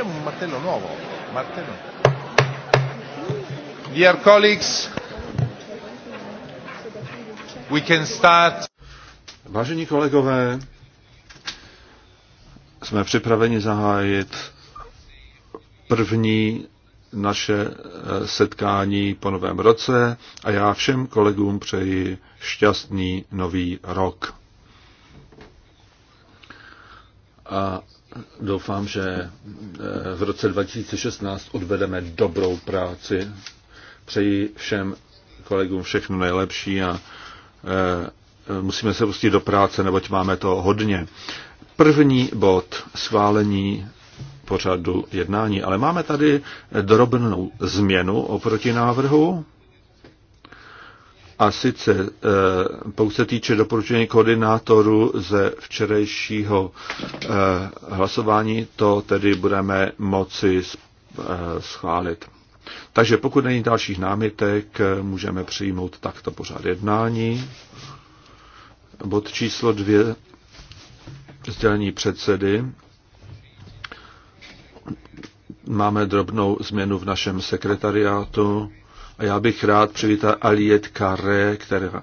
abbiamo un martello nuovo. Martello. Dear colleagues, we can start. Vážení kolegové, jsme připraveni zahájit první naše eh, setkání po novém roce a já všem kolegům přeji šťastný nový rok. A doufám, že eh, v roce 2016 odvedeme dobrou práci. Přeji všem kolegům všechno nejlepší a eh, musíme se pustit do práce, neboť máme to hodně. První bod schválení pořadu jednání, ale máme tady drobnou změnu oproti návrhu. A sice eh, pokud se týče doporučení koordinátoru ze včerejšího eh, hlasování, to tedy budeme moci eh, schválit. Takže pokud není dalších námitek, můžeme přijmout takto pořád jednání. Bod číslo dvě, sdělení předsedy. Máme drobnou změnu v našem sekretariátu. A já bych rád přivítal Aliet Kare, která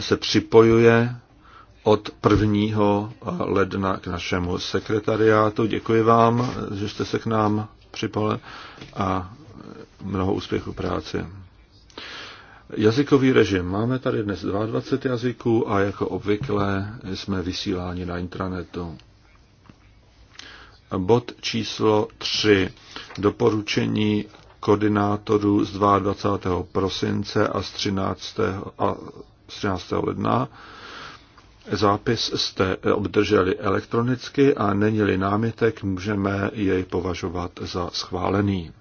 se připojuje od 1. ledna k našemu sekretariátu. Děkuji vám, že jste se k nám připojili a mnoho úspěchu práci. Jazykový režim. Máme tady dnes 22 jazyků a jako obvykle jsme vysíláni na intranetu. Bod číslo 3. Doporučení koordinátorů z 22. prosince a z 13. a 13. ledna. Zápis jste obdrželi elektronicky a není-li námitek, můžeme jej považovat za schválený.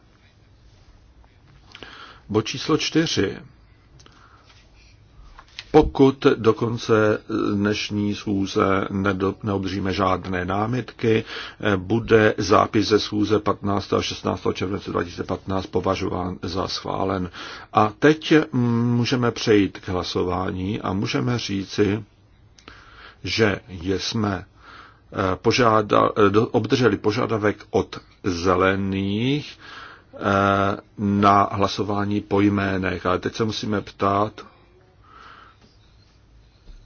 Bo číslo 4 pokud do konce dnešní schůze neobdržíme žádné námitky, bude zápis ze schůze 15. a 16. července 2015 považován za schválen. A teď můžeme přejít k hlasování a můžeme říci, že jsme eh, eh, obdrželi požadavek od zelených eh, na hlasování po jménech. Ale teď se musíme ptát,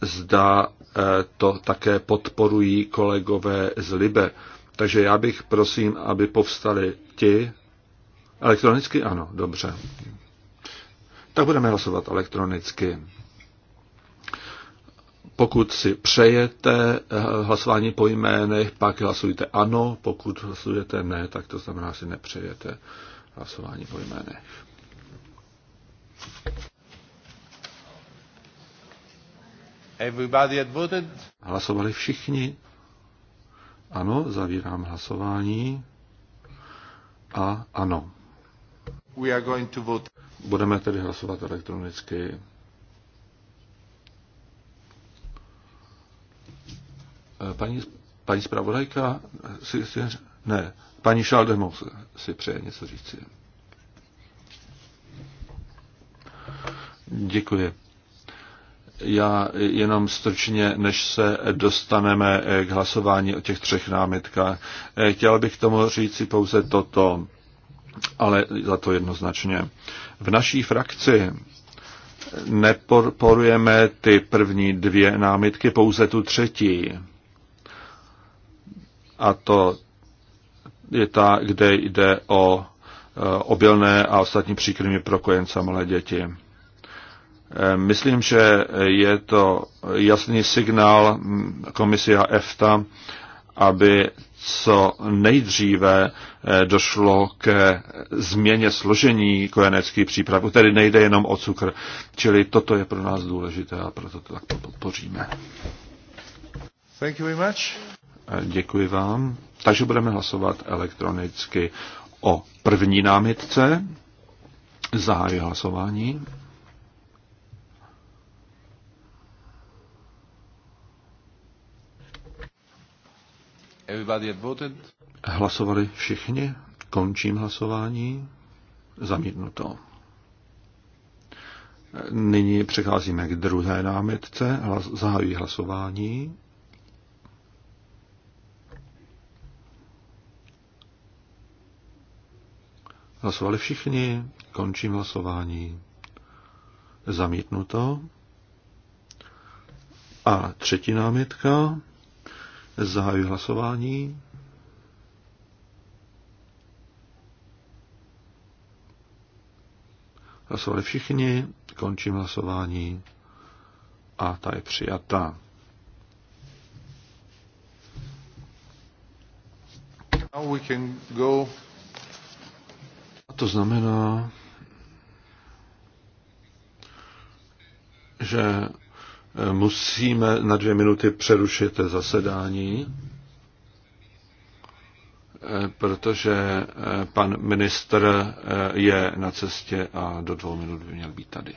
zda eh, to také podporují kolegové z Libe. Takže já bych prosím, aby povstali ti. Elektronicky ano, dobře. Tak budeme hlasovat elektronicky. Pokud si přejete eh, hlasování po jménech, pak hlasujte ano, pokud hlasujete ne, tak to znamená, že si nepřejete hlasování po jménech. Hlasovali všichni. Ano, zavírám hlasování. A ano. We are going to vote. Budeme tedy hlasovat elektronicky. Eh, paní, paní zpravodajka, si, si, ne, paní Šaldemov si přeje něco říci. Děkuji. Já jenom stručně, než se dostaneme k hlasování o těch třech námitkách, chtěl bych k tomu říci pouze toto, ale za to jednoznačně. V naší frakci neporujeme ty první dvě námitky, pouze tu třetí. A to je ta, kde jde o e, obilné a ostatní příkrmy pro kojence malé děti. Eh, myslím, že je to jasný signál a EFTA, aby co nejdříve eh, došlo ke změně složení kojeneckých přípravků, tedy nejde jenom o cukr. Čili toto je pro nás důležité a proto to tak podpoříme. Thank you very much. Eh, děkuji vám. Takže budeme hlasovat elektronicky o první námitce. Zahájí hlasování. Hlasovali všichni. Končím hlasování. Zamítnuto. Nyní přecházíme k druhé námitce. Hlas, zahajuji hlasování. Hlasovali všichni. Končím hlasování. Zamítnuto. A třetí námitka. Zahajuji hlasování. Hlasovali všichni, končím hlasování a ta je přijata. Now we can go. A to znamená, že musíme na dvě minuty přerušit zasedání, protože pan ministr je na cestě a do dvou minut by měl být tady.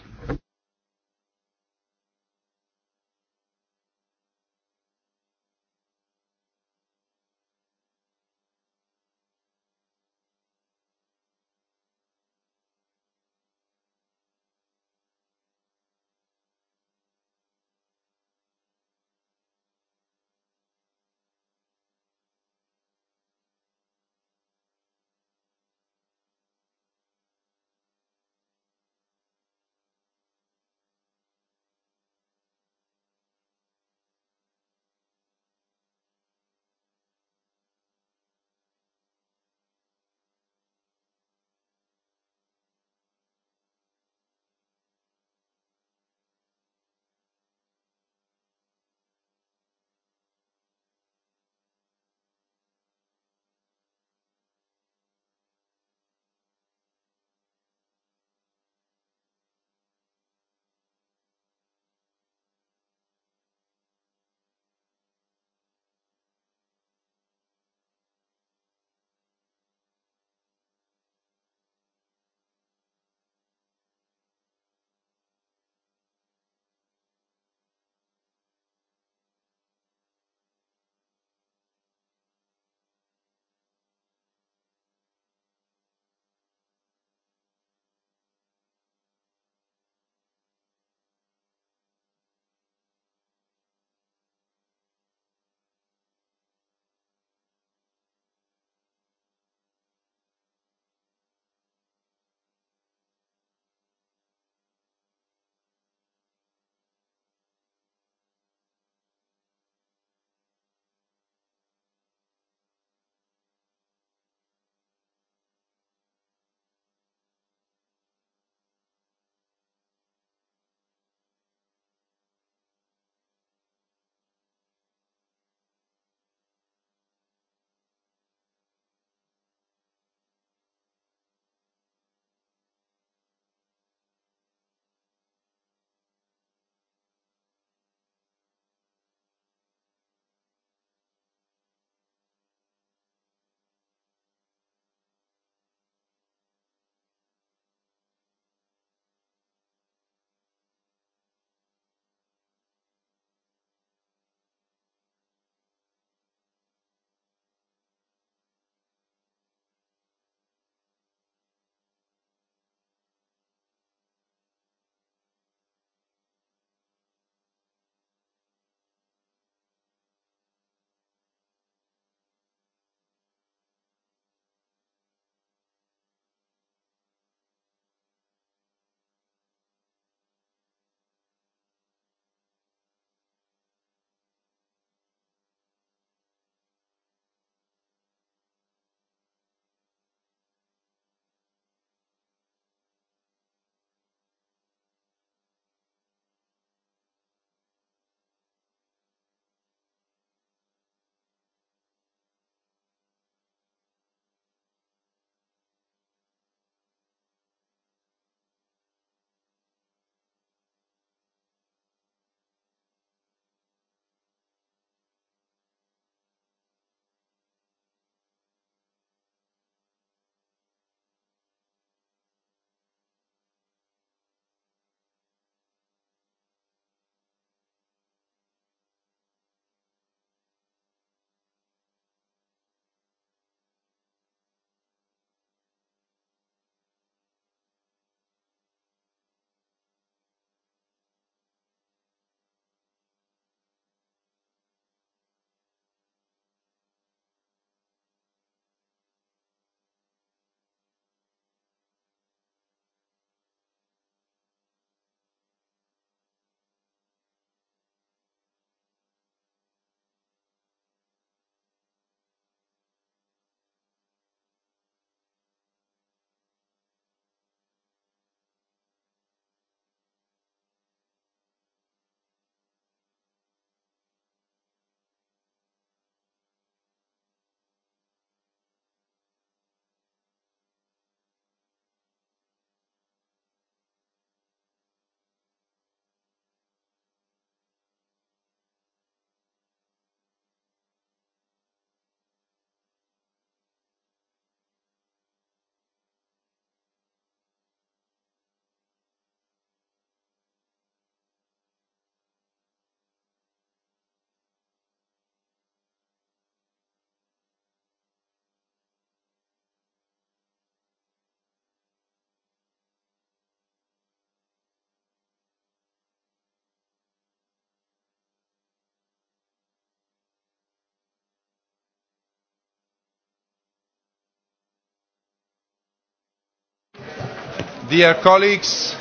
Dear colleagues,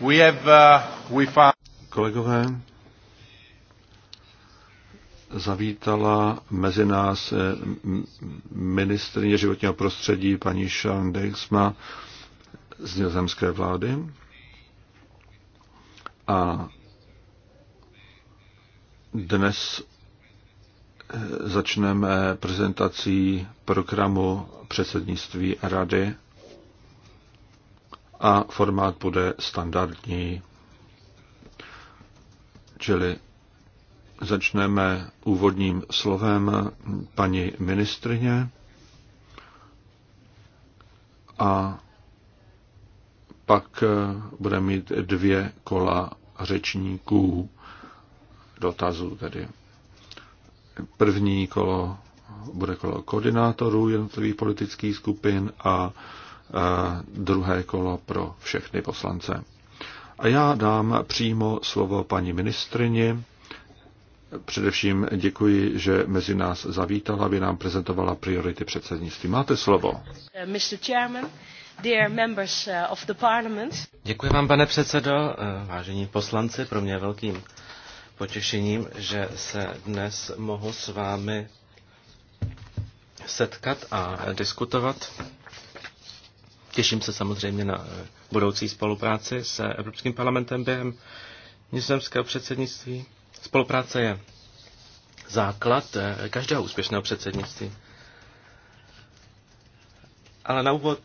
we have, uh, we found... Kolegové, zavítala mezi nás eh, ministrině životního prostředí paní Sharon Dexma z nizozemské vlády. A dnes začneme prezentací programu předsednictví Rady a formát bude standardní, čili začneme úvodním slovem paní ministrině a pak budeme mít dvě kola řečníků dotazů tedy. První kolo bude kolo koordinátorů jednotlivých politických skupin a druhé kolo pro všechny poslance. A já dám přímo slovo paní ministrini. Především děkuji, že mezi nás zavítala, aby nám prezentovala priority předsednictví. Máte slovo. Mr. Chairman, dear members uh, of the parliament. Děkuji vám, pane předsedo, eh, vážení poslanci, pro mě je velkým potěšením, že se dnes mohu s vámi setkat a diskutovat. Těším se samozřejmě na budoucí spolupráci s Evropským parlamentem během nizozemského předsednictví. Spolupráce je základ každého úspěšného předsednictví. Ale na úvod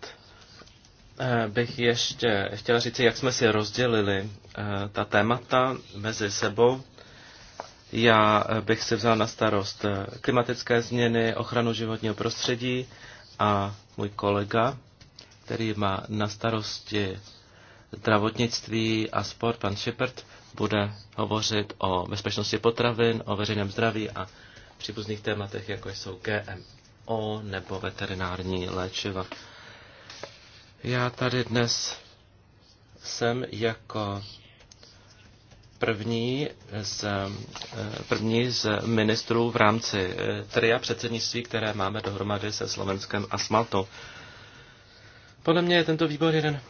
eh, bych ještě chtěla říct, jak jsme si rozdělili eh, ta témata mezi sebou. Já eh, bych si vzal na starost eh, klimatické změny, ochranu životního prostředí a můj kolega, který má na starosti zdravotnictví a sport, pan Shepard, bude hovořit o bezpečnosti potravin, o veřejném zdraví a příbuzných tématech, jako jsou GMO nebo veterinární léčiva. Já tady dnes jsem jako první z, eh, první z ministrů v rámci eh, tria předsednictví, které máme dohromady se Slovenskem a Smalto. Podle mě je tento výbor jeden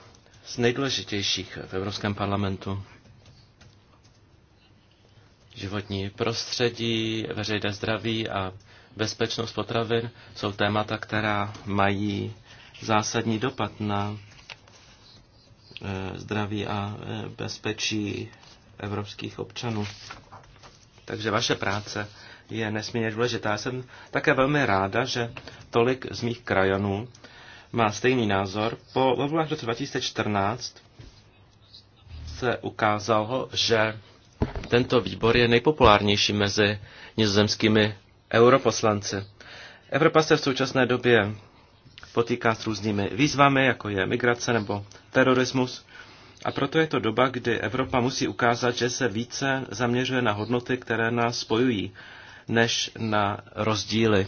z nejdůležitějších v Evropském parlamentu. Životní prostředí, veřejné zdraví a bezpečnost potravin jsou témata, která mají zásadní dopad na eh, zdraví a bezpečí evropských občanů. Takže vaše práce je nesmírně důležitá. Já jsem také velmi ráda, že tolik z mých krajanů má stejný názor. Po volbách v roce 2014 se ukázalo, že tento výbor je nejpopulárnější mezi nizozemskými europoslanci. Evropa se v současné době potýká s různými výzvami, jako je migrace nebo terorismus. A proto je to doba, kdy Evropa musí ukázat, že se více zaměřuje na hodnoty, které nás spojují, než na rozdíly.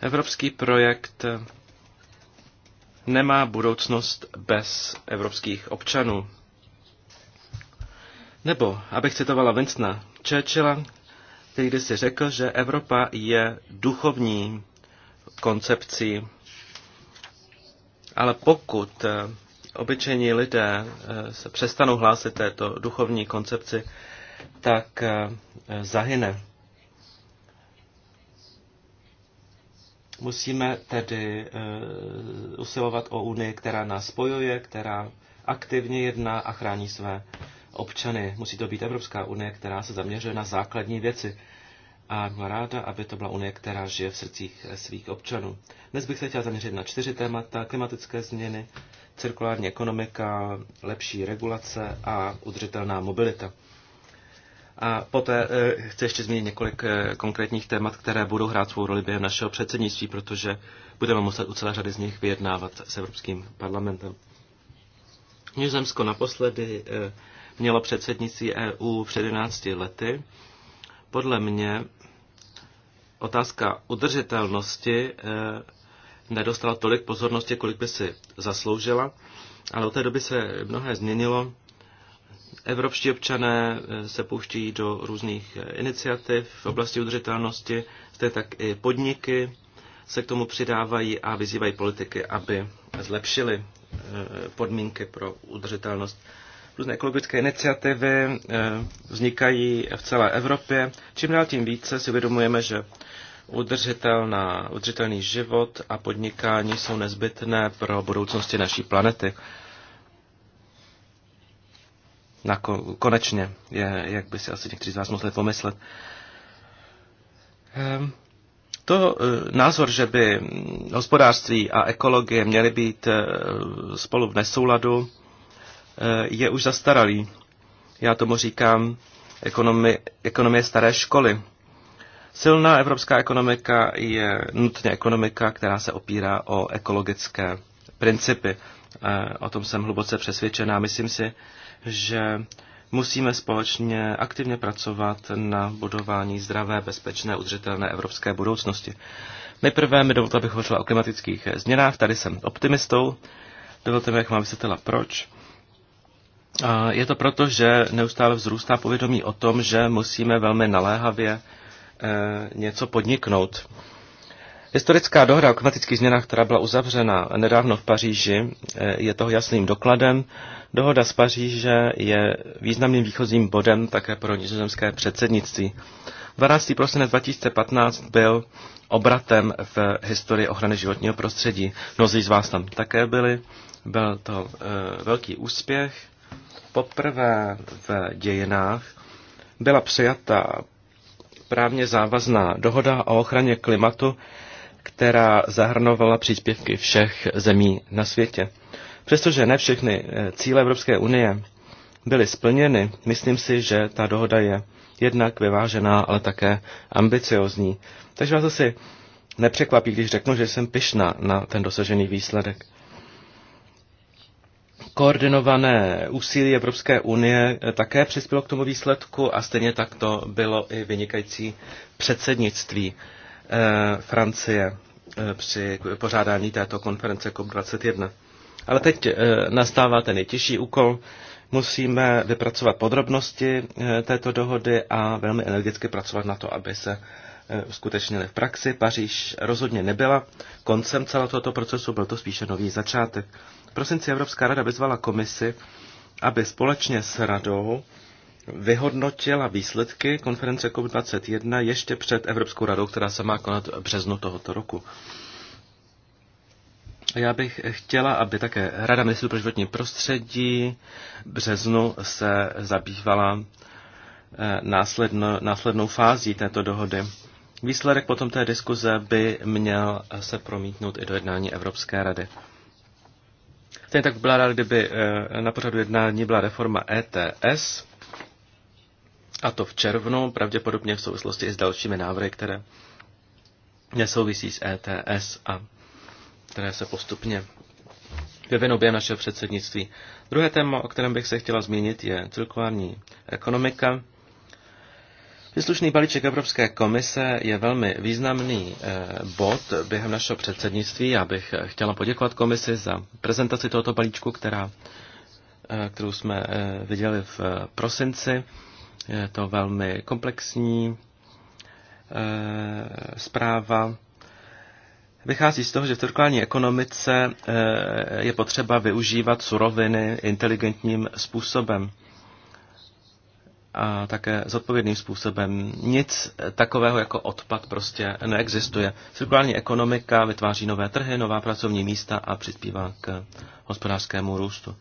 Evropský projekt nemá budoucnost bez evropských občanů. Nebo, abych citovala Vincna Churchilla, který si řekl, že Evropa je duchovní koncepcí ale pokud eh, obyčejní lidé eh, se přestanou hlásit této duchovní koncepci, tak eh, zahyne. Musíme tedy usilovat o Unii, která nás spojuje, která aktivně jedná a chrání své občany. Musí to být Evropská unie, která se zaměřuje na základní věci a byla ráda, aby to byla Unie, která žije v srdcích svých občanů. Dnes bych se chtěl zaměřit na čtyři témata. Klimatické změny, cirkulární ekonomika, lepší regulace a udržitelná mobilita. A poté eh, chci ještě zmínit několik eh, konkrétních témat, které budou hrát svou roli během našeho předsednictví, protože budeme muset u celé řady z nich vyjednávat s Evropským parlamentem. Nizozemsko naposledy eh, mělo předsednictví EU před 11 lety. Podle mě otázka udržitelnosti eh, nedostala tolik pozornosti, kolik by si zasloužila, ale od té doby se mnohé změnilo. Evropští občané eh, se pouštějí do různých eh, iniciativ v oblasti udržitelnosti, stejně tak i podniky se k tomu přidávají a vyzývají politiky, aby zlepšili podmínky pro udržitelnost. Různé ekologické iniciativy eh, vznikají v celé Evropě. Čím dál tím více si uvědomujeme, že udržitelná, udržitelný život a podnikání jsou nezbytné pro budoucnosti naší planety. ko- konečně, je, jak by si asi někteří z vás mohli pomyslet. Ehm. To eh, názor, že by hospodářství a ekologie měly být eh, spolu v nesouladu, Eh, je už zastaralý. Já tomu říkám ekonomi, ekonomie staré školy. Silná evropská ekonomika je nutně ekonomika, která se opírá o ekologické principy. Eh, o tom jsem hluboce přesvědčená. Myslím si, že musíme společně aktivně pracovat na budování zdravé, bezpečné, udržitelné evropské budoucnosti. Nejprve mi dovolte, abych hovořila o klimatických změnách. Tady jsem optimistou. Dovolte mi, jak mám vysvětlila proč je to proto, že neustále vzrůstá povědomí o tom, že musíme velmi naléhavě eh, něco podniknout. Historická dohoda o klimatických změnách, která byla uzavřena nedávno v Paříži, eh, je toho jasným dokladem. Dohoda z Paříže je významným výchozím bodem také pro nizozemské předsednictví. 12. prosinec 2015 byl obratem v historii ochrany životního prostředí. Mnozí z vás tam také byli. Byl to e, velký úspěch poprvé v dějinách byla přijata právně závazná dohoda o ochraně klimatu, která zahrnovala příspěvky všech zemí na světě. Přestože ne všechny eh, cíle Evropské unie byly splněny, myslím si, že ta dohoda je jednak vyvážená, ale také ambiciozní. Takže vás asi nepřekvapí, když řeknu, že jsem pyšná na ten dosažený výsledek koordinované úsilí Evropské unie eh, také přispělo k tomu výsledku a stejně tak to bylo i vynikající předsednictví eh, Francie eh, při pořádání této konference COP21. Ale teď nastává ten nejtěžší úkol. Musíme vypracovat podrobnosti této dohody a velmi energicky pracovat na to, aby se uskutečnili v praxi. Paříž rozhodně nebyla koncem celého tohoto procesu, byl to spíše nový začátek. V prosinci Evropská rada vyzvala komisi, aby společně s radou vyhodnotila výsledky konference COP21 ještě před Evropskou radou, která se má konat v březnu tohoto roku. Já bych chtěla, aby také Rada ministrů pro životní prostředí v březnu se zabývala eh, následno, následnou fází této dohody. Výsledek potom té diskuze by měl se promítnout i do jednání Evropské rady. Stejně tak byla rád, kdyby eh, na pořadu jednání byla reforma ETS, a to v červnu, pravděpodobně v souvislosti i s dalšími návrhy, které nesouvisí s ETS a které se postupně vyvinou během našeho předsednictví. Druhé téma, o kterém bych se chtěla zmínit, je cirkulární ekonomika. Příslušný balíček Evropské komise je velmi významný eh, bod během našeho předsednictví. Já bych eh, chtěla poděkovat komisi za prezentaci tohoto balíčku, která, eh, kterou jsme viděli v prosinci. Je to velmi komplexní zpráva. Vychází z toho, že v cirkulární ekonomice je potřeba využívat suroviny inteligentním způsobem a také zodpovědným způsobem. Nic takového jako odpad prostě neexistuje. Cirkulární ekonomika vytváří nové trhy, nová pracovní místa a přispívá k hospodářskému růstu.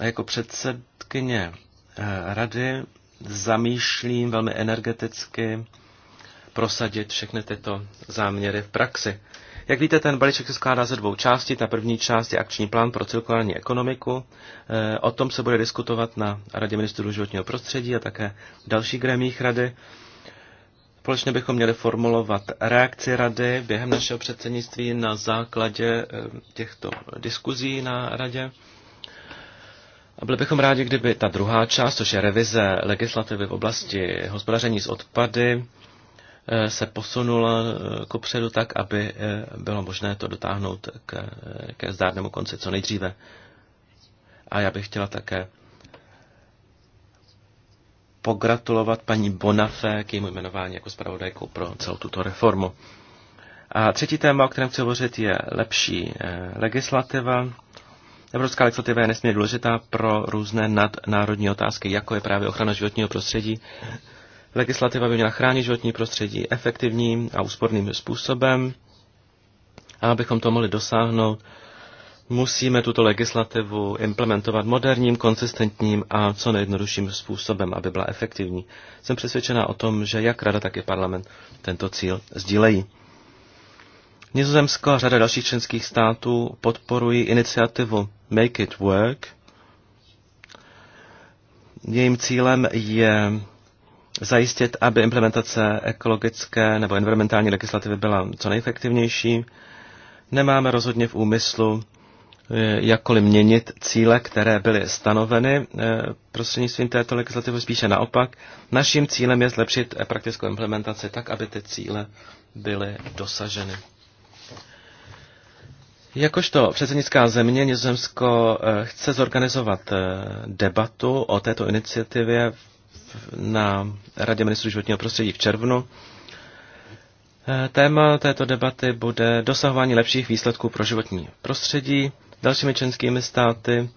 A jako předsedkyně eh, rady zamýšlím velmi energeticky prosadit všechny tyto záměry v praxi. Jak víte, ten balíček se skládá ze dvou částí. Ta první část je akční plán pro cirkulární ekonomiku. Eh, o tom se bude diskutovat na Radě ministrů životního prostředí a také v dalších gremích rady. Společně bychom měli formulovat reakci rady během našeho předsednictví na základě eh, těchto diskuzí na radě. A byli bychom rádi, kdyby ta druhá část, což je revize legislativy v oblasti hospodaření s odpady, Eh, se posunula eh, kopředu tak, aby eh, bylo možné to dotáhnout k, ke zdárnému konci co nejdříve. A já bych chtěla také pogratulovat paní Bonafé k jejímu jmenování jako zpravodajkou pro celou tuto reformu. A třetí téma, o kterém chci hovořit, je lepší legislativa. Evropská legislativa je nesmírně důležitá pro různé nadnárodní otázky, jako je právě ochrana životního prostředí. Legislativa by měla chránit životní prostředí efektivním a úsporným způsobem. A abychom to mohli dosáhnout, musíme tuto legislativu implementovat moderním, konsistentním a co nejjednodušším způsobem, aby byla efektivní. Jsem přesvědčená o tom, že jak Rada, tak i parlament tento cíl sdílejí. Nizozemsko a řada dalších členských států podporují iniciativu Make It Work. Jejím cílem je zajistit, aby implementace ekologické nebo environmentální legislativy byla co nejefektivnější. Nemáme rozhodně v úmyslu eh, jakkoliv měnit cíle, které byly stanoveny eh, prostřednictvím této legislativy, spíše naopak. Naším cílem je zlepšit eh, praktickou implementaci tak, aby ty cíle byly dosaženy. Jakožto předsednická země Nizozemsko chce zorganizovat debatu o této iniciativě na Radě ministrů životního prostředí v červnu. Eh, téma této debaty bude dosahování lepších výsledků pro životní prostředí. Dalšími členskými státy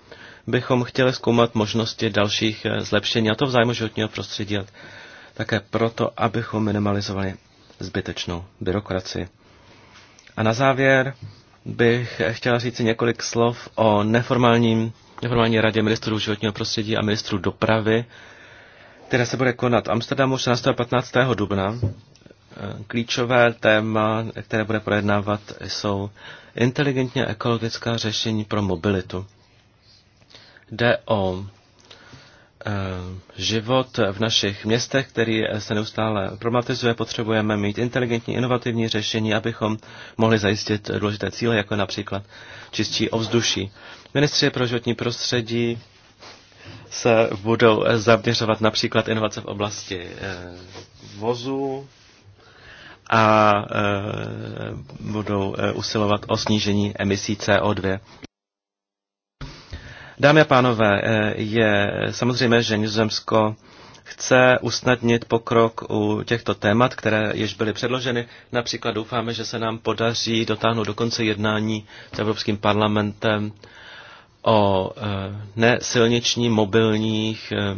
bychom chtěli zkoumat možnosti dalších eh, zlepšení, a to v zájmu životního prostředí, také proto, abychom minimalizovali zbytečnou byrokracii. A na závěr bych eh, chtěla říct několik slov o neformálním, neformální radě ministrů životního prostředí a ministrů dopravy, které se bude konat v Amsterdamu 16. a 15. dubna. Eh, klíčové téma, které bude projednávat, jsou inteligentně ekologická řešení pro mobilitu. Jde o eh, život v našich městech, který se neustále problematizuje, potřebujeme mít inteligentní, inovativní řešení, abychom mohli zajistit důležité cíle, jako například čistší ovzduší. Ministři pro životní prostředí se budou zaměřovat například inovace v oblasti eh, vozu a eh, budou eh, usilovat o snížení emisí CO2. Dámy a pánové, je samozřejmé, že Nizozemsko chce usnadnit pokrok u těchto témat, které již byly předloženy. Například doufáme, že se nám podaří dotáhnout do konce jednání s Evropským parlamentem o e, nesilniční mobilních e, e,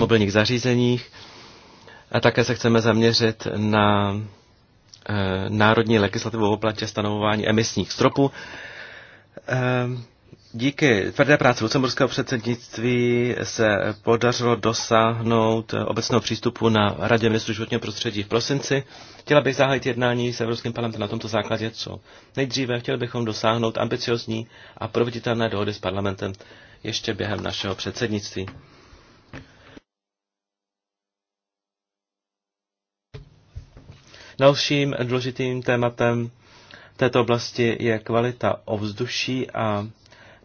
mobilních zařízeních a také se chceme zaměřit na národní legislativu v oblasti stanovování emisních stropů. Díky tvrdé práci lucemburského předsednictví se podařilo dosáhnout obecného přístupu na Radě ministrů životního prostředí v prosinci. Chtěla bych zahájit jednání s Evropským parlamentem na tomto základě, co nejdříve chtěli bychom dosáhnout ambiciozní a proveditelné dohody s parlamentem ještě během našeho předsednictví. Dalším důležitým tématem této oblasti je kvalita ovzduší a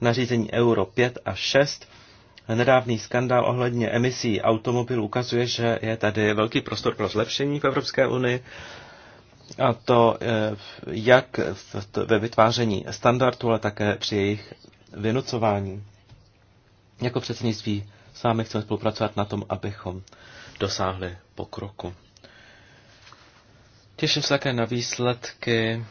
nařízení Euro 5 a 6. Nedávný skandál ohledně emisí automobilů ukazuje, že je tady velký prostor pro zlepšení v Evropské unii, a to eh, jak ve vytváření standardů, ale také při jejich vynucování. Jako předsednictví s vámi chceme spolupracovat na tom, abychom dosáhli pokroku. Těším se také na výsledky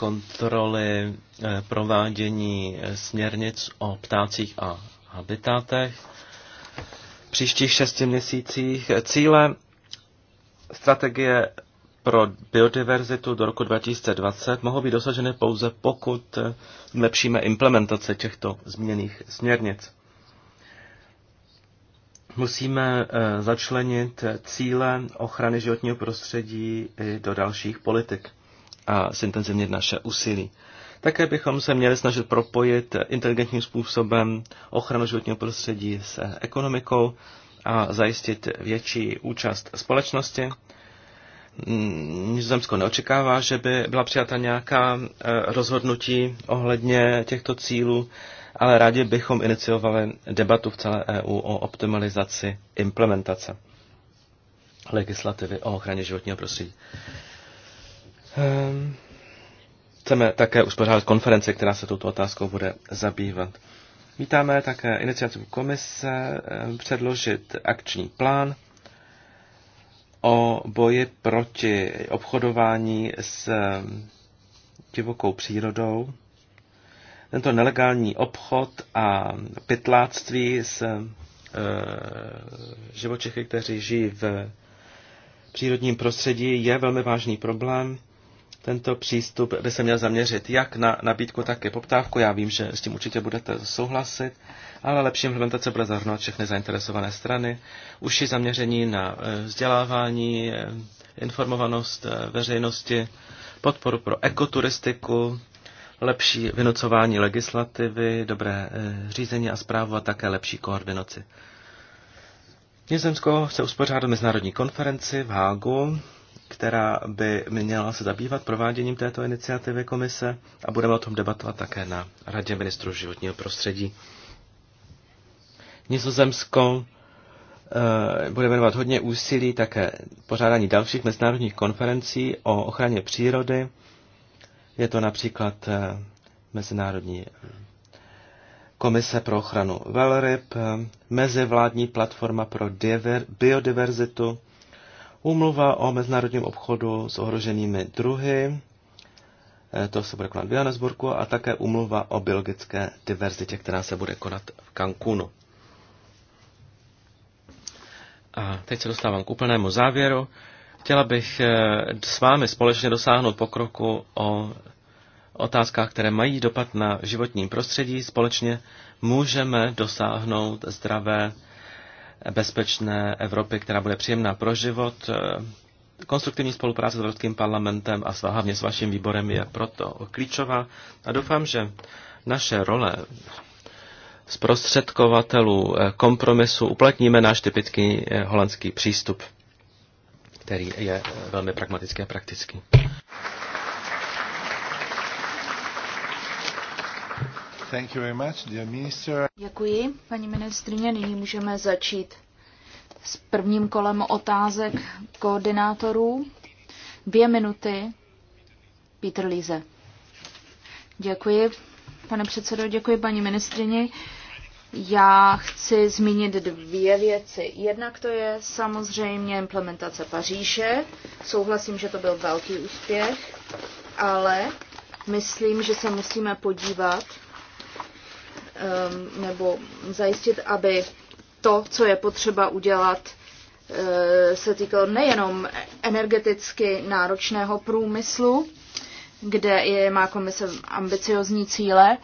kontroly eh, provádění eh, směrnic o ptácích a habitátech. V příštích šesti měsících eh, cíle strategie pro biodiverzitu do roku 2020 mohou být dosaženy pouze pokud zlepšíme implementace těchto změněných směrnic. Musíme začlenit cíle ochrany životního prostředí i do dalších politik a zintenzivnit naše úsilí. Také bychom se měli snažit propojit inteligentním způsobem ochranu životního prostředí s ekonomikou a zajistit větší účast společnosti. Nizozemsko neočekává, že by byla přijata nějaká e, rozhodnutí ohledně těchto cílů, ale rádi bychom iniciovali debatu v celé EU o optimalizaci implementace legislativy o ochraně životního prostředí. Ehm, chceme také uspořádat konferenci, která se touto otázkou bude zabývat. Vítáme také iniciativu komise ehm, předložit akční plán o boji proti obchodování s ehm, divokou přírodou. Tento nelegální obchod a pytláctví s e, živočichy, kteří žijí v přírodním prostředí, je velmi vážný problém. Tento přístup by se měl zaměřit jak na nabídku, tak i poptávku. Já vím, že s tím určitě budete souhlasit, ale lepší implementace bude zahrnout všechny zainteresované strany. Užší zaměření na eh, vzdělávání, eh, informovanost eh, veřejnosti, podporu pro ekoturistiku, lepší vynucování legislativy, dobré řízení a zprávu a také lepší koordinaci. Nizozemsko chce uspořádat mezinárodní konferenci v Hágu která by měla se zabývat prováděním této iniciativy komise a budeme o tom debatovat také na Radě ministrů životního prostředí. Nizozemsko eh, bude věnovat hodně úsilí také pořádání dalších mezinárodních konferencí o ochraně přírody. Je to například eh, Mezinárodní komise pro ochranu velryb, eh, mezivládní platforma pro biodiverzitu, Úmluva o mezinárodním obchodu s ohroženými druhy, eh, to se bude konat v Johannesburgu, a také úmluva o biologické diverzitě, která se bude konat v Cancúnu. A teď se dostávám k úplnému závěru. Chtěla bych eh, s vámi společně dosáhnout pokroku o otázkách, které mají dopad na životní prostředí. Společně můžeme dosáhnout zdravé bezpečné Evropy, která bude příjemná pro život. Eh, konstruktivní spolupráce s Evropským parlamentem a hlavně s vaším výborem je proto klíčová a doufám, že naše role zprostředkovatelů eh, kompromisu uplatníme náš typický eh, holandský přístup, který je velmi pragmatický a praktický. Děkuji, paní ministrině. Nyní můžeme začít s prvním kolem otázek koordinátorů. Dvě minuty. Peter Líze. Děkuji, pane předsedo, děkuji paní ministrině. Já chci zmínit dvě věci. Jednak to je samozřejmě implementace Paříže. Souhlasím, že to byl velký úspěch, ale myslím, že se musíme podívat Um, nebo zajistit, aby to, co je potřeba udělat, uh, se týkalo nejenom energeticky náročného průmyslu, kde je, má komise ambiciozní cíle,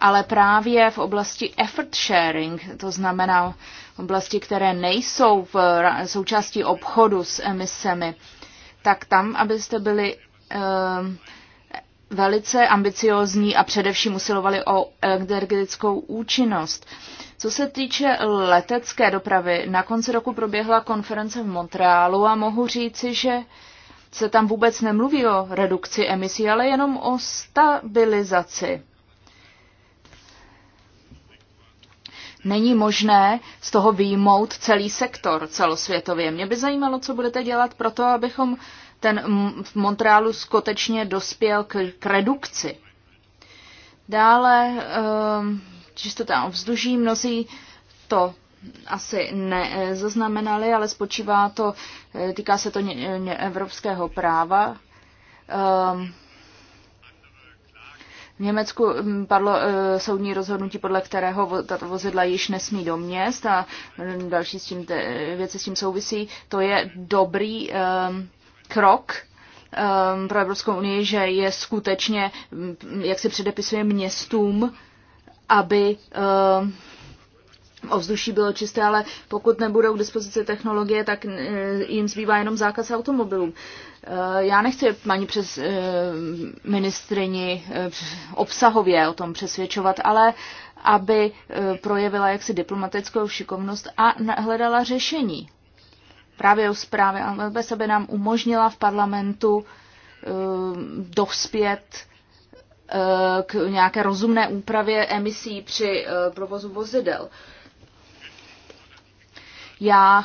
ale právě v oblasti effort sharing, to znamená oblasti, které nejsou v součástí obchodu s emisemi, tak tam, abyste byli um, velice ambiciozní a především usilovali o energetickou účinnost. Co se týče letecké dopravy, na konci roku proběhla konference v Montrealu a mohu říci, že se tam vůbec nemluví o redukci emisí, ale jenom o stabilizaci. Není možné z toho výjmout celý sektor celosvětově. Mě by zajímalo, co budete dělat pro to, abychom ten v Montrealu skutečně dospěl k, k redukci. Dále ehm, čistota ovzduší, mnozí to asi nezaznamenali, ale spočívá to, e, týká se to evropského práva. Ehm, v Německu padlo e, soudní rozhodnutí, podle kterého tato vozidla již nesmí do měst a další s tím věci s tím souvisí. To je dobrý ehm, krok ehm, pro Evropskou unii, že je skutečně, mm, jak se předepisuje městům, aby ehm, ovzduší bylo čisté, ale pokud nebudou k dispozici technologie, tak eh, jim zbývá jenom zákaz automobilů. Eh, já nechci ani přes ehm, ministrini eh, obsahově o tom přesvědčovat, ale aby projevila jaksi diplomatickou šikovnost a hledala řešení právě o zprávě AMLBS, aby nám umožnila v parlamentu eh, dospět eh, k nějaké rozumné úpravě emisí při eh, provozu vozidel. Já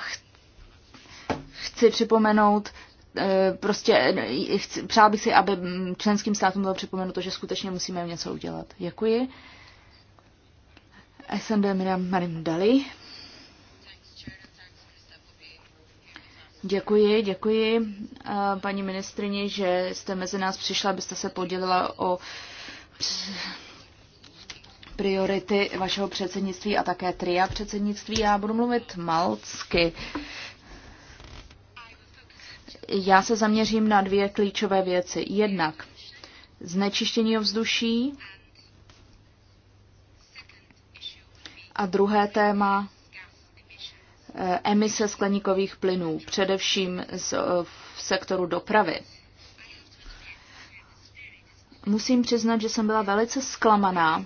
chci připomenout, prostě chci, přál bych si, aby členským státům bylo připomenuto, že skutečně musíme něco udělat. Děkuji. SND Miriam Marim Dali. Děkuji, děkuji eh, paní ministrině, že jste mezi nás přišla, abyste se podělila o priority vašeho předsednictví a také tria předsednictví. Já budu mluvit malcky. Já se zaměřím na dvě klíčové věci. Jednak znečištění ovzduší a druhé téma Eh, emise skleníkových plynů, především z, eh, v sektoru dopravy. Musím přiznat, že jsem byla velice zklamaná,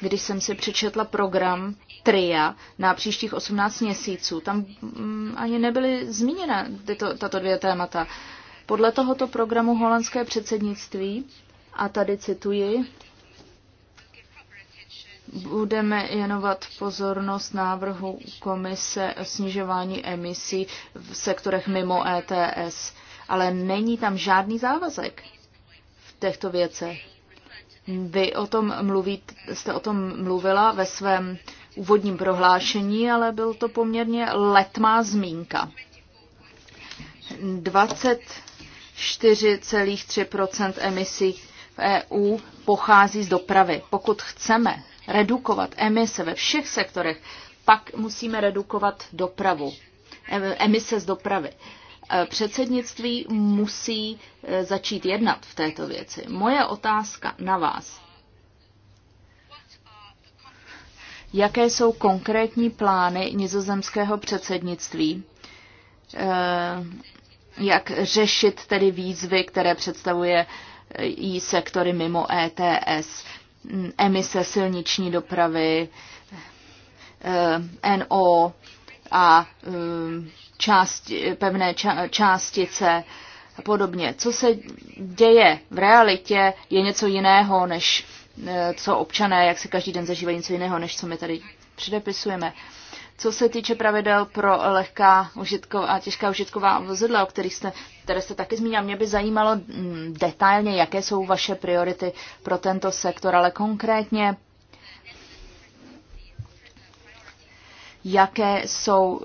když jsem si přečetla program TRIA na příštích 18 měsíců. Tam mm, ani nebyly zmíněna tyto, tato dvě témata. Podle tohoto programu holandské předsednictví, a tady cituji, Budeme jenovat pozornost návrhu komise snižování emisí v sektorech mimo ETS, ale není tam žádný závazek v těchto věcech. Vy o tom mluvíte, jste o tom mluvila ve svém úvodním prohlášení, ale byl to poměrně letmá zmínka. 24,3 emisí v EU pochází z dopravy. Pokud chceme redukovat emise ve všech sektorech, pak musíme redukovat dopravu, emise z dopravy. E, předsednictví musí e, začít jednat v této věci. Moje otázka na vás. Jaké jsou konkrétní plány nizozemského předsednictví? E, jak řešit tedy výzvy, které představuje i sektory mimo ETS? emise silniční dopravy, NO a eh, části, pevné ča, částice a podobně. Co se děje v realitě, je něco jiného, než eh, co občané, jak se každý den zažívají něco jiného, než co my tady předepisujeme. Co se týče pravidel pro lehká užitková a těžká užitková vozidla, o kterých jste, které jste taky zmínila, mě by zajímalo mm, detailně, jaké jsou vaše priority pro tento sektor, ale konkrétně jaké jsou um,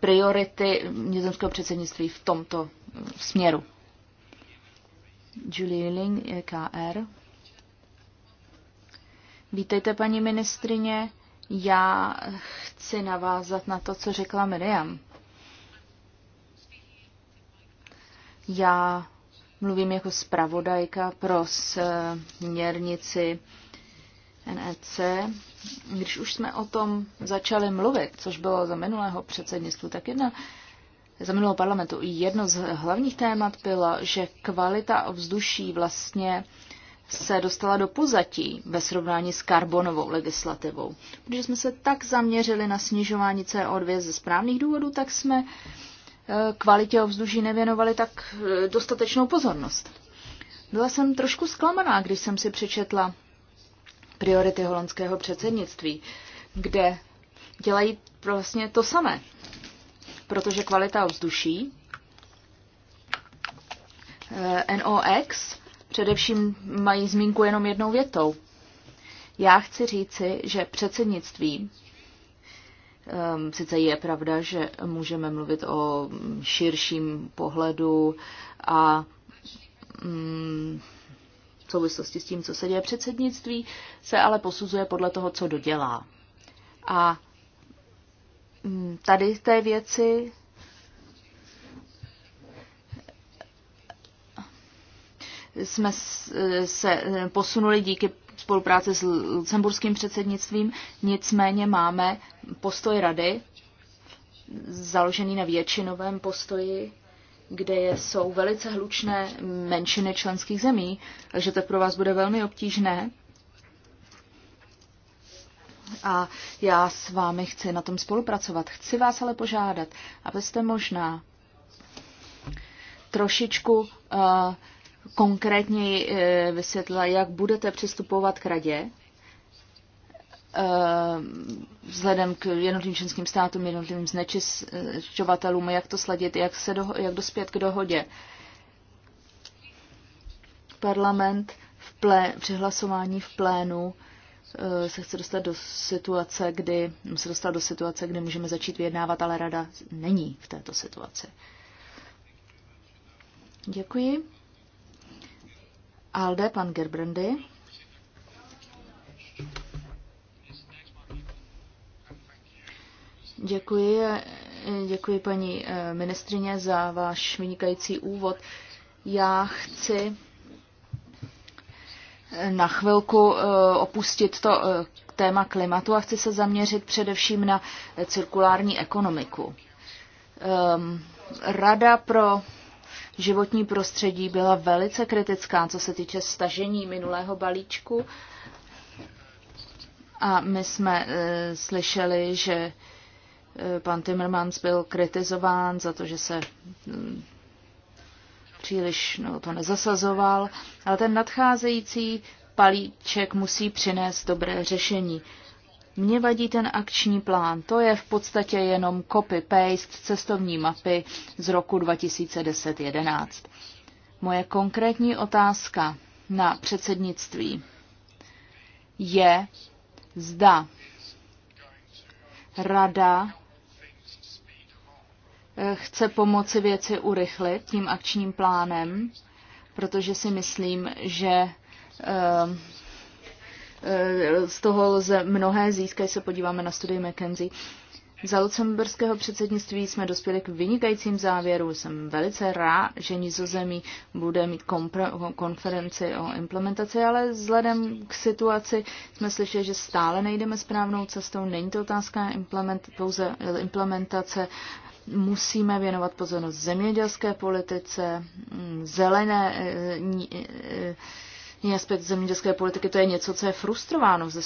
priority nizozemského předsednictví v tomto mm, směru. Julie Ling, e KR. Vítejte, paní ministrině. Já chci navázat na to, co řekla Miriam. Já mluvím jako zpravodajka pro směrnici NEC. Když už jsme o tom začali mluvit, což bylo za minulého předsednictví, tak jedna za minulého parlamentu. Jedno z hlavních témat bylo, že kvalita ovzduší vlastně se dostala do pozatí ve srovnání s karbonovou legislativou. Protože jsme se tak zaměřili na snižování CO2 ze správných důvodů, tak jsme eh, kvalitě ovzduší nevěnovali tak eh, dostatečnou pozornost. Byla jsem trošku zklamaná, když jsem si přečetla priority holandského předsednictví, kde dělají vlastně to samé. Protože kvalita ovzduší, eh, NOx, především mají zmínku jenom jednou větou. Já chci říci, že předsednictví, ehm, sice je pravda, že můžeme mluvit o širším pohledu a mm, v souvislosti s tím, co se děje předsednictví, se ale posuzuje podle toho, co dodělá. A mm, tady té věci jsme se eh, posunuli díky spolupráci s lucemburským předsednictvím, nicméně máme postoj rady založený na většinovém postoji, kde jsou velice hlučné menšiny členských zemí, takže to pro vás bude velmi obtížné. A já s vámi chci na tom spolupracovat. Chci vás ale požádat, abyste možná trošičku uh, Konkrétně eh, vysvětlila, jak budete přistupovat k radě eh, vzhledem k jednotlivým členským státům, jednotlivým znečišťovatelům, jak to sladit, jak, se do jak dospět k dohodě. Parlament v plé- při hlasování v plénu eh, se chce dostat do situace, kdy se dostat do situace, kdy můžeme začít vyjednávat, ale rada není v této situaci. Děkuji. ALDE, pan Gerbrandy. Děkuji, děkuji paní eh, ministrině za váš vynikající úvod. Já chci eh, na chvilku eh, opustit to téma klimatu a chci se zaměřit především na cirkulární ekonomiku. Ehm, Rada pro životní prostředí byla velice kritická, co se týče stažení minulého balíčku. A my jsme e, slyšeli, že e, pan Timmermans byl kritizován za to, že se m, mm, příliš no, to nezasazoval, ale ten nadcházející palíček musí přinést dobré řešení. E, mně vadí ten akční plán. To je v podstatě jenom copy-paste cestovní mapy z roku 2010-11. Moje konkrétní otázka na předsednictví je, zda rada eh, chce pomoci věci urychlit tím akčním plánem, protože si myslím, že eh, Eh, z toho lze mnohé získat, se podíváme na studii McKenzie. Za lucemburského předsednictví jsme dospěli k vynikajícím závěru. Jsem velice rád, že Nizozemí bude mít konferenci o implementaci, ale vzhledem k situaci jsme slyšeli, že stále nejdeme správnou cestou. Není to otázka implement, pouze implementace. Musíme věnovat pozornost zemědělské politice, mm, zelené eh, eh, aspekt zemědělské politiky, to je něco, co je frustrováno ze,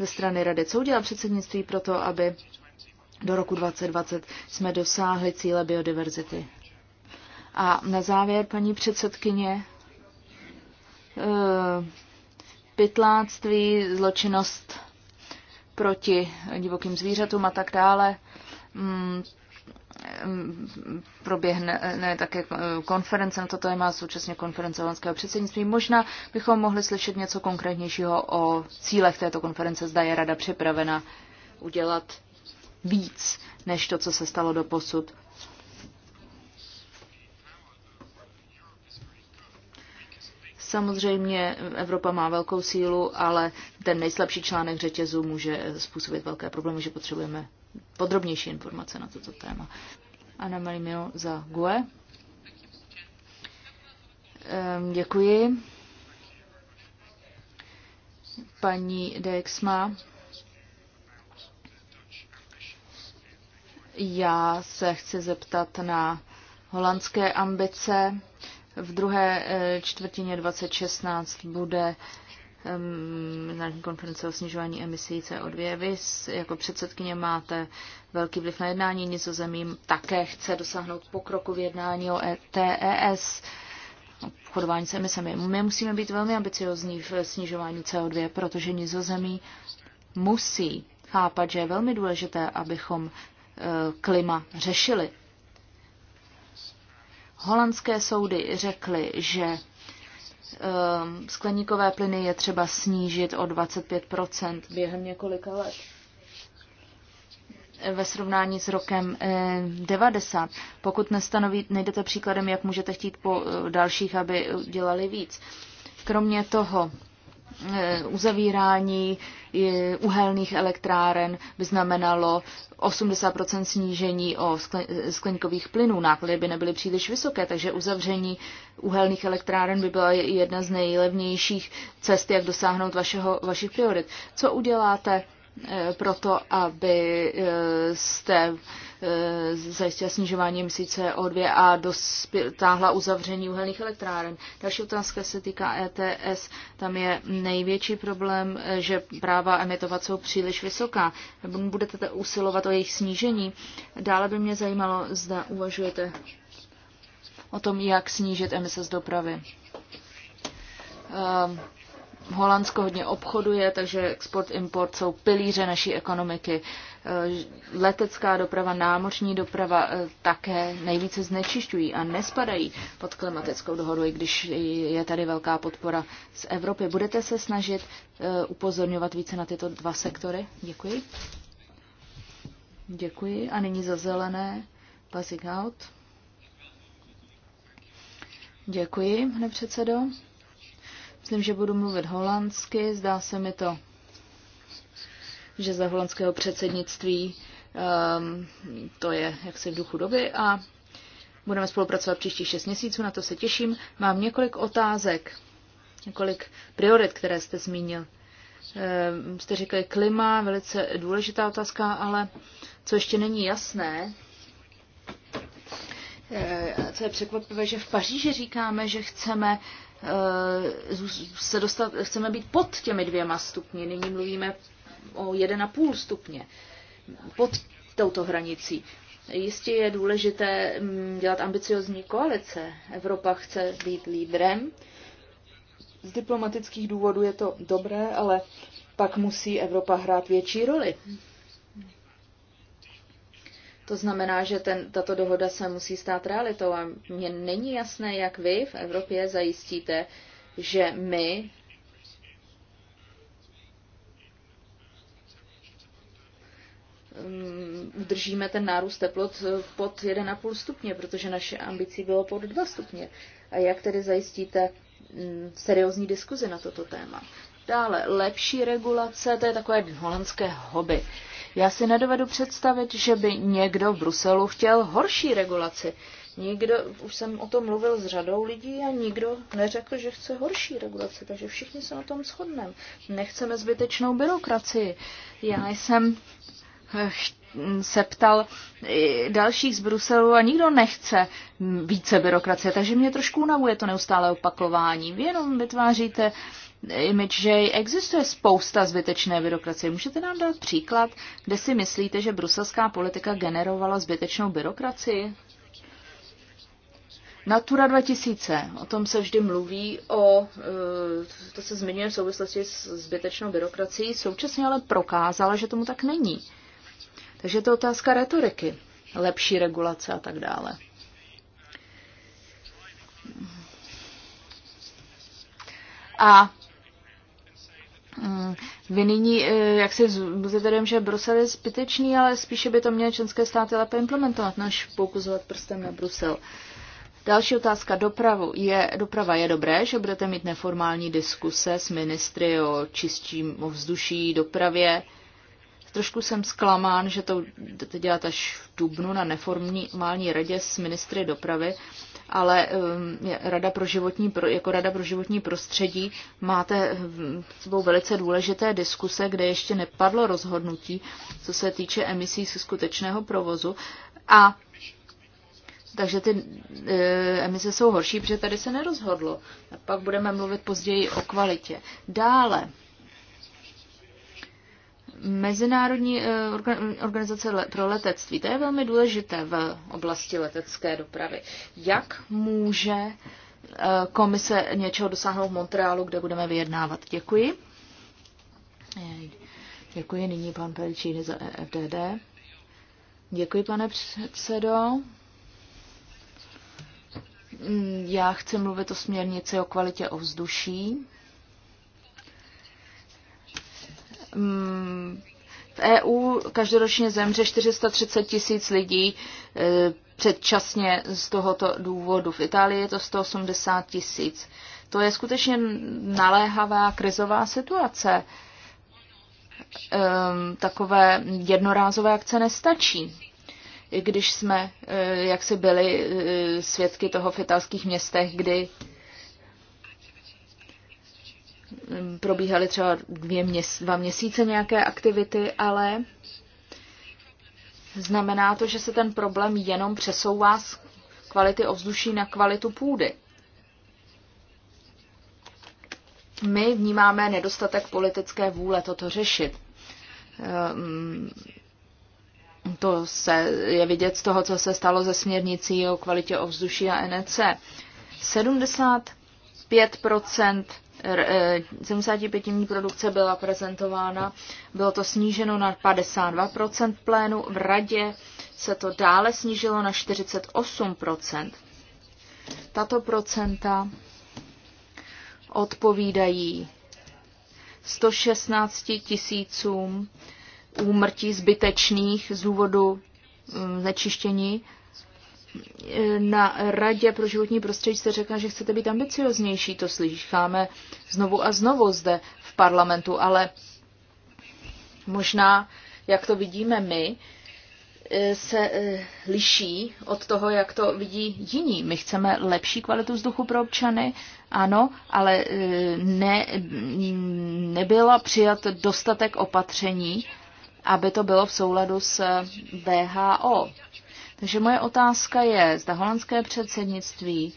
ze strany Rady. Co udělá předsednictví pro to, aby do roku 2020 jsme dosáhli cíle biodiverzity? A na závěr, paní předsedkyně, eh, pytláctví, zločinnost proti divokým zvířatům a tak dále. Mm, proběhne ne, také eh, konference na toto téma, současně konference holandského předsednictví. Možná bychom mohli slyšet něco konkrétnějšího o cílech této konference. Zda je rada připravena udělat víc, než to, co se stalo do posud. Samozřejmě Evropa má velkou sílu, ale ten nejslabší článek řetězu může způsobit velké problémy, že potřebujeme podrobnější informace na toto téma. Anna Malimio za GUE. Ehm, děkuji. Paní Dexma, já se chci zeptat na holandské ambice. V druhé eh, čtvrtině 2016 bude Mezinárodní konference o snižování emisí CO2. Vy jako předsedkyně máte velký vliv na jednání. Nizozemí také chce dosáhnout pokroku v jednání o e- TES obchodování s emisemi. My musíme být velmi ambiciozní v snižování CO2, protože nizozemí musí chápat, že je velmi důležité, abychom e, klima řešili. Holandské soudy řekly, že Ehm, skleníkové plyny je třeba snížit o 25 během několika let ve srovnání s rokem 90. Ehm, Pokud nestanoví, nejdete příkladem, jak můžete chtít po eh, dalších, aby dělali víc. Kromě toho, Eh, uzavírání uhelných elektráren by znamenalo 80 snížení o skleníkových plynů. Náklady by nebyly příliš vysoké, takže uzavření uhelných elektráren by byla jedna z nejlevnějších cest, jak dosáhnout vašeho, vašich priorit. Co uděláte? Eh, proto, aby eh, jste eh, zajistila snižování emisí CO2 a dotáhla uzavření uhelných elektráren. Další otázka se týká ETS. Tam je největší problém, že práva emitovat jsou příliš vysoká. Budete usilovat o jejich snížení. Dále by mě zajímalo, zda uvažujete o tom, jak snížit emise z dopravy. Um, Holandsko hodně obchoduje, takže export, import jsou pilíře naší ekonomiky. Eh, letecká doprava, námořní doprava eh, také nejvíce znečišťují a nespadají pod klimatickou dohodu, i když je tady velká podpora z Evropy. Budete se snažit eh, upozorňovat více na tyto dva sektory? Děkuji. Děkuji. A nyní za zelené. Passing out. Děkuji, pane předsedo. Myslím, že budu mluvit holandsky, zdá se mi to, že za holandského předsednictví um, to je jaksi v duchu doby a budeme spolupracovat příštích 6 měsíců, na to se těším. Mám několik otázek, několik priorit, které jste zmínil. Um, jste říkali klima, velice důležitá otázka, ale co ještě není jasné, eh, co je překvapivé, že v Paříži říkáme, že chceme Eh, se dostat, chceme být pod těmi dvěma stupni. Nyní mluvíme o 1,5 stupně pod touto hranicí. Jistě je důležité mm, dělat ambiciozní koalice. Evropa chce být lídrem. Z diplomatických důvodů je to dobré, ale pak musí Evropa hrát větší roli. To znamená, že ten, tato dohoda se musí stát realitou a mně není jasné, jak vy v Evropě zajistíte, že my mm, udržíme ten nárůst teplot pod 1,5 stupně, protože naše ambicí bylo pod 2 stupně. A jak tedy zajistíte mm, seriózní diskuzi na toto téma? Dále, lepší regulace, to je takové holandské hobby. Já si nedovedu představit, že by někdo v Bruselu chtěl horší regulaci. Nikdo, už jsem o tom mluvil s řadou lidí a nikdo neřekl, že chce horší regulaci, takže všichni se na tom shodneme. Nechceme zbytečnou byrokracii. Já jsem eh, se ptal dalších z Bruselu a nikdo nechce více byrokracie, takže mě trošku unavuje to neustále opakování. Vy jenom vytváříte image, že existuje spousta zbytečné byrokracie. Můžete nám dát příklad, kde si myslíte, že bruselská politika generovala zbytečnou byrokracii? Natura 2000, o tom se vždy mluví, o, e, to se zmiňuje v souvislosti s zbytečnou byrokracií, současně ale prokázala, že tomu tak není. Takže je to otázka retoriky, lepší regulace a tak dále. A Mm. Vy nyní, eh, jak si zvedem, že Brusel je zbytečný, ale spíše by to měly členské státy lépe implementovat, než poukuzovat prstem na Brusel. Další otázka. Dopravu. Je, doprava je dobré, že budete mít neformální diskuse s ministry o čistím ovzduší, dopravě. Trošku jsem zklamán, že to budete dělat až v Dubnu na neformální radě s ministry dopravy ale um, Rada pro životní, jako Rada pro životní prostředí máte um, s sebou velice důležité diskuse, kde ještě nepadlo rozhodnutí, co se týče emisí z skutečného provozu. A takže ty e, emise jsou horší, protože tady se nerozhodlo. A pak budeme mluvit později o kvalitě. Dále, Mezinárodní eh, organizace pro letectví, to je velmi důležité v oblasti letecké dopravy. Jak může eh, komise něčeho dosáhnout v Montrealu, kde budeme vyjednávat? Děkuji. Eh, děkuji nyní pan Peličíny za e FDD. Děkuji, pane předsedo. Mm, já chci mluvit o směrnici o kvalitě ovzduší. V EU každoročně zemře 430 tisíc lidí e, předčasně z tohoto důvodu. V Itálii je to 180 tisíc. To je skutečně naléhavá krizová situace. Ehm, takové jednorázové akce nestačí. I když jsme, e, jak se byli e, svědky toho v italských městech, kdy probíhaly třeba dvě měs- dva měsíce nějaké aktivity, ale znamená to, že se ten problém jenom přesouvá z kvality ovzduší na kvalitu půdy. My vnímáme nedostatek politické vůle toto řešit. Ehm, to se je vidět z toho, co se stalo ze směrnicí o kvalitě ovzduší a NEC. 75 75-dní eh, produkce byla prezentována. Bylo to sníženo na 52% plénu, v radě se to dále snížilo na 48%. Tato procenta odpovídají 116 tisícům úmrtí zbytečných z důvodu hm, znečištění na Radě pro životní prostředí jste řekla, že chcete být ambicioznější. To slycháme znovu a znovu zde v parlamentu, ale možná, jak to vidíme my, e, se e, liší od toho, jak to vidí jiní. My chceme lepší kvalitu vzduchu pro občany, ano, ale e, ne, nebyla přijat dostatek opatření, aby to bylo v souladu s VHO. Takže moje otázka je, zda holandské předsednictví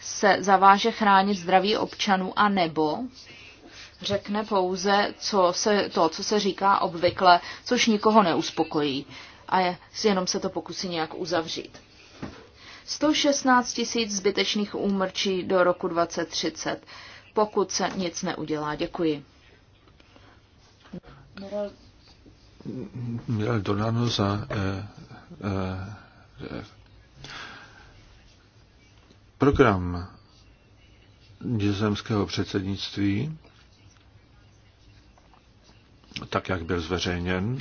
se zaváže chránit zdraví občanů a nebo řekne pouze co se, to, co se říká obvykle, což nikoho neuspokojí a je, jenom se to pokusí nějak uzavřít. 116 tisíc zbytečných úmrčí do roku 2030, pokud se nic neudělá. Děkuji. Měl Donano za eh, eh, Program nizozemského předsednictví, tak jak byl zveřejněn,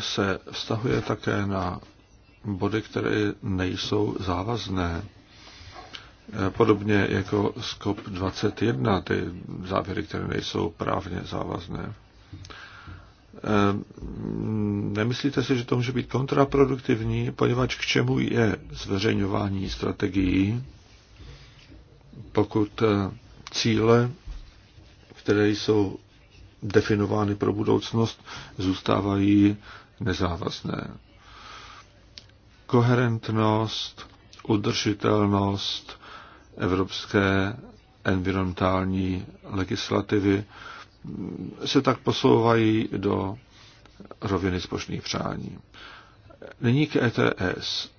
se vztahuje také na body, které nejsou závazné. Podobně jako SCOP 21 ty závěry, které nejsou právně závazné. Ehm, nemyslíte si, že to může být kontraproduktivní, poněvadž k čemu je zveřejňování strategií, pokud eh, cíle, které jsou definovány pro budoucnost, zůstávají nezávazné. Koherentnost, udržitelnost evropské environmentální legislativy, se tak posouvají do roviny zbožných přání. Nyní k ETS.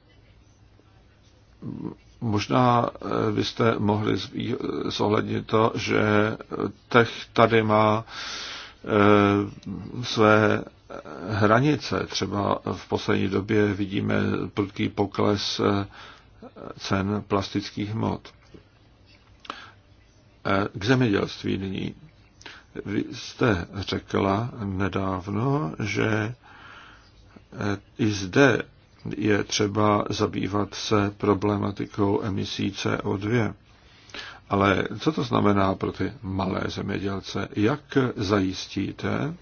Možná eh, byste mohli zohlednit to, že tech tady má eh, své hranice. Třeba v poslední době vidíme prudký pokles eh, cen plastických hmot. K zemědělství nyní. Vy jste řekla nedávno, že eh, i zde je třeba zabývat se problematikou emisí CO2. Ale co to znamená pro ty malé zemědělce? Jak zajistíte,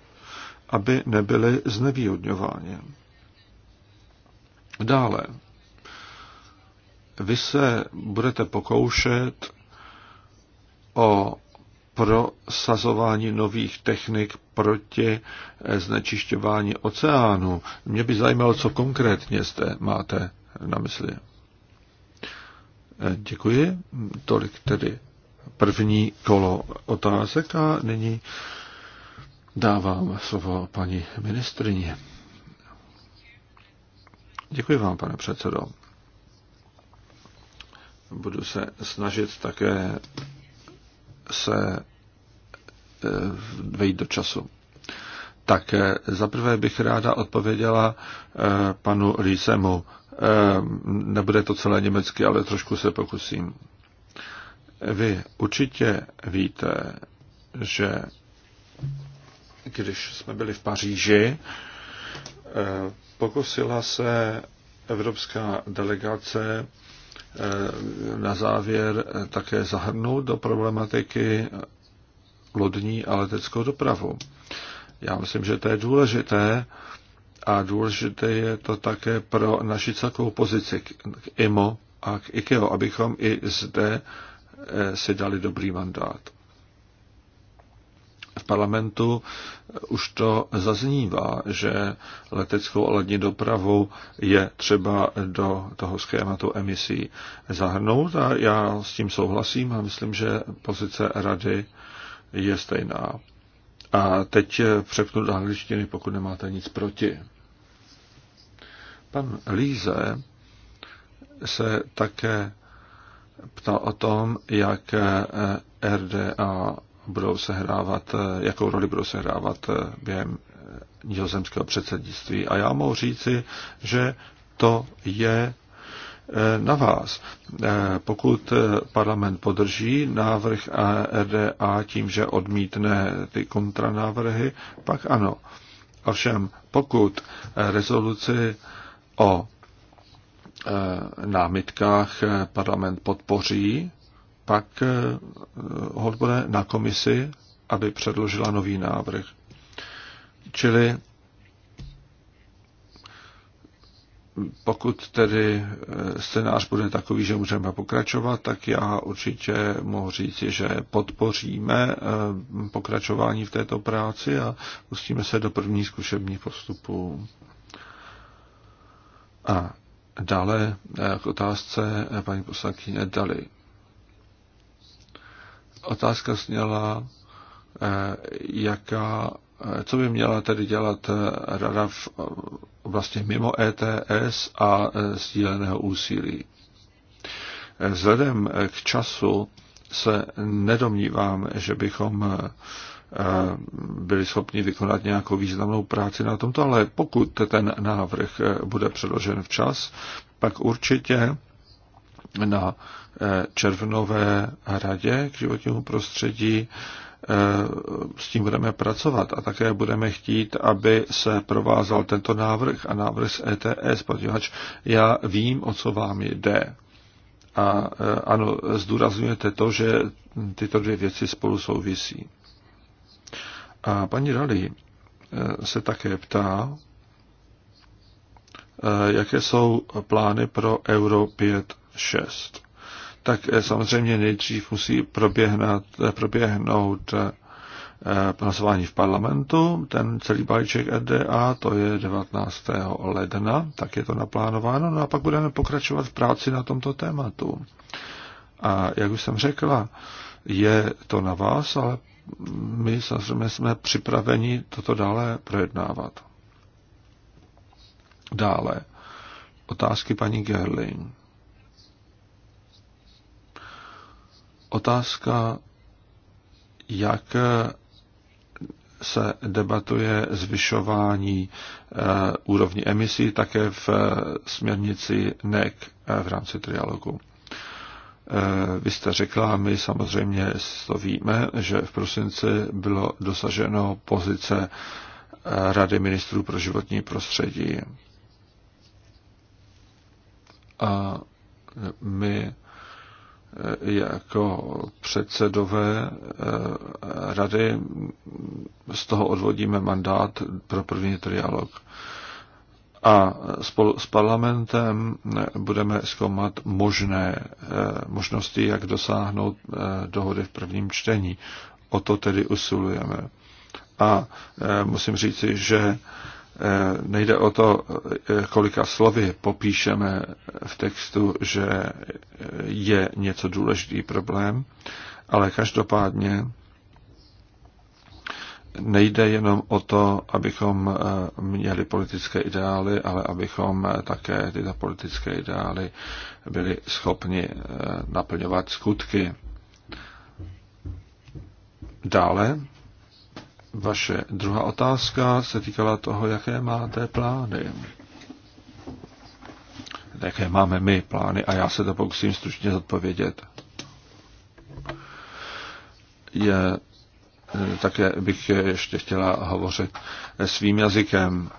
aby nebyly znevýhodňováni? Dále, vy se budete pokoušet o prosazování nových technik proti eh, znečišťování oceánu. Mě by zajímalo, co konkrétně jste máte na mysli. Eh, děkuji. Tolik tedy první kolo otázek a nyní dávám slovo paní ministrině. Děkuji vám, pane předsedo. Budu se snažit také se eh, vejít do času. Tak eh, zaprvé bych ráda odpověděla eh, panu Rísemu. Nebude to celé německy, ale trošku se pokusím. Vy určitě víte, že když jsme byli v Paříži, pokusila se evropská delegace Eh, na závěr eh, také zahrnout do problematiky lodní a leteckou dopravu. Já myslím, že to je důležité a důležité je to také pro naši celkovou pozici k IMO a k IKEO, abychom i zde eh, si dali dobrý mandát v parlamentu už to zaznívá, že leteckou a lední dopravu je třeba do toho schématu emisí zahrnout a já s tím souhlasím a myslím, že pozice rady je stejná. A teď přepnu do angličtiny, pokud nemáte nic proti. Pan Líze se také ptal o tom, jak RDA budou sehrávat, eh, jakou roli budou sehrávat eh, během eh, nizozemského předsednictví. A já mohu říci, že to je na vás. Pokud parlament podrží návrh RDA tím, že odmítne ty kontranávrhy, pak ano. Ovšem, pokud rezoluci o námitkách parlament podpoří, pak eh, ho bude na komisi, aby předložila nový návrh. Čili pokud tedy eh, scénář bude takový, že můžeme pokračovat, tak já určitě mohu říct, že podpoříme eh, pokračování v této práci a pustíme se do první zkušební postupu. A dále k otázce paní poslankyně Dali otázka zněla, eh, jaká, eh, co by měla tedy dělat eh, rada v oblasti mimo ETS a sdíleného úsilí. Vzhledem k času se nedomnívám, že bychom byli schopni vykonat nějakou významnou práci na tomto, ale pokud ten návrh bude předložen včas, pak určitě na eh, červnové radě k životnímu prostředí eh, s tím budeme pracovat a také budeme chtít, aby se provázal tento návrh a návrh z ETS, protože já vím, o co vám jde. A eh, ano, zdůrazňujete to, že tyto dvě věci spolu souvisí. A paní Rali se také ptá, jaké jsou plány pro Euro 5 6, tak eh, samozřejmě nejdřív musí eh, proběhnout, proběhnout eh, hlasování v parlamentu, ten celý balíček EDA, to je 19. ledna, tak je to naplánováno, no a pak budeme pokračovat v práci na tomto tématu. A jak už jsem řekla, je to na vás, ale my samozřejmě jsme připraveni toto dále projednávat. Dále. Otázky paní Gerling. Otázka, jak se debatuje zvyšování eh, úrovni emisí také v eh, směrnici NEC eh, v rámci trialogu. Vy jste řekla, my samozřejmě to víme, že v prosinci bylo dosaženo pozice Rady ministrů pro životní prostředí. A my jako předsedové eh, rady z toho odvodíme mandát pro první trialog. A spolu s parlamentem budeme zkoumat možné eh, možnosti, jak dosáhnout eh, dohody v prvním čtení. O to tedy usilujeme. A musím říci, že Eh, nejde o to, eh, kolika slovy popíšeme v textu, že eh, je něco důležitý problém, ale každopádně nejde jenom o to, abychom měli politické ideály, ale abychom také tyto politické ideály byli schopni naplňovat skutky. Dále vaše druhá otázka se týkala toho, jaké máte plány. Jaké máme my plány a já se to pokusím stručně zodpovědět. Je, eh, také bych ještě chtěla hovořit svým jazykem.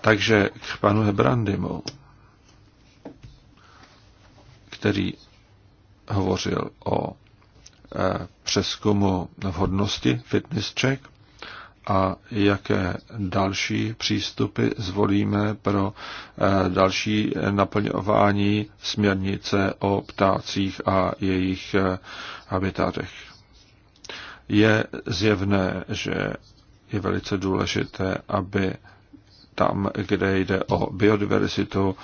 Takže k panu Hebrandimu, který hovořil o eh, přeskumu vhodnosti fitness check a jaké další přístupy zvolíme pro eh, další naplňování směrnice o ptácích a jejich eh, habitatech. Je zjevné, že je velice důležité, aby tam, kde jde o biodiverzitu,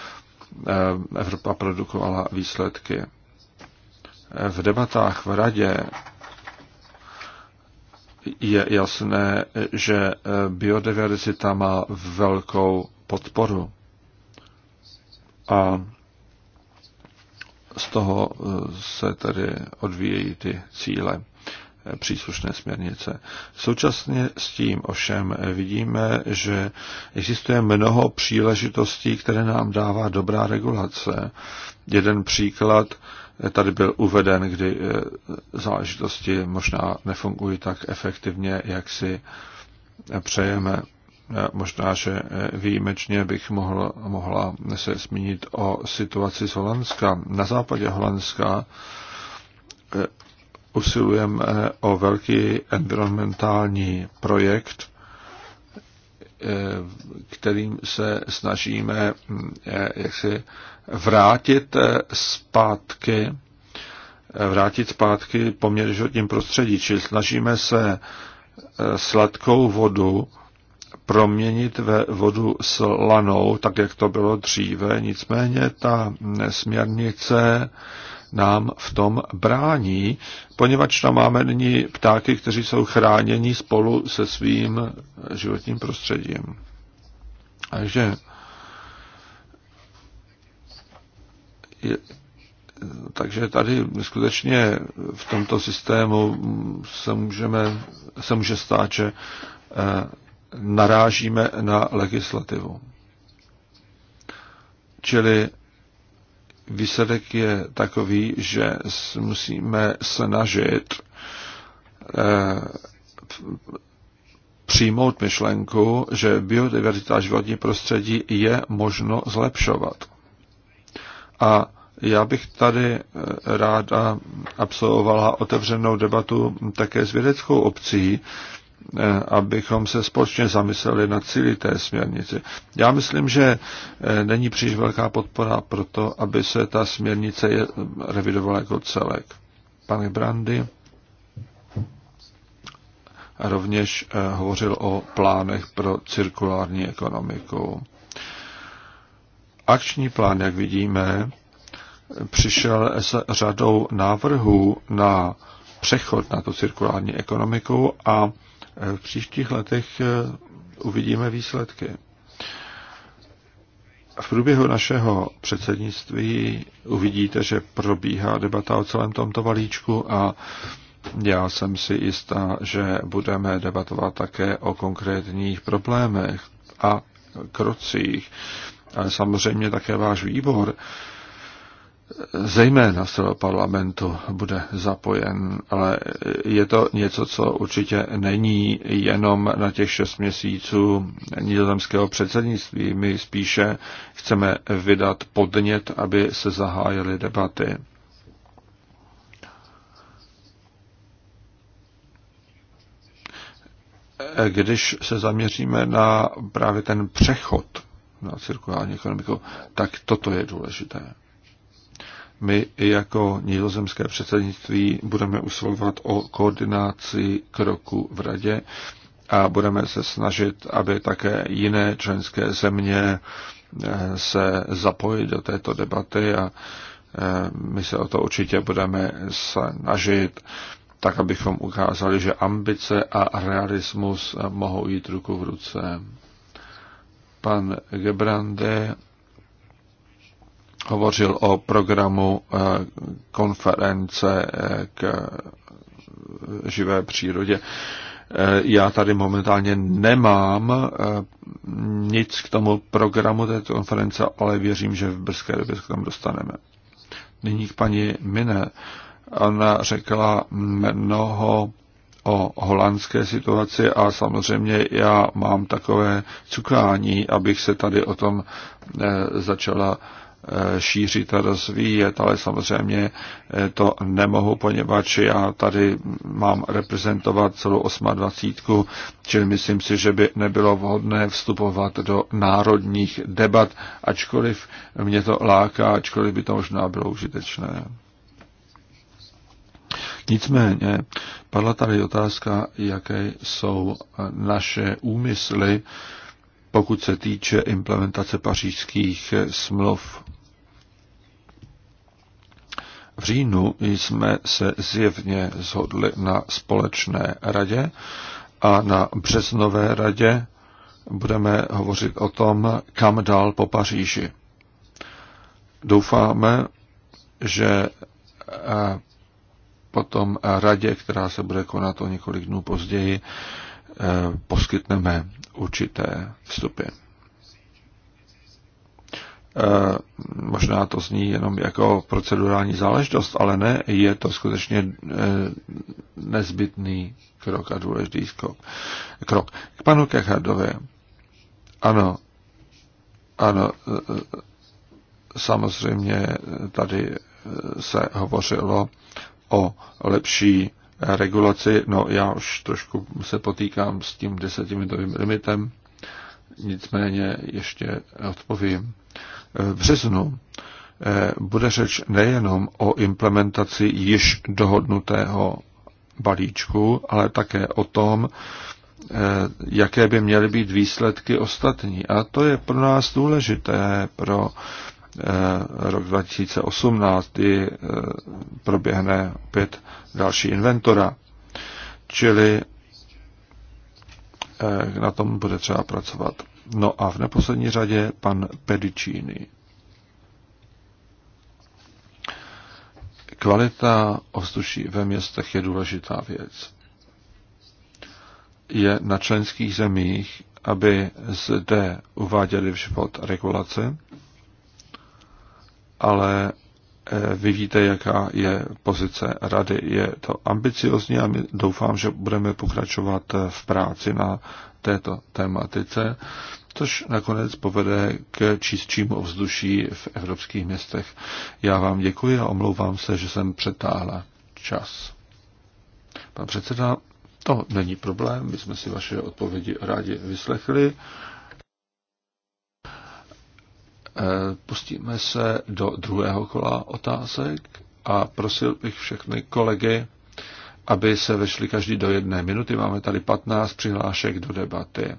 eh, Evropa produkovala výsledky. V debatách v radě je jasné, že eh, biodiverzita má velkou podporu. A z toho eh, se tedy odvíjejí ty cíle eh, příslušné směrnice. Současně s tím ovšem vidíme, že existuje mnoho příležitostí, které nám dává dobrá regulace. Jeden příklad tady byl uveden, kdy eh, záležitosti možná nefungují tak efektivně, jak si přejeme. Eh, možná, že eh, výjimečně bych mohl, mohla se zmínit o situaci z Holandska. Na západě Holandska usilujeme o velký environmentální projekt, Eh, kterým se snažíme eh, jaksi vrátit eh, zpátky vrátit zpátky poměr životním prostředí, čili snažíme se sladkou vodu proměnit ve vodu slanou, tak jak to bylo dříve. Nicméně ta směrnice nám v tom brání, poněvadž tam máme nyní ptáky, kteří jsou chráněni spolu se svým životním prostředím. Takže je, takže tady skutečně v tomto systému se, můžeme, se může stát, že eh, narážíme na legislativu. Čili výsledek je takový, že musíme snažit eh, přijmout myšlenku, že biodiverzita životní prostředí je možno zlepšovat. A já bych tady eh, ráda absolvovala otevřenou debatu také s vědeckou obcí, Eh, abychom se společně zamysleli na cíli té směrnice. Já myslím, že eh, není příliš velká podpora pro to, aby se ta směrnice revidovala jako celek. Pane Brandy a rovněž eh, hovořil o plánech pro cirkulární ekonomiku. Akční plán, jak vidíme, přišel s řadou návrhů na přechod na tu cirkulární ekonomiku a v příštích letech eh, uvidíme výsledky. V průběhu našeho předsednictví uvidíte, že probíhá debata o celém tomto valíčku a já jsem si jistá, že budeme debatovat také o konkrétních problémech a krocích, ale samozřejmě také váš výbor zejména z toho parlamentu bude zapojen, ale je to něco, co určitě není jenom na těch šest měsíců nizozemského předsednictví. My spíše chceme vydat podnět, aby se zahájily debaty. Když se zaměříme na právě ten přechod na cirkulární ekonomiku, tak toto je důležité. My jako nizozemské předsednictví budeme usilovat o koordinaci kroku v radě a budeme se snažit, aby také jiné členské země eh, se zapojit do této debaty a eh, my se o to určitě budeme snažit, tak abychom ukázali, že ambice a realismus mohou jít ruku v ruce. Pan Gebrande hovořil o programu eh, konference eh, k živé přírodě. Eh, já tady momentálně nemám nic k tomu programu této konference, ale věřím, že v brzké době se tam dostaneme. Nyní k paní Mine. Ona řekla mnoho o holandské situaci a samozřejmě já mám takové cukání, abych se tady o tom začala Eh, šířit a rozvíjet, ale samozřejmě eh, to nemohu, poněvadž já tady mám reprezentovat celou 28, čili myslím si, že by nebylo vhodné vstupovat do národních debat, ačkoliv mě to láká, ačkoliv by to možná bylo užitečné. Nicméně padla tady otázka, jaké jsou eh, naše úmysly, pokud se týče implementace pařížských smluv. V říjnu jsme se zjevně zhodli na společné radě a na březnové radě budeme hovořit o tom, kam dál po Paříži. Doufáme, že eh, potom radě, která se bude konat o několik dnů později, eh, poskytneme určité vstupy. Eh, možná to zní jenom jako procedurální záležitost, ale ne, je to skutečně eh, nezbytný krok a důležitý skok. krok. K panu Kechardové. Ano, ano, eh, samozřejmě tady se hovořilo o lepší regulaci. No, já už trošku se potýkám s tím desetiminutovým limitem, nicméně ještě odpovím. V březnu eh, bude řeč nejenom o implementaci již dohodnutého balíčku, ale také o tom, eh, jaké by měly být výsledky ostatní. A to je pro nás důležité pro eh, rok 2018, kdy proběhne opět další inventora. Čili na tom bude třeba pracovat. No a v neposlední řadě pan Pedicini. Kvalita ovzduší ve městech je důležitá věc. Je na členských zemích, aby zde uváděli v život regulace, ale eh, vy víte, jaká je pozice rady. Je to ambiciozní a my doufám, že budeme pokračovat eh, v práci na této tématice, což nakonec povede k čistšímu ovzduší v evropských městech. Já vám děkuji a omlouvám se, že jsem přetáhla čas. Pan předseda, to není problém, my jsme si vaše odpovědi rádi vyslechli. Eh, pustíme se do druhého kola otázek a prosil bych všechny kolegy, aby se vešli každý do jedné minuty. Máme tady 15 přihlášek do debaty.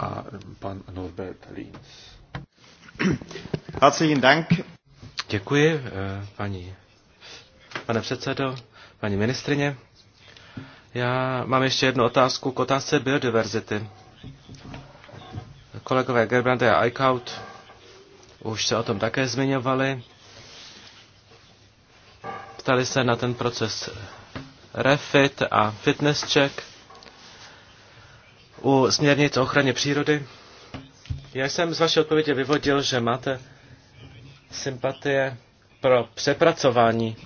A pan Norbert Linz. Herzlichen Dank. Děkuji, eh, paní, pane předsedo, paní ministrině. Já mám ještě jednu otázku k otázce biodiverzity. Kolegové Gerbrande a Eichhout už se o tom také zmiňovali. Ptali se na ten proces refit a fitness check u směrnic o ochraně přírody. Já jsem z vaší odpovědi vyvodil, že máte sympatie pro přepracování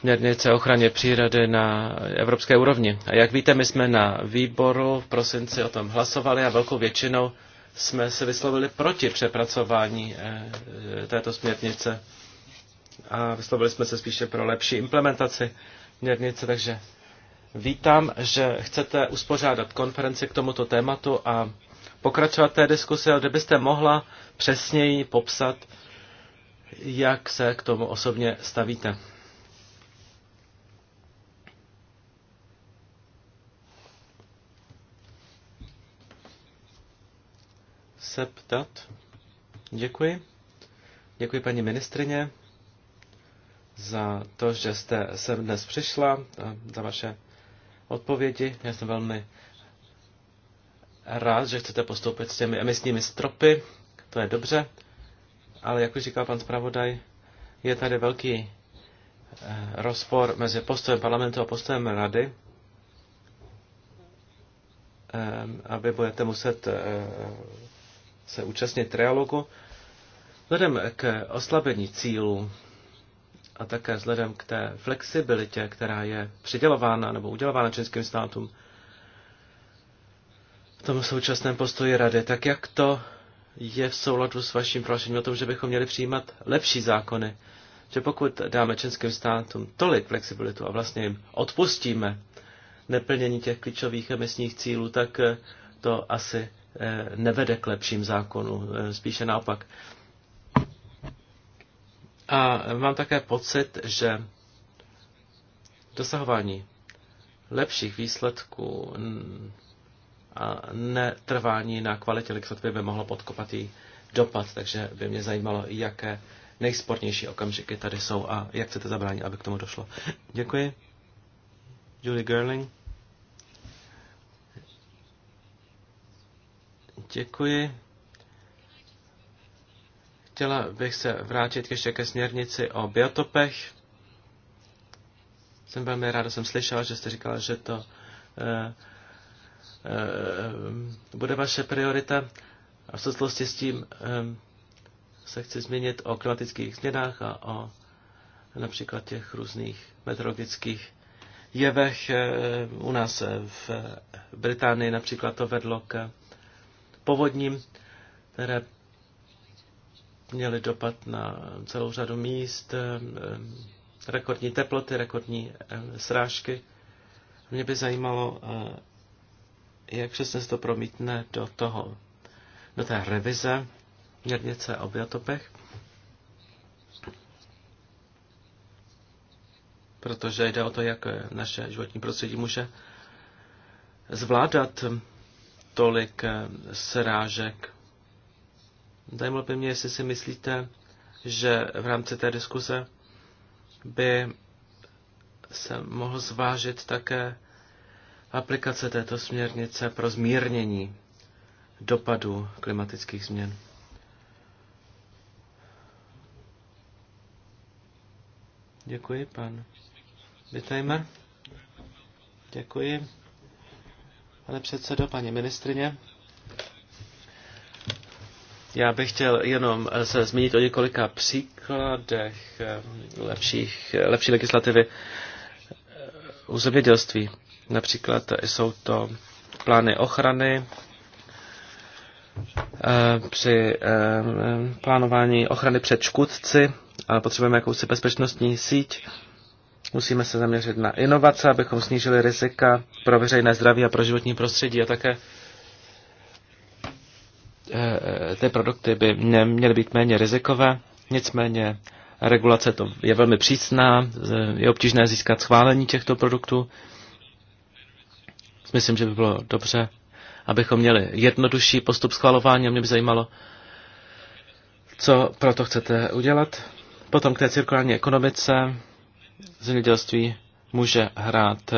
směrnice o ochraně přírody na evropské úrovni. A jak víte, my jsme na výboru v prosinci o tom hlasovali a velkou většinou jsme se vyslovili proti přepracování eh, této směrnice a vyslovili jsme se spíše pro lepší implementaci směrnice, takže vítám, že chcete uspořádat konferenci k tomuto tématu a pokračovat té diskusi, ale kdybyste mohla přesněji popsat, jak se k tomu osobně stavíte. Se ptat. Děkuji. Děkuji paní ministrině za to, že jste sem dnes přišla, eh, za vaše odpovědi. Já jsem velmi rád, že chcete postoupit s těmi emisními stropy, to je dobře, ale jak už říkal pan zpravodaj, je tady velký eh, rozpor mezi postojem parlamentu a postojem rady ehm, a vy budete muset eh, se účastnit trialogu. Vzhledem k oslabení cílů a také vzhledem k té flexibilitě, která je přidělována nebo udělována českým státům v tom současném postoji rady, tak jak to je v souladu s vaším prohlášením o tom, že bychom měli přijímat lepší zákony, že pokud dáme českým státům tolik flexibilitu a vlastně jim odpustíme neplnění těch klíčových emisních cílů, tak to asi eh, nevede k lepším zákonům, eh, spíše naopak. A mám také pocit, že dosahování lepších výsledků a netrvání na kvalitě legislativy by mohlo podkopat její dopad, takže by mě zajímalo, jaké nejspornější okamžiky tady jsou a jak chcete zabránit, aby k tomu došlo. Děkuji. Julie Gerling. Děkuji. Chtěla bych se vrátit ještě ke směrnici o biotopech. Jsem velmi ráda, jsem slyšela, že jste říkala, že to eh, eh, bude vaše priorita. A v souvislosti s tím eh, se chci změnit o klimatických změnách a o například těch různých meteorologických jevech. Eh, u nás eh, v Británii například to vedlo k povodním, které měly dopad na celou řadu míst, eh, rekordní teploty, rekordní eh, srážky. Mě by zajímalo, eh, jak přesně se to promítne do toho, do té revize měrnice o biotopech. Protože jde o to, jak naše životní prostředí může zvládat tolik srážek Zajímalo by mě, jestli si myslíte, že v rámci té diskuse by se mohl zvážit také aplikace této směrnice pro zmírnění dopadů klimatických změn. Děkuji, pan Bittimer. Děkuji, pane předsedo, paní ministrině. Já bych chtěl jenom eh, se zmínit o několika příkladech eh, lepších, eh, lepší legislativy u zemědělství. Například jsou to plány ochrany při plánování ochrany před škůdci, ale potřebujeme jakousi bezpečnostní síť. Musíme se zaměřit na inovace, abychom snížili rizika pro veřejné zdraví a pro životní prostředí a také Eh, eh, ty produkty by měly být méně rizikové, nicméně regulace to je velmi přísná, eh, je obtížné získat schválení těchto produktů. Myslím, že by bylo dobře, abychom měli jednodušší postup schvalování a mě by zajímalo, co proto chcete udělat. Potom k té cirkulární ekonomice zemědělství může hrát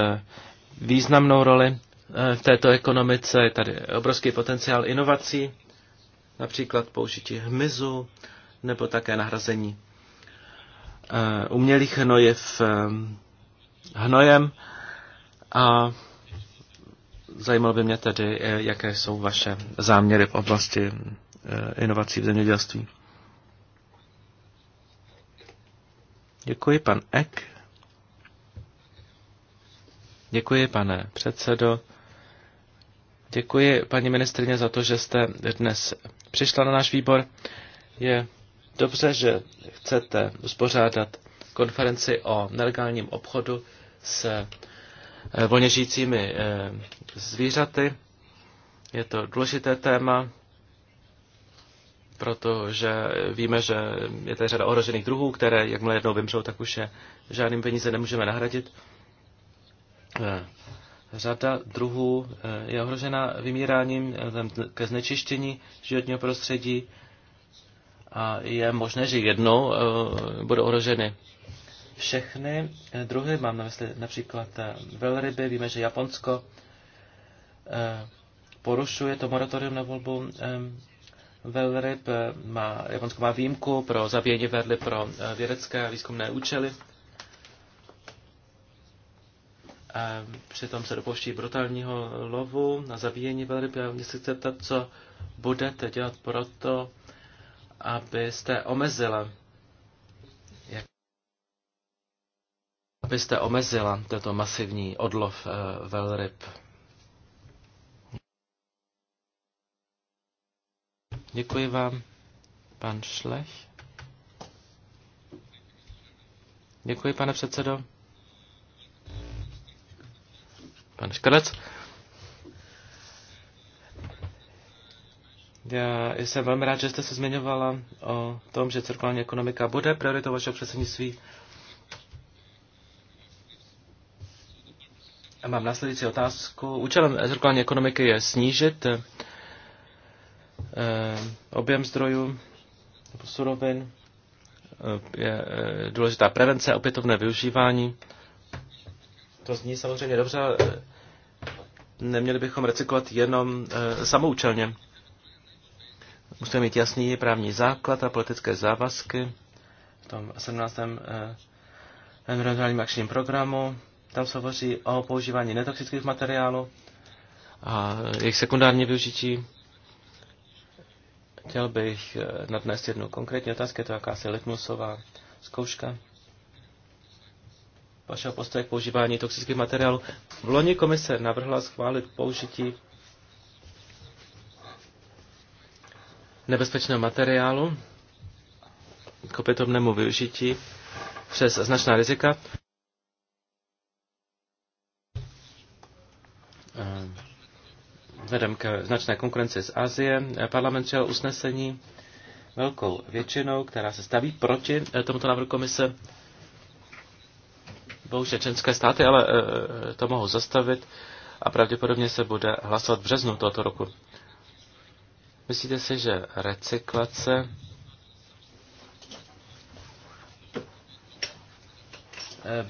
významnou roli v této ekonomice. Je tady obrovský potenciál inovací například použití hmyzu nebo také nahrazení eh, umělých hnojiv eh, hnojem. A zajímalo by mě tedy, eh, jaké jsou vaše záměry v oblasti inovací v zemědělství. Děkuji, pan Ek. Děkuji, pane předsedo. Děkuji paní ministrině za to, že jste dnes přišla na náš výbor. Je dobře, že chcete uspořádat konferenci o nelegálním obchodu s eh, volně žijícími eh, zvířaty. Je to důležité téma, protože víme, že je tady řada ohrožených druhů, které jakmile jednou vymřou, tak už je žádným peníze nemůžeme nahradit. Eh, řada druhů eh, je ohrožena vymíráním eh, ke znečištění životního prostředí a je možné, že jednou eh, budou ohroženy všechny druhy. Mám na mysli například velryby. Víme, že Japonsko porušuje to moratorium na volbu velryb. Má, Japonsko má výjimku pro zabíjení velryb pro vědecké výzkumné účely. Přitom se dopouští brutálního lovu na zabíjení velryb. Já mě se chci zeptat, co budete dělat to, abyste omezila abyste omezila tento masivní odlov eh, velryb. Děkuji vám, pan Šlech. Děkuji, pane předsedo. pan Škrlec. Já jsem velmi rád, že jste se zmiňovala o tom, že cirkulární ekonomika bude prioritou vašeho předsednictví. A mám následující otázku. Účelem cirkulární ekonomiky je snížit eh, objem zdrojů nebo surovin. Eh, je eh, důležitá prevence, opětovné využívání. To zní samozřejmě dobře, ale eh, Neměli bychom recyklovat jenom e, samoučelně. Musíme mít jasný právní základ a politické závazky v tom 17. E, eh, environmentálním akčním programu. Tam se hovoří o používání netoxických materiálů a jejich sekundární využití. Chtěl bych eh, nadnést jednu konkrétní otázku, je to jakási litmusová zkouška vašeho postoje k používání toxických materiálů. V loni komise navrhla schválit použití nebezpečného materiálu k opětovnému využití přes značná rizika. Vedem k značné konkurenci z Asie, parlament přijal usnesení velkou většinou, která se staví proti tomuto návrhu komise. Bohužel členské státy ale e, e, to mohou zastavit a pravděpodobně se bude hlasovat v březnu tohoto roku. Myslíte si, že recyklace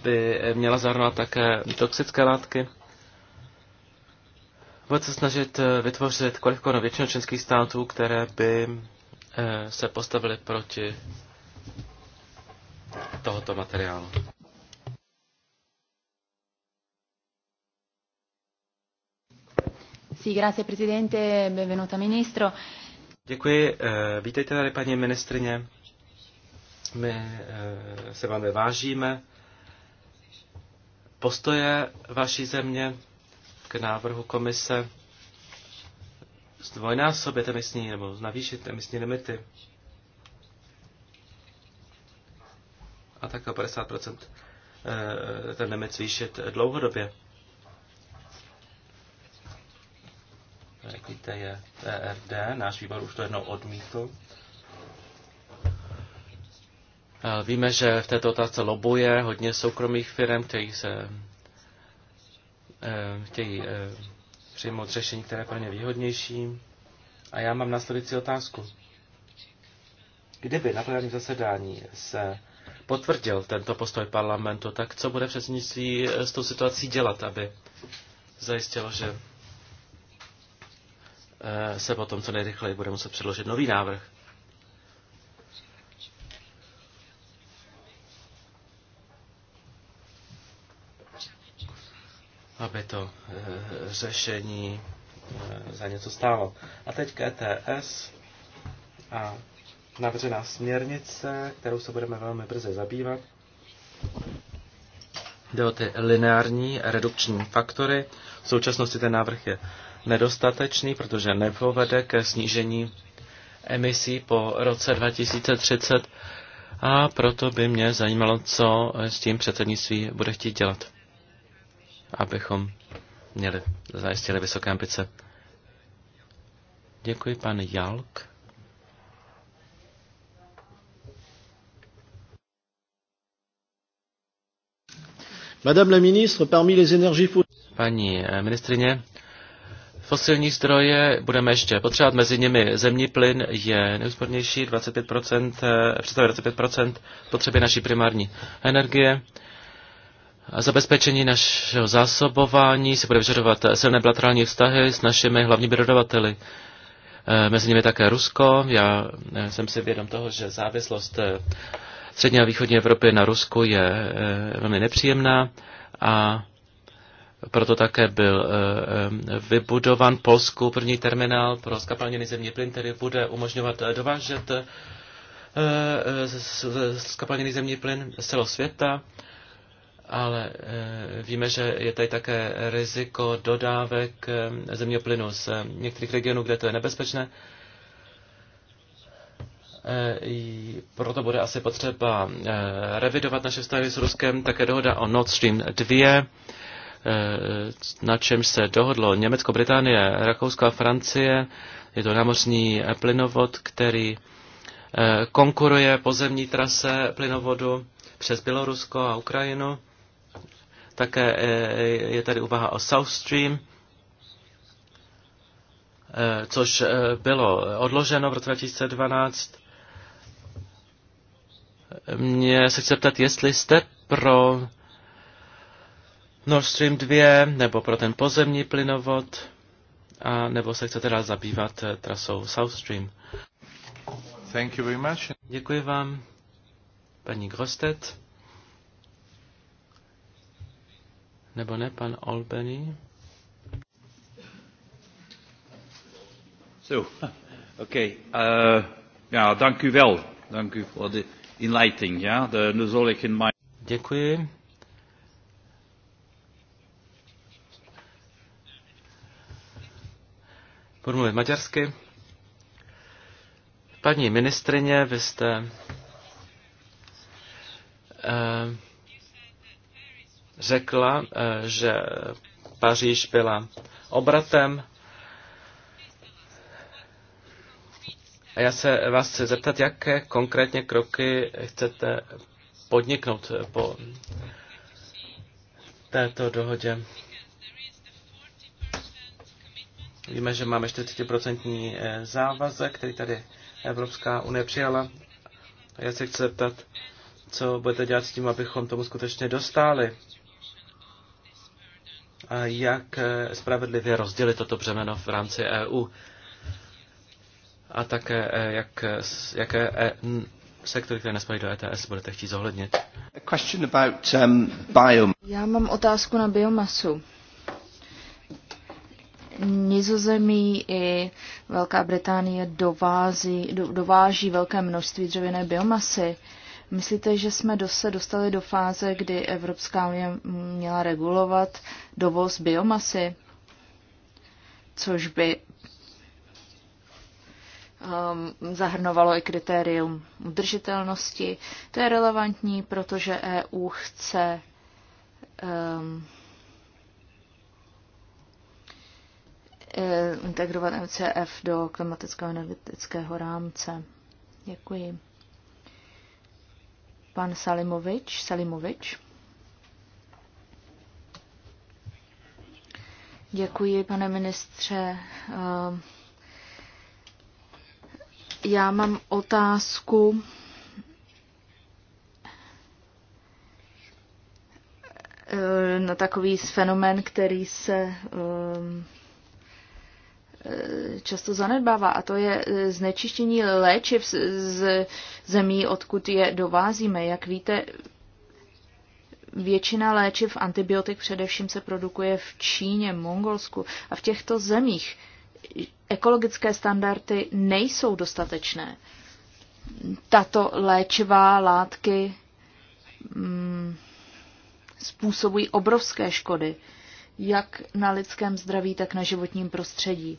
by měla zahrnovat také toxické látky? Bude se snažit e, vytvořit kvalifikovanou většinu členských států, které by se postavily proti tohoto materiálu. Sí, grazie, presidente, benvenuta, ministro. Děkuji. Eh, vítejte tady, paní ministrině. My eh, se vám vážíme. Postoje vaší země k návrhu komise zdvojnásobit emisní nebo navýšit emisní limity a tak o 50 eh, ten limit zvýšit dlouhodobě. Jak víte, je PRD. Náš výbor už to jednou odmítl. Víme, že v této otázce lobuje hodně soukromých firm, kteří se eh, chtějí eh, přijmout řešení, které je pro ně výhodnější. A já mám následující otázku. Kdyby na plenárním zasedání se potvrdil tento postoj parlamentu, tak co bude předsednictví s tou situací dělat, aby zajistilo, že Eh, se potom co nejrychleji bude muset předložit nový návrh. aby to eh, řešení eh, za něco stálo. A teď k ETS a navřená směrnice, kterou se budeme velmi brzy zabývat. Jde o ty lineární redukční faktory. V současnosti ten návrh je nedostatečný, protože nepovede ke snížení emisí po roce 2030 a proto by mě zajímalo, co s tím předsednictví bude chtít dělat, abychom měli, zajistili vysoké ambice. Děkuji, pan Jalk. Madame la ministre, parmi les énergies Paní eh, ministrině, Fosilní zdroje budeme ještě potřebovat, mezi nimi zemní plyn je neúspornější, 25%, eh, představuje 25% potřeby naší primární energie. A zabezpečení našeho zásobování se bude vyžadovat silné bilaterální vztahy s našimi hlavními dodavateli. Eh, mezi nimi také Rusko. Já eh, jsem si vědom toho, že závislost střední a východní Evropy na Rusku je velmi nepříjemná a proto také byl eh, eh, vybudovan Polsku první terminál pro skapalněný zemní plyn, který bude umožňovat eh, dovážet skapalněný zemní plyn z celého světa, ale víme, že je tady také riziko dodávek zemního plynu z některých regionů, kde to je nebezpečné. Proto bude asi potřeba revidovat naše vztahy s Ruskem, také dohoda o Nord Stream 2 Eh, na čem se dohodlo Německo, Británie, Rakousko a Francie. Je to námořní plynovod, který eh, konkuruje pozemní trase plynovodu přes Bělorusko a Ukrajinu. Také eh, je tady úvaha o South Stream, což bylo odloženo v roce 2012. Mě se chce ptat, jestli jste pro Nord Stream 2 nebo pro ten pozemní plynovod, a nebo se chcete dál zabývat eh, trasou South Stream. Thank you very much. Děkuji vám, paní Grostet. Nebo ne, pan Albany. so, oké. Okay. Uh, ja, dank u the Dank u the the inleiding. Ja, the nu in mijn... Děkuji Budu mluvit maďarsky. Paní ministrině, vy jste eh, řekla, eh, že Paříž byla obratem. A já se vás chci zeptat, jaké konkrétně kroky chcete podniknout po této dohodě. Víme, že máme 40% eh, závazek, který tady Evropská unie přijala. A já se chci zeptat, co budete dělat s tím, abychom tomu skutečně dostali. A jak eh, spravedlivě rozdělit toto břemeno v rámci EU. A také, eh, jak, jaké e, sektory, které nespadají do ETS, budete chtít zohlednit. Um, já mám otázku na biomasu. Nizozemí i Velká Británie dovází, do, dováží velké množství dřevěné biomasy. Myslíte, že jsme se dostali do fáze, kdy Evropská unie měla regulovat dovoz biomasy, což by um, zahrnovalo i kritérium udržitelnosti? To je relevantní, protože EU chce um, Eh, integrovat MCF do klimatického energetického rámce. Děkuji. Pan Salimovič. Salimovič. Děkuji, pane ministře. Eh, já mám otázku. Eh, na takový fenomén, který se Eh, často zanedbává, a to je eh, znečištění léčiv z zemí, odkud je dovázíme. Jak víte, většina léčiv antibiotik především se produkuje v Číně, Mongolsku a v těchto zemích ekologické standardy nejsou dostatečné. Tato léčivá látky mm, způsobují obrovské škody jak na lidském zdraví, tak na životním prostředí.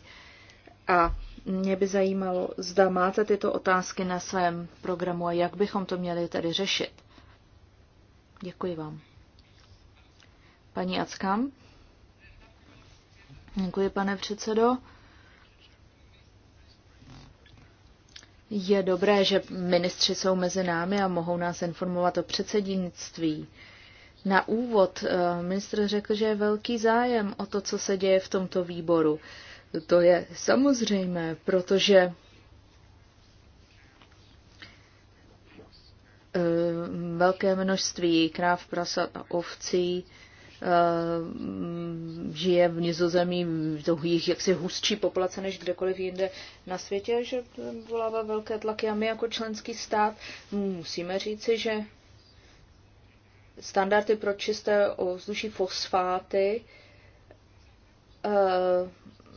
A mě by zajímalo, zda máte tyto otázky na svém programu a jak bychom to měli tedy řešit. Děkuji vám. Paní Ackam. Děkuji, pane předsedo. Je dobré, že ministři jsou mezi námi a mohou nás informovat o předsednictví. Na úvod eh, ministr řekl, že je velký zájem o to, co se děje v tomto výboru. To je samozřejmé, protože eh, velké množství kráv, prasat a ovcí eh, žije v nizozemí v jejich jaksi hustší populace než kdekoliv jinde na světě, že volává velké tlaky a my jako členský stát musíme říci, že standardy pro čisté ovzduší fosfáty, eh,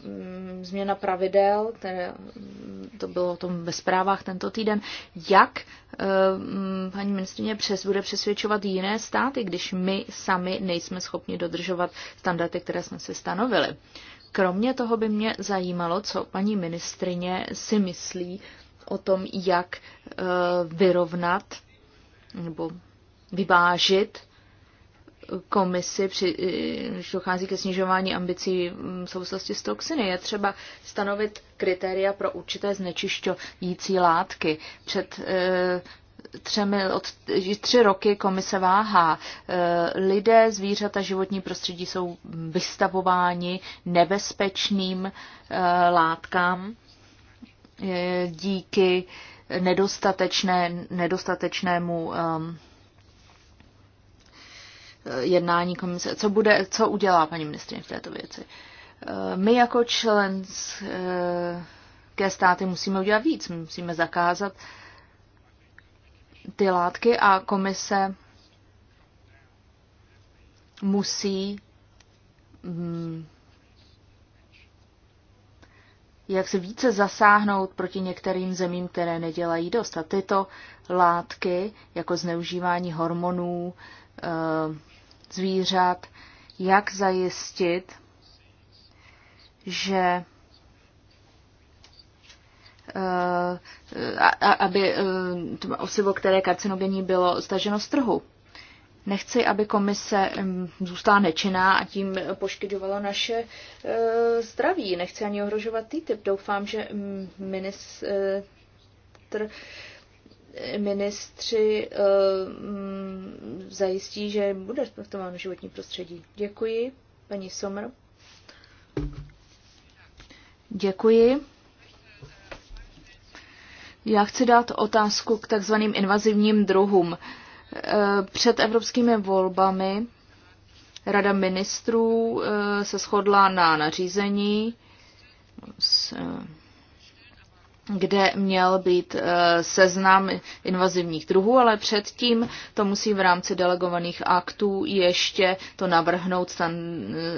mm, změna pravidel, které, mm, to bylo o tom ve zprávách tento týden, jak eh, mm, paní ministrině přes, bude přesvědčovat jiné státy, když my sami nejsme schopni dodržovat standardy, které jsme si stanovili. Kromě toho by mě zajímalo, co paní ministrině si myslí o tom, jak eh, vyrovnat nebo vyvážit komisi, při, když dochází ke snižování ambicí v souvislosti s toxiny. Je třeba stanovit kritéria pro určité znečišťující látky. Před eh, třemi, od, tři roky komise váhá. Eh, lidé, zvířata, životní prostředí jsou vystavováni nebezpečným eh, látkám díky nedostatečné, nedostatečnému ehm, Eh, jednání komise. Co, bude, co udělá paní ministrině v této věci? Eh, my jako členské státy musíme udělat víc. Musíme zakázat ty látky a komise musí mm, jak se více zasáhnout proti některým zemím, které nedělají dost. A tyto látky, jako zneužívání hormonů, eh, zvířat, jak zajistit, že eh, aby eh, osivo, které karcinogenní bylo staženo z trhu. Nechci, aby komise zůstala nečinná a tím poškodovala naše eh, zdraví. Nechci ani ohrožovat TTIP. Doufám, že ministr ministři eh, zajistí, že bude respektováno životní prostředí. Děkuji, paní Somr. Děkuji. Já chci dát otázku k takzvaným invazivním druhům. Eh, před evropskými volbami Rada ministrů eh, se shodla na nařízení s kde měl být eh, seznam invazivních druhů, ale předtím to musí v rámci delegovaných aktů ještě to navrhnout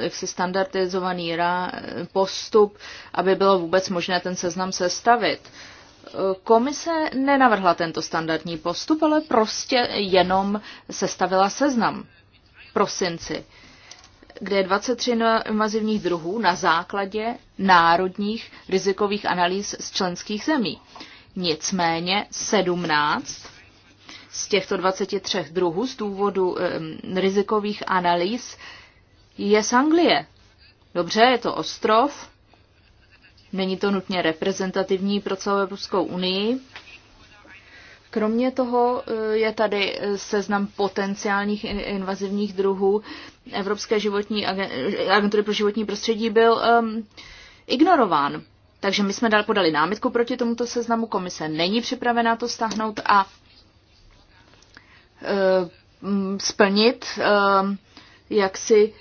jaksi standardizovaný postup, aby bylo vůbec možné ten seznam sestavit. Eh, komise nenavrhla tento standardní postup, ale prostě jenom sestavila seznam prosinci kde je 23 invazivních druhů na základě národních rizikových analýz z členských zemí. Nicméně 17 z těchto 23 druhů z důvodu um, rizikových analýz je z Anglie. Dobře, je to ostrov, není to nutně reprezentativní pro celou Evropskou unii, Kromě toho eh, je tady eh, seznam potenciálních invazivních druhů. Evropské životní agentury pro životní prostředí byl um, ignorován. Takže my jsme dal, podali námitku proti tomuto seznamu. Komise není připravená to stáhnout a uh, splnit uh, jaksi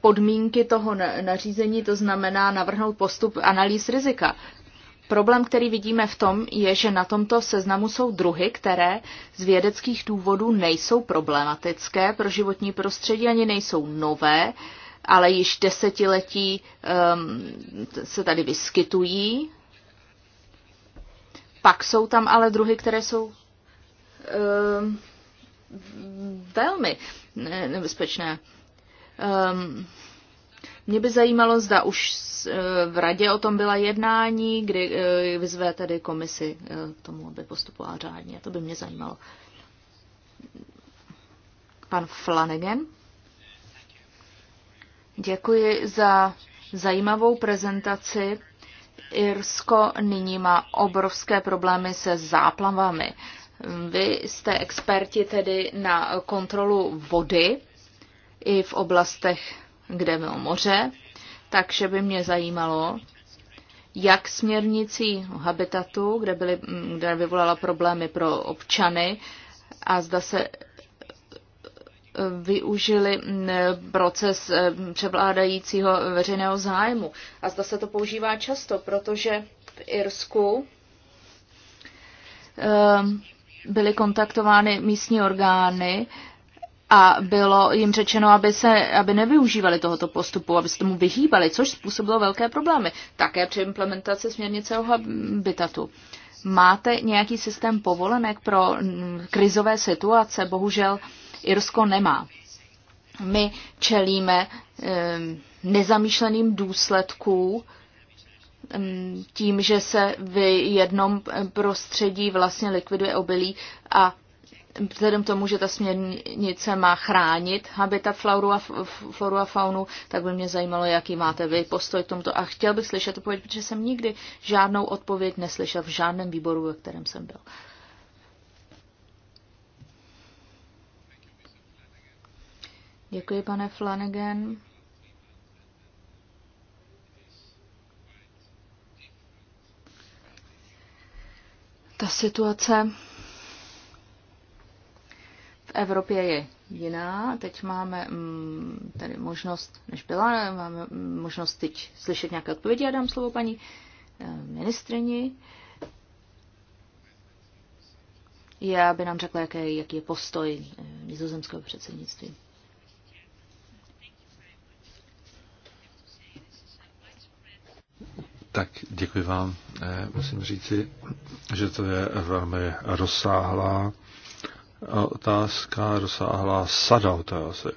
podmínky toho nařízení, to znamená navrhnout postup analýz rizika. Problém, který vidíme v tom, je, že na tomto seznamu jsou druhy, které z vědeckých důvodů nejsou problematické pro životní prostředí, ani nejsou nové, ale již desetiletí um, se tady vyskytují. Pak jsou tam ale druhy, které jsou um, velmi nebezpečné. Um, mě by zajímalo, zda už eh, v radě o tom byla jednání, kdy eh, vyzve tedy komisi eh, k tomu, aby postupovala řádně. To by mě zajímalo. Pan Flanagan. Děkuji za zajímavou prezentaci. Irsko nyní má obrovské problémy se záplavami. Vy jste experti tedy na kontrolu vody i v oblastech kde bylo moře, takže by mě zajímalo, jak směrnicí habitatu, kde, byly, mm, kde vyvolala problémy pro občany a zda se e, využili mm, proces e, převládajícího veřejného zájmu. A zda se to používá často, protože v Irsku e, byly kontaktovány místní orgány a bylo jim řečeno, aby, se, aby nevyužívali tohoto postupu, aby se tomu vyhýbali, což způsobilo velké problémy. Také při implementaci směrnice o habitatu. Máte nějaký systém povolenek pro mm, krizové situace? Bohužel Irsko nemá. My čelíme nezamýšleným důsledkům tím, že se v jednom prostředí vlastně likviduje obilí a vzhledem tomu, že ta směrnice má chránit habitat floru a, floru a faunu, tak by mě zajímalo, jaký máte vy postoj k tomuto. A chtěl bych slyšet odpověď, protože jsem nikdy žádnou odpověď neslyšel v žádném výboru, ve kterém jsem byl. Děkuji, pane Flanagan. Ta situace Evropě je jiná. Teď máme mm, tady možnost, než byla, máme mm, možnost teď slyšet nějaké odpovědi. Já dám slovo paní eh, ministrini. Já aby nám řekla, jaký, jaký je postoj eh, nizozemského předsednictví. Tak děkuji vám. Eh, musím říci, že to je velmi rozsáhlá otázka rozsáhlá sada otázek.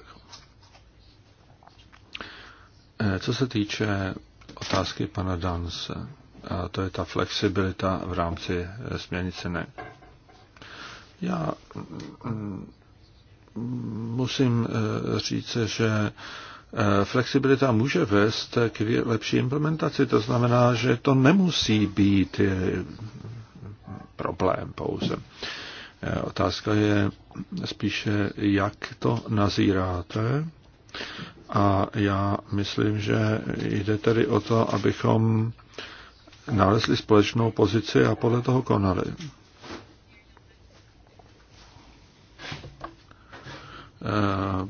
Eh, co se týče otázky pana Danse, a to je ta flexibilita v rámci eh, směrnice ne. Já mm, musím eh, říct, že flexibilita může vést k lepší implementaci. To znamená, že to nemusí být problém pouze. Otázka je spíše, jak to nazíráte. A já myslím, že jde tedy o to, abychom nalezli společnou pozici a podle toho konali. Eh,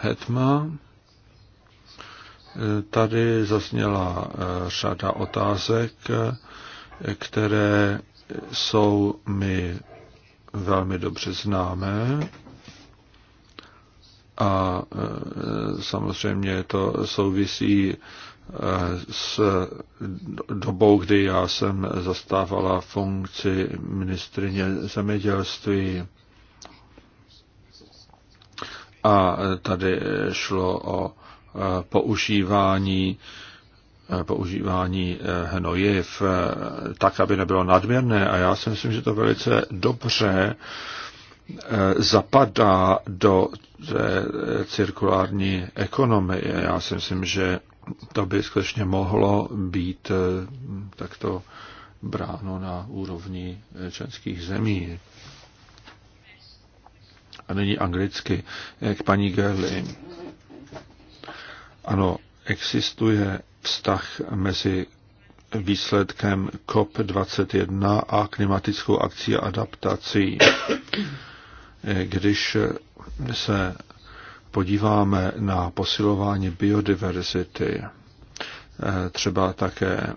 Hetma. Tady zazněla eh, řada otázek, eh, které jsou mi velmi dobře známé. A e, samozřejmě to souvisí e, s dobou, kdy já jsem zastávala funkci ministrině zemědělství. A tady šlo o e, používání Eh, používání eh, hnojiv eh, tak, aby nebylo nadměrné. A já si myslím, že to velice dobře zapadá do té cirkulární ekonomie. Já si myslím, že to by skutečně mohlo být takto bráno na úrovni členských zemí. A nyní anglicky k paní Gerly. Ano, existuje vztah mezi výsledkem COP21 a klimatickou akcí a adaptací. Když se podíváme na posilování biodiverzity, třeba také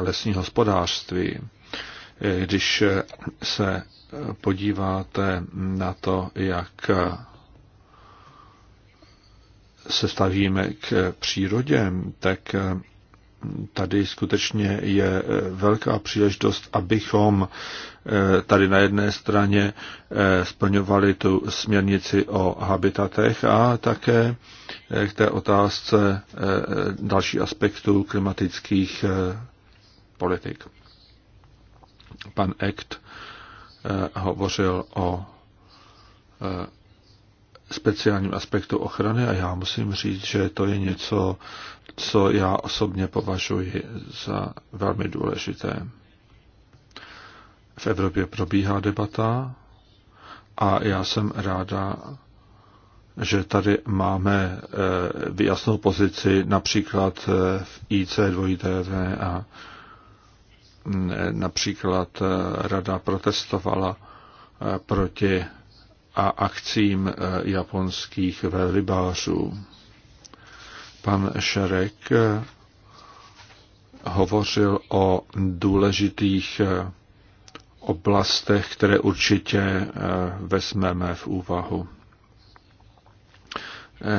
lesní hospodářství, když se podíváte na to, jak se stavíme k přírodě, tak tady skutečně je velká příležitost, abychom eh, tady na jedné straně eh, splňovali tu směrnici o habitatech a také eh, k té otázce další aspektů klimatických politik. Pan Ekt hovořil o speciálním aspektu ochrany a já musím říct, že to je něco, co já osobně považuji za velmi důležité. V Evropě probíhá debata a já jsem ráda, že tady máme eh, jasnou pozici například eh, v IC 2TV a mm, eh, například rada protestovala proti a akcím eh, japonských velrybářů. Pan Šerek eh, hovořil o důležitých eh, oblastech, které určitě vezmeme v úvahu.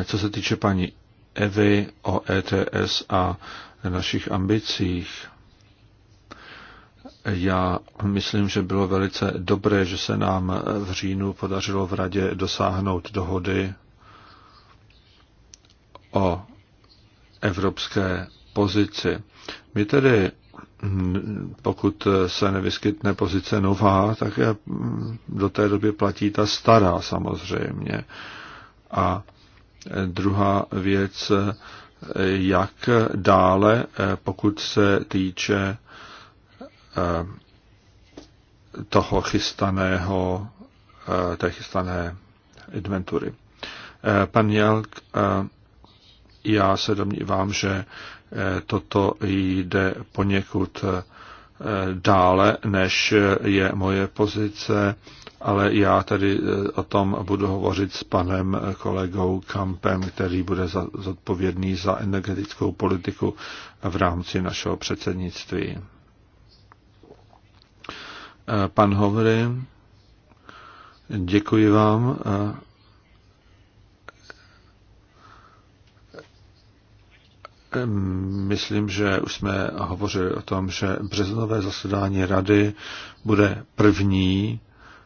Co se týče paní Evy o ETS a našich ambicích, já myslím, že bylo velice dobré, že se nám v říjnu podařilo v radě dosáhnout dohody o evropské pozici. My tedy, pokud se nevyskytne pozice nová, tak je do té doby platí ta stará samozřejmě. A druhá věc, jak dále, pokud se týče Eh, toho chystaného, eh, té chystané inventury. Eh, pan Jelk, já se domnívám, že toto jde poněkud dále, než je moje pozice, ale já tady o tom budu hovořit s panem kolegou Kampem, který bude zodpovědný za energetickou politiku v rámci našeho předsednictví. Eh, pan Hovry, děkuji vám. Eh, myslím, že už jsme hovořili o tom, že březnové zasedání rady bude první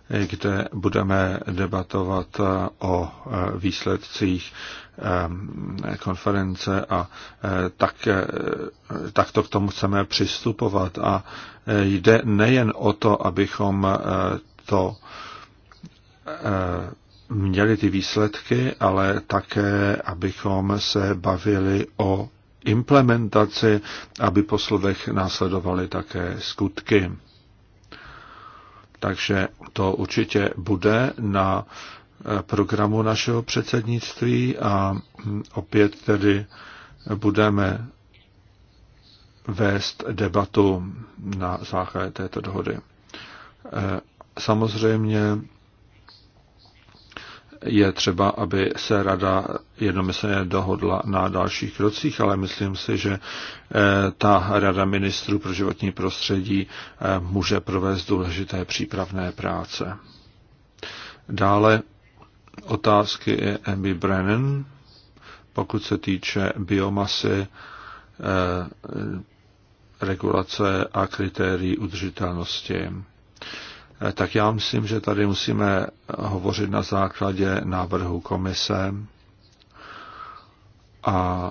kde budeme debatovat o výsledcích konference a e, tak, e, tak to k tomu chceme přistupovat. A e, jde nejen o to, abychom to měli ty výsledky, ale také, abychom se bavili o implementaci, aby po slovech následovaly také skutky. Takže to určitě bude na eh, programu našeho předsednictví a hm, opět tedy budeme vést debatu na základě této dohody. Eh, samozřejmě je třeba, aby se rada jednomyslně dohodla na dalších krocích, ale myslím si, že eh, ta rada ministrů pro životní prostředí eh, může provést důležité přípravné práce. Dále otázky Abby Brennan, pokud se týče biomasy, eh, regulace a kritérií udržitelnosti. Eh, tak já myslím, že tady musíme hovořit na základě návrhu komise. A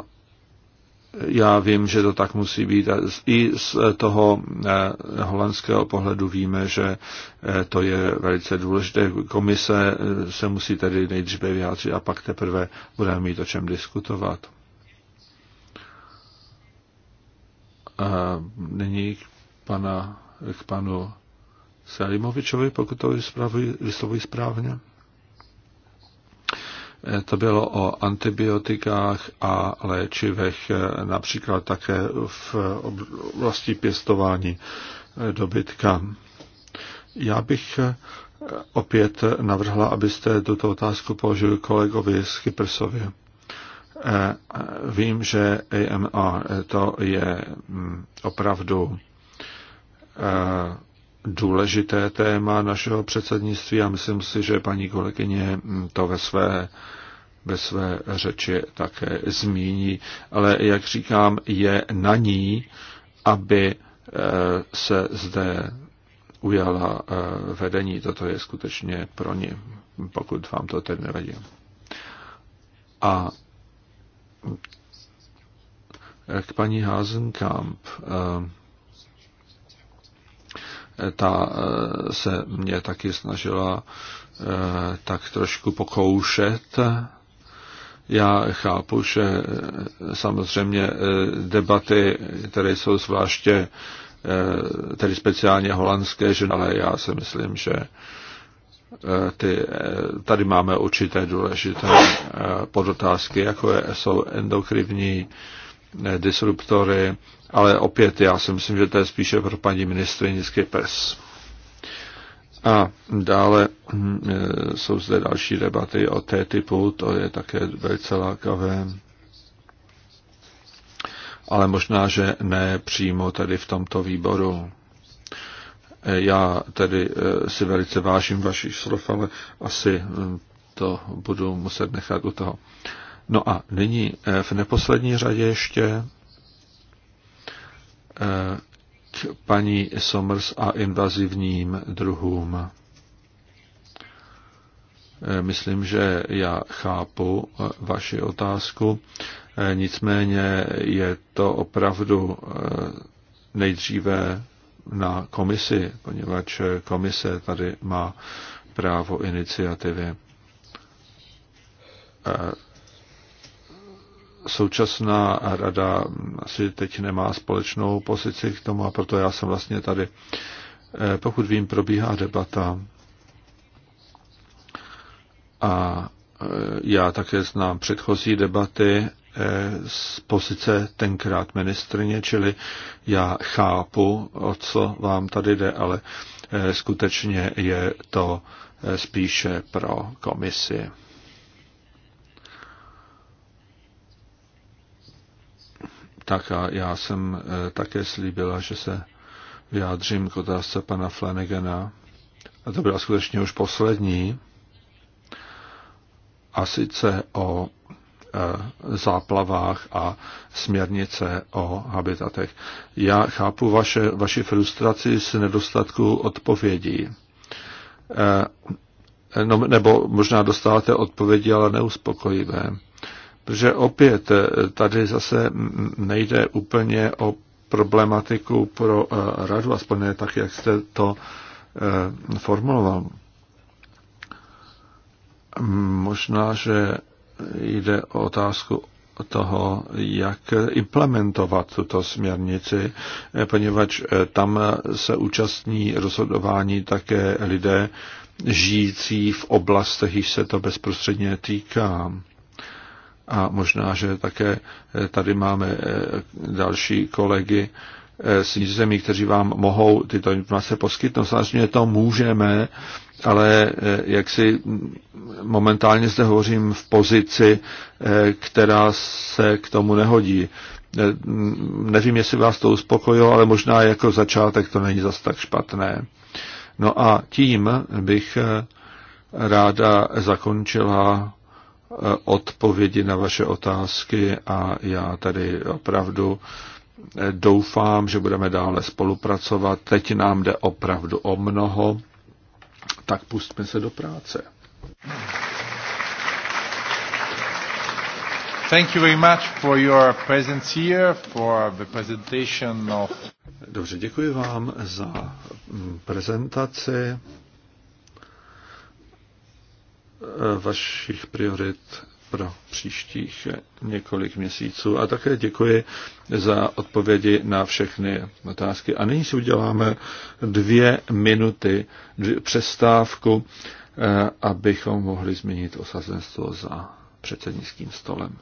já vím, že to tak musí být. I z toho eh, holandského pohledu víme, že eh, to je velice důležité. Komise se musí tedy nejdříve vyjádřit a pak teprve budeme mít o čem diskutovat. nyní k, pana, k panu Selimovičovi, pokud to vyslovuji správně. Eh, to bylo o antibiotikách a léčivech, eh, například také v oblasti pěstování eh, dobytka. Já bych opět navrhla, abyste tuto otázku položili kolegovi z Kypersově. Vím, že AMR to je mm, opravdu důležité téma našeho předsednictví a myslím si, že paní kolegyně to ve své, ve své řeči také zmíní. Ale jak říkám, je na ní, aby eh, se zde ujala eh, vedení. Toto je skutečně pro ní, pokud vám to tedy nevadí. A k paní Hazenkamp. Uh, ta eh, se mě taky snažila eh, tak trošku pokoušet. Já chápu, že eh, samozřejmě debaty, které jsou zvláště tedy speciálně holandské ženy, ale já si myslím, že ty, tady máme určité důležité podotázky, jako jsou endokrinní disruptory, ale opět já si myslím, že to je spíše pro paní ministrině pes. A dále hm, e, jsou zde další debaty o té typu, to je také velice lákavé, ale možná, že ne přímo tady v tomto výboru. E, já tedy e, si velice vážím vašich slov, ale asi hm, to budu muset nechat u toho. No a nyní v neposlední řadě ještě k paní Somers a invazivním druhům. Eh, myslím, že já chápu eh, vaši otázku, eh, nicméně je to opravdu nejdříve na komisi, poněvadž komise tady má právo iniciativy současná rada asi teď nemá společnou pozici k tomu a proto já jsem vlastně tady. Eh, pokud vím, probíhá debata a eh, já také znám předchozí debaty eh, z pozice tenkrát ministrně, čili já chápu, o co vám tady jde, ale skutečně je to spíše pro komisi. Tak a já jsem eh, také slíbila, že se vyjádřím k otázce pana Flanagana. A to byla skutečně už poslední. A sice o eh, záplavách a směrnice o habitatech. Já chápu vaše, vaši frustraci z nedostatku odpovědí. Eh, no, nebo možná dostáváte odpovědi, ale neuspokojivé. Protože opět eh, tady zase nejde úplně o problematiku pro eh, radu, aspoň ne tak, jak jste to eh, formuloval. Možná, že jde o otázku toho, jak implementovat tuto směrnici, poněvadž tam se účastní rozhodování také lidé žijící v oblastech, když se to bezprostředně týká a možná, že také eh, tady máme eh, další kolegy eh, z zemí, kteří vám mohou tyto informace poskytnout. Samozřejmě to můžeme, ale jak si mm, momentálně zde hovořím v pozici, která se k tomu nehodí. Mm, nevím, jestli vás to uspokojilo, ale možná jako začátek to není zas tak špatné. No a tím bych ráda zakončila odpovědi na vaše otázky a já tady opravdu doufám, že budeme dále spolupracovat. Teď nám jde opravdu o mnoho, tak pustme se do práce. Thank you very much for your presence here, for the presentation of... Dobře, děkuji vám za prezentaci vašich priorit pro příštích několik měsíců. A také děkuji za odpovědi na všechny otázky. A nyní si uděláme dvě minuty dvě, přestávku, eh, abychom mohli změnit osazenstvo za předsednickým stolem.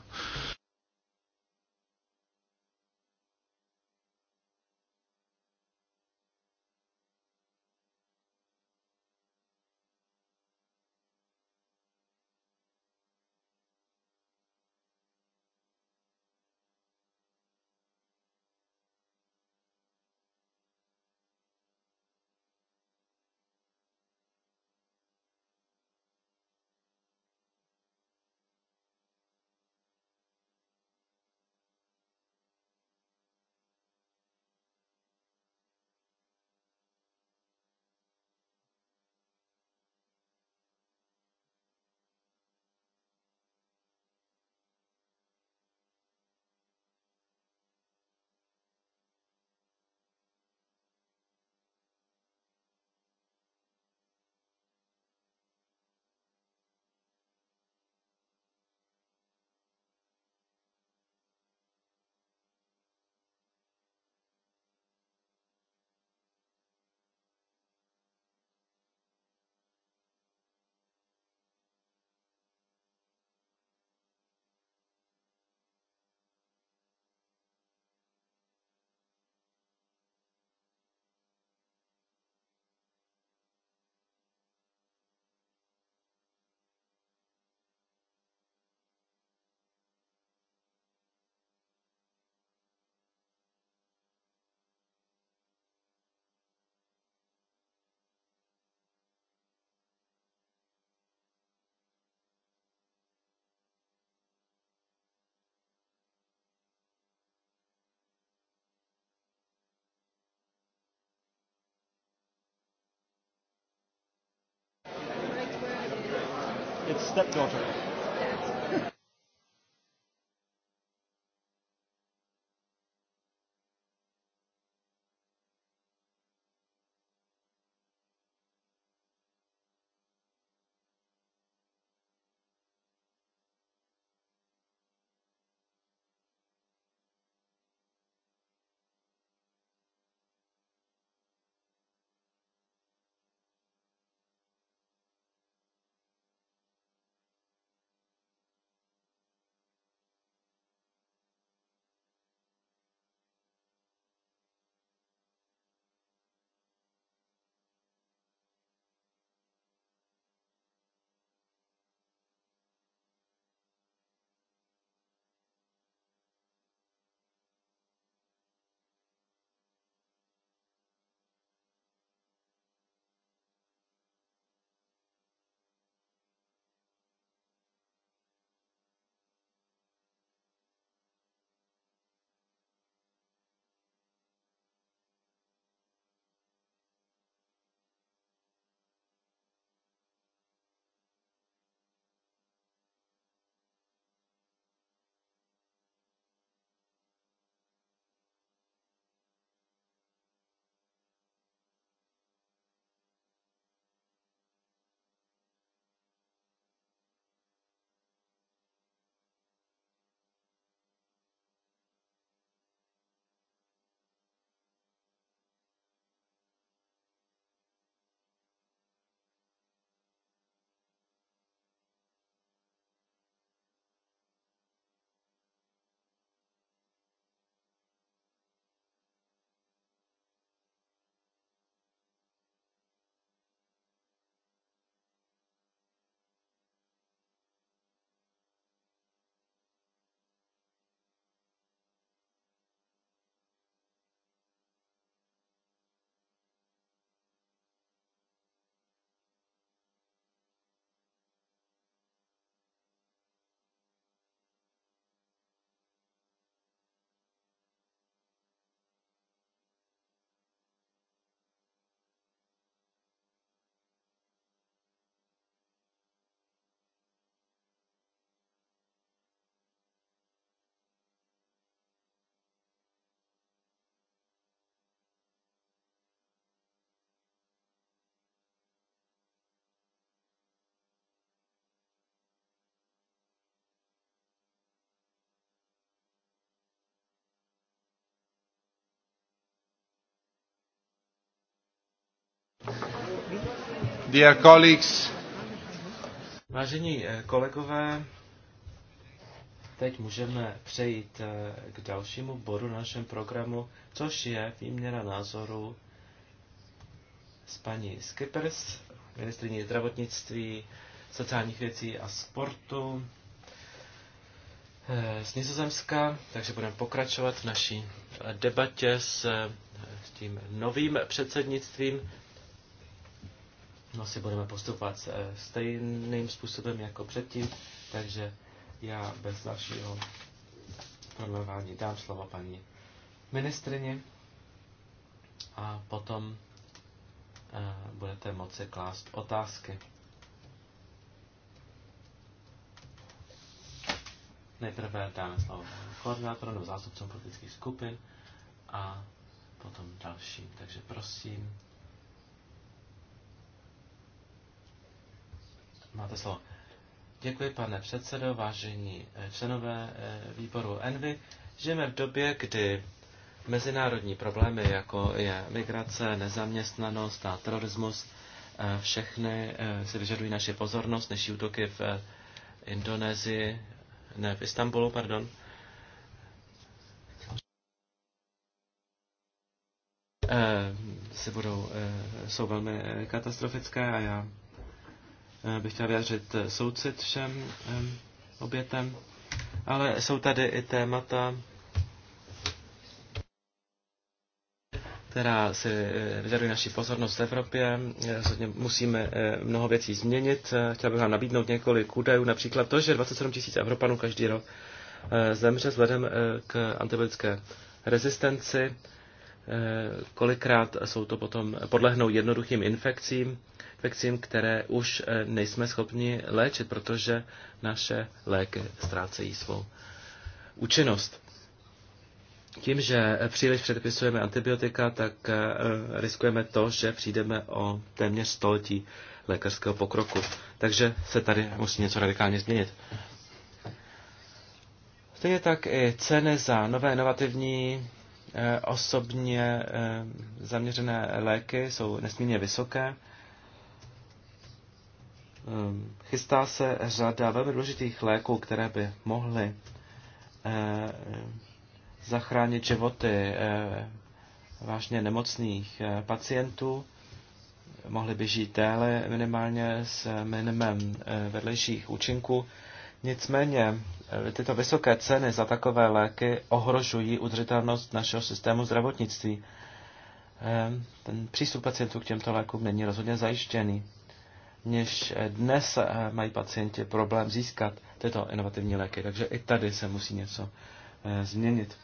stepdaughter Dear colleagues. Vážení eh, kolegové, teď můžeme přejít eh, k dalšímu bodu na našem programu, což je výměna názoru s paní Skippers, ministriní zdravotnictví, sociálních věcí a sportu eh, z Nizozemska, takže budeme pokračovat v naší debatě s tím novým předsednictvím No, si budeme postupovat eh, stejným způsobem jako předtím, takže já bez dalšího prodlování dám slovo paní ministrině a potom eh, budete moci klást otázky. Nejprve dáme slovo koordinátorům nebo zástupcům politických skupin a potom dalším. Takže prosím, Máte slovo. Děkuji, pane předsedo, vážení eh, členové eh, výboru Envy. Žijeme v době, kdy mezinárodní problémy, jako je migrace, nezaměstnanost a terorismus, eh, všechny si vyžadují naši pozornost, než útoky v Indonésii, ne, v Istanbulu, pardon. Se budou, jsou velmi katastrofické a já Eh, bych chtěl vyjádřit eh, soucit všem obětem, ale jsou tady i témata, která si eh, vyžadují naši pozornost v Evropě. musíme mnoho věcí změnit. Chtěl bych vám nabídnout několik údajů, například to, že 27 tisíc Evropanů každý rok zemře vzhledem k antibiotické rezistenci. Eh, kolikrát jsou to potom podlehnou jednoduchým infekcím, infekcím, které už eh, nejsme schopni léčit, protože naše léky ztrácejí svou účinnost. Tím, že příliš předpisujeme antibiotika, tak eh, riskujeme to, že přijdeme o téměř století lékařského pokroku. Takže se tady musí něco radikálně změnit. Stejně tak i ceny za nové inovativní Eh, osobně eh, zaměřené léky jsou nesmírně vysoké. Eh, chystá se řada velmi důležitých léků, které by mohly zachránit životy vážně nemocných pacientů. mohly by žít déle minimálně s minimem vedlejších účinků. Nicméně Eh, tyto vysoké ceny za takové léky ohrožují udržitelnost našeho systému zdravotnictví. Ehm, ten přístup pacientů k těmto lékům není rozhodně zajištěný. Než eh, dnes eh, mají pacienti problém získat tyto inovativní léky, takže i tady se musí něco změnit.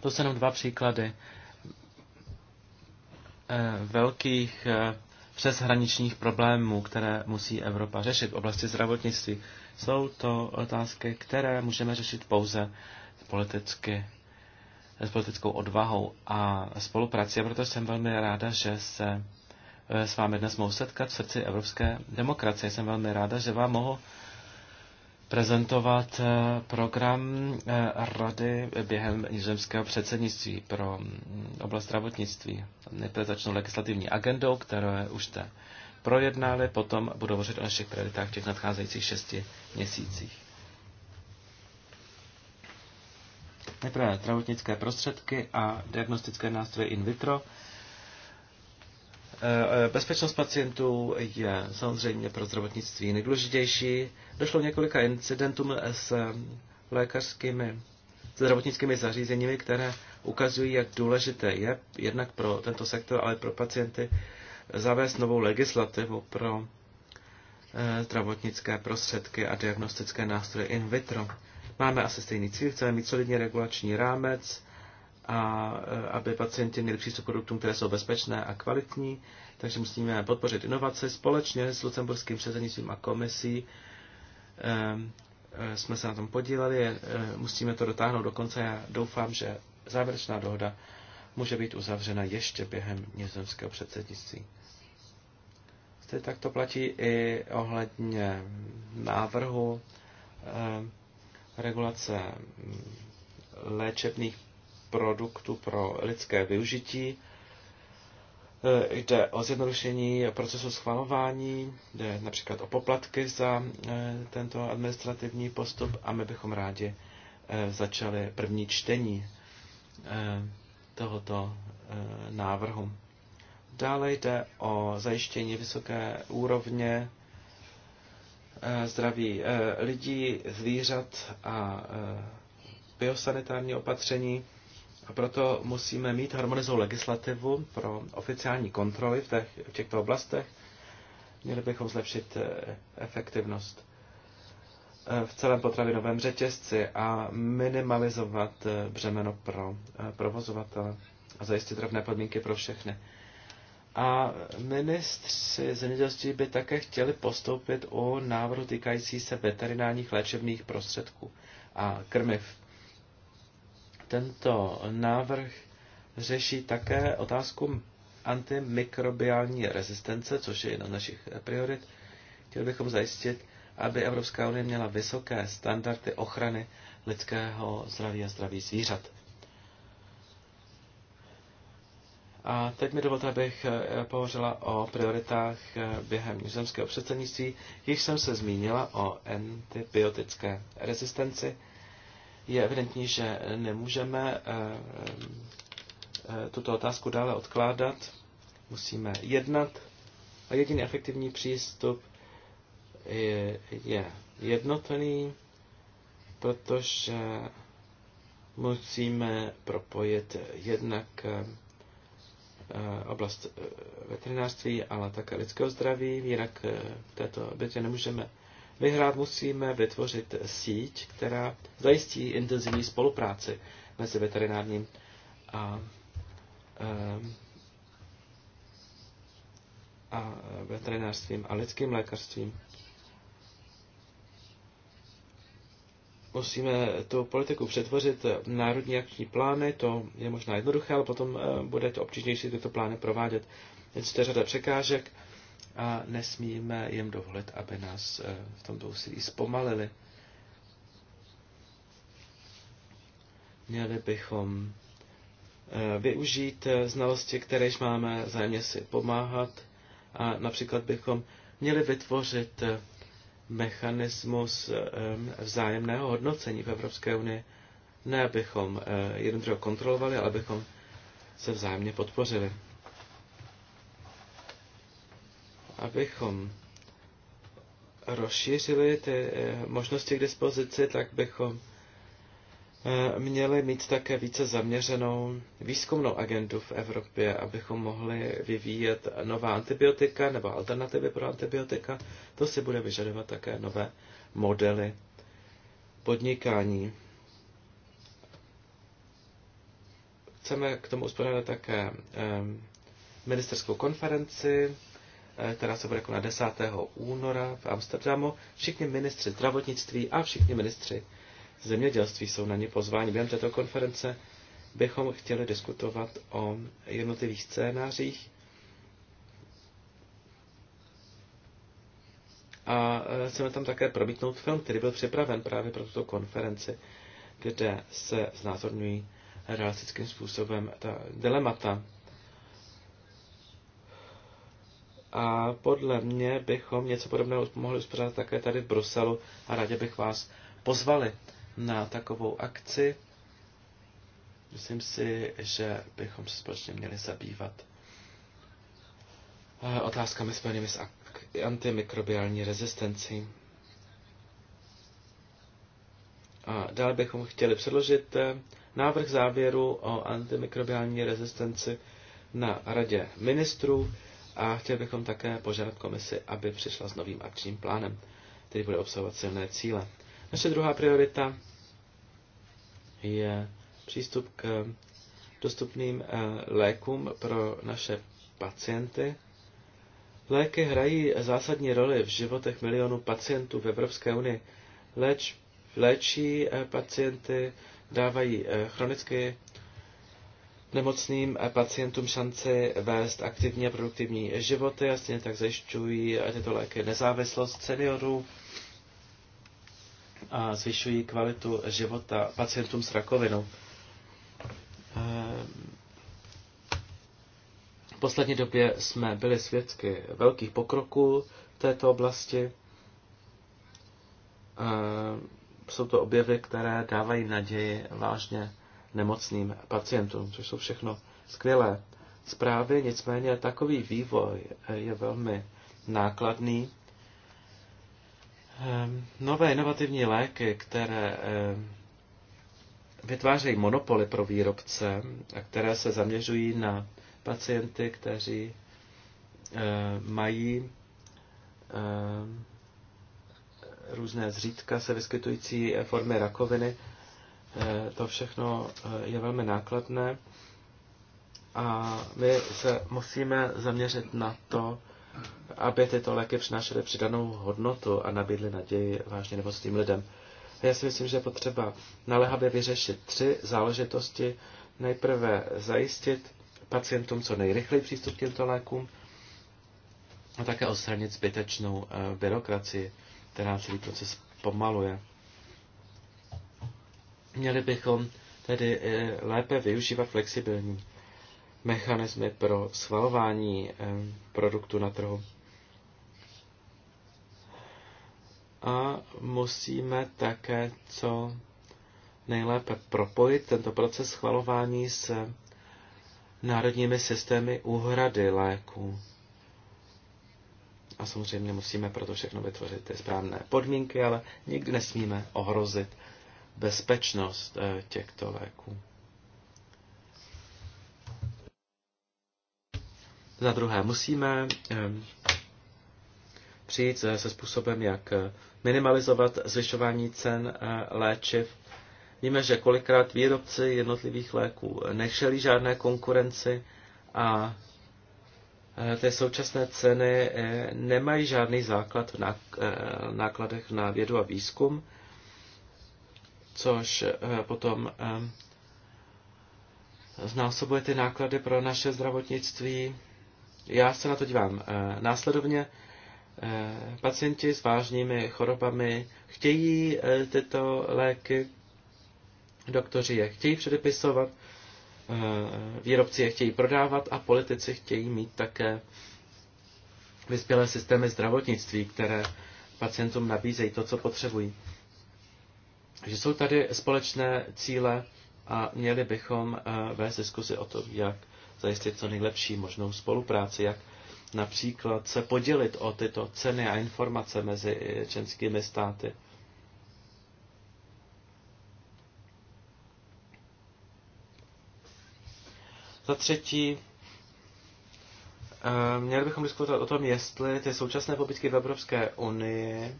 To jsou jenom dva příklady velkých přeshraničních problémů, které musí Evropa řešit v oblasti zdravotnictví. Jsou to otázky, které můžeme řešit pouze politicky, s politickou odvahou a spoluprací. A proto jsem velmi ráda, že se eh, s vámi dnes mohu setkat v srdci evropské demokracie. Jsem velmi ráda, že vám mohu prezentovat eh, program eh, Rady během nizozemského předsednictví pro mm, oblast zdravotnictví. Nejprve začnou legislativní agendou, kterou už jste projednali, potom budu hovořit o našich prioritách v těch nadcházejících šesti měsících. Nejprve zdravotnické prostředky a diagnostické nástroje in vitro. Eh, eh, bezpečnost pacientů je samozřejmě pro zdravotnictví nejdůležitější. Došlo několika incidentům s eh, lékařskými zdravotnickými zařízeními, které ukazují, jak důležité je jednak pro tento sektor, ale pro pacienty zavést novou legislativu pro zdravotnické prostředky a diagnostické nástroje in vitro. Máme asi stejný cíl, chceme mít solidní regulační rámec, a e, aby pacienti měli přístup k produktům, které jsou bezpečné a kvalitní. Takže musíme podpořit inovace společně s lucemburským předsednictvím a komisí. E, e, jsme se na tom podíleli, musíme to dotáhnout do konce. Já doufám, že závěrečná dohoda může být uzavřena ještě během nizozemského předsednictví. Stejně tak to platí i ohledně návrhu regulace léčebných produktu pro lidské využití. E, jde o zjednodušení procesu schvalování, jde například o poplatky za e, tento administrativní postup a my bychom rádi e, začali první čtení tohoto návrhu. Dále jde o zajištění vysoké úrovně zdraví lidí, zvířat a biosanitární opatření. A proto musíme mít harmonizovanou legislativu pro oficiální kontroly v, těch, v těchto oblastech. Měli bychom zlepšit eh, efektivnost eh, v celém potravinovém řetězci a minimalizovat eh, břemeno pro provozovatele a zajistit rovné podmínky pro všechny. A ministři zemědělství by také chtěli postoupit o návrhu týkající se veterinárních léčebných prostředků a krmiv. Tento návrh řeší také otázku antimikrobiální rezistence, což je jedna z našich priorit. Chtěli bychom zajistit, aby Evropská unie měla vysoké standardy ochrany lidského zdraví a zdraví zvířat. A teď mi dovolte, abych eh, pohořila o prioritách eh, během nizozemského předsednictví. Jich jsem se zmínila o antibiotické rezistenci je evidentní, že nemůžeme eh, eh, tuto otázku dále odkládat. Musíme jednat. A jediný efektivní přístup je, je jednotný, protože musíme propojit jednak eh, oblast veterinářství, ale také lidského zdraví. Jinak v této bitvě nemůžeme vyhrát, musíme vytvořit síť, která zajistí intenzivní spolupráci mezi veterinárním a, a veterinářstvím a lidským lékařstvím. musíme tu politiku přetvořit v národní akční plány, to je možná jednoduché, ale potom eh, bude to obtížnější tyto plány provádět. Je to řada překážek a nesmíme jim dovolit, aby nás eh, v tomto úsilí zpomalili. Měli bychom eh, využít eh, znalosti, které máme, zájemně si pomáhat a například bychom měli vytvořit mechanismus vzájemného hodnocení v Evropské unii. Ne abychom jeden druhého kontrolovali, ale abychom se vzájemně podpořili abychom rozšířili ty eh, možnosti k dispozici, tak bychom eh, měli mít také více zaměřenou výzkumnou agendu v Evropě, abychom mohli vyvíjet nová antibiotika nebo alternativy pro antibiotika. To si bude vyžadovat také nové modely podnikání. Chceme k tomu uspořádat také eh, ministerskou konferenci Eh, která se bude konat 10. února v Amsterdamu. Všichni ministři zdravotnictví a všichni ministři zemědělství jsou na ně pozváni. Během této konference bychom chtěli diskutovat o jednotlivých scénářích a eh, chceme tam také promítnout film, který byl připraven právě pro tuto konferenci, kde se znázorňují realistickým způsobem ta dilemata A podle mě bychom něco podobného mohli uspořádat také tady v Bruselu a rádi bych vás pozvali na takovou akci. Myslím si, že bychom se společně měli zabývat eh, otázkami spojenými s antimikrobiální rezistencí. A dále bychom chtěli předložit eh, návrh závěru o antimikrobiální rezistenci na Radě ministrů a chtěli bychom také požádat komisi, aby přišla s novým akčním plánem, který bude obsahovat silné cíle. Naše druhá priorita je přístup k dostupným eh, lékům pro naše pacienty. Léky hrají zásadní roli v životech milionů pacientů v Evropské unii. Léč, léčí eh, pacienty, dávají eh, chronicky nemocným pacientům šanci vést aktivní a produktivní životy a stejně tak zajišťují tyto léky nezávislost seniorů a zvyšují kvalitu života pacientům s rakovinou. Ehm, v poslední době jsme byli svědky velkých pokroků v této oblasti. Ehm, jsou to objevy, které dávají naději vážně nemocným pacientům, což jsou všechno skvělé zprávy, nicméně takový vývoj je velmi nákladný. Ehm, nové inovativní léky, které ehm, vytvářejí monopoly pro výrobce a které se zaměřují na pacienty, kteří ehm, mají různé zřídka se vyskytující formy rakoviny, Eh, to všechno eh, je velmi nákladné a my se musíme zaměřit na to, aby tyto léky přinášely přidanou hodnotu a nabídly naději vážně nemocným lidem. A já si myslím, že je potřeba naléhavě vyřešit tři záležitosti. Nejprve zajistit pacientům co nejrychleji přístup k těmto lékům a také odstranit zbytečnou eh, byrokracii, která celý proces pomaluje. Měli bychom tedy eh, lépe využívat flexibilní mechanismy pro schvalování eh, produktu na trhu. A musíme také co nejlépe propojit tento proces schvalování s národními systémy úhrady léků. A samozřejmě musíme proto všechno vytvořit ty správné podmínky, ale nikdy nesmíme ohrozit bezpečnost eh, těchto léků. Za druhé, musíme eh, přijít se způsobem, jak eh, minimalizovat zvyšování cen léčiv. Víme, že kolikrát výrobci jednotlivých léků nešeli žádné konkurenci a ty současné ceny nemají žádný základ v nákladech na vědu a výzkum což eh, potom eh, znásobuje ty náklady pro naše zdravotnictví. Já se na to dívám eh, následovně. Pacienti s vážnými chorobami chtějí tyto léky, doktoři je chtějí předepisovat, výrobci je chtějí prodávat a politici chtějí mít také vyspělé systémy zdravotnictví, které pacientům nabízejí to, co potřebují že jsou tady společné cíle a měli bychom eh, vést diskuzi o tom, jak zajistit co nejlepší možnou spolupráci, jak například se podělit o tyto ceny a informace mezi eh, členskými státy. Za třetí, eh, měli bychom diskutovat o tom, jestli ty současné pobytky v Evropské unii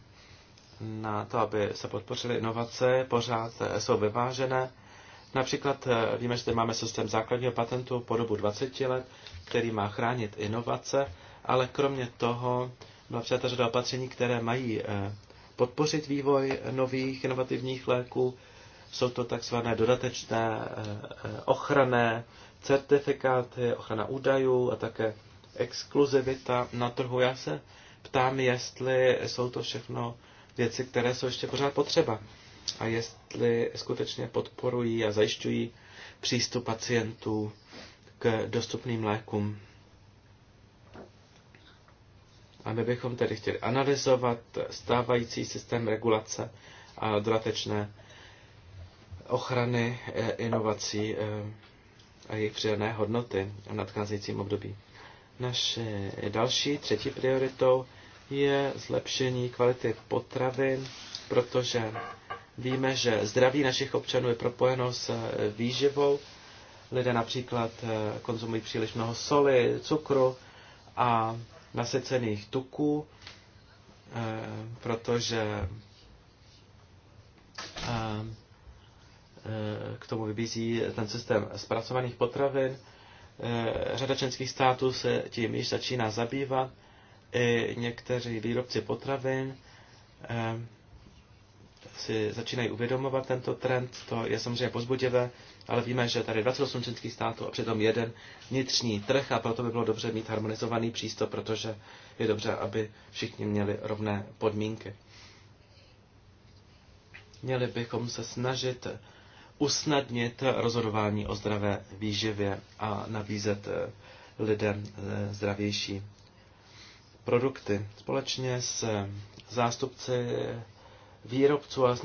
na to, aby se podpořily inovace, pořád eh, jsou vyvážené. Například eh, víme, že máme systém základního patentu po dobu 20 let, který má chránit inovace, ale kromě toho byla přijata řada opatření, které mají eh, podpořit vývoj nových inovativních léků. Jsou to takzvané dodatečné ochranné certifikáty, ochrana údajů a také exkluzivita na trhu. Já se ptám, jestli jsou to všechno věci, které jsou ještě pořád potřeba. A jestli skutečně podporují a zajišťují přístup pacientů k dostupným lékům. A my bychom tedy chtěli analyzovat stávající systém regulace a dodatečné ochrany eh, inovací eh, a jejich přidané hodnoty v nadcházejícím období. Naše další, třetí prioritou je zlepšení kvality potravin, protože víme, že zdraví našich občanů je propojeno s eh, výživou. Lidé například eh, konzumují příliš mnoho soli, cukru a nasycených tuků, eh, protože k tomu vybízí ten systém zpracovaných potravin. Řada členských států se tím již začíná zabývat i někteří výrobci potravin eh, si začínají uvědomovat tento trend. To je samozřejmě pozbudivé, ale víme, že tady 28 členských států a přitom jeden vnitřní trh a proto by bylo dobře mít harmonizovaný přístup, protože je dobře, aby všichni měli rovné podmínky. Měli bychom se snažit usnadnit rozhodování o zdravé výživě a nabízet eh, lidem eh, zdravější produkty. Společně s zástupci výrobců a s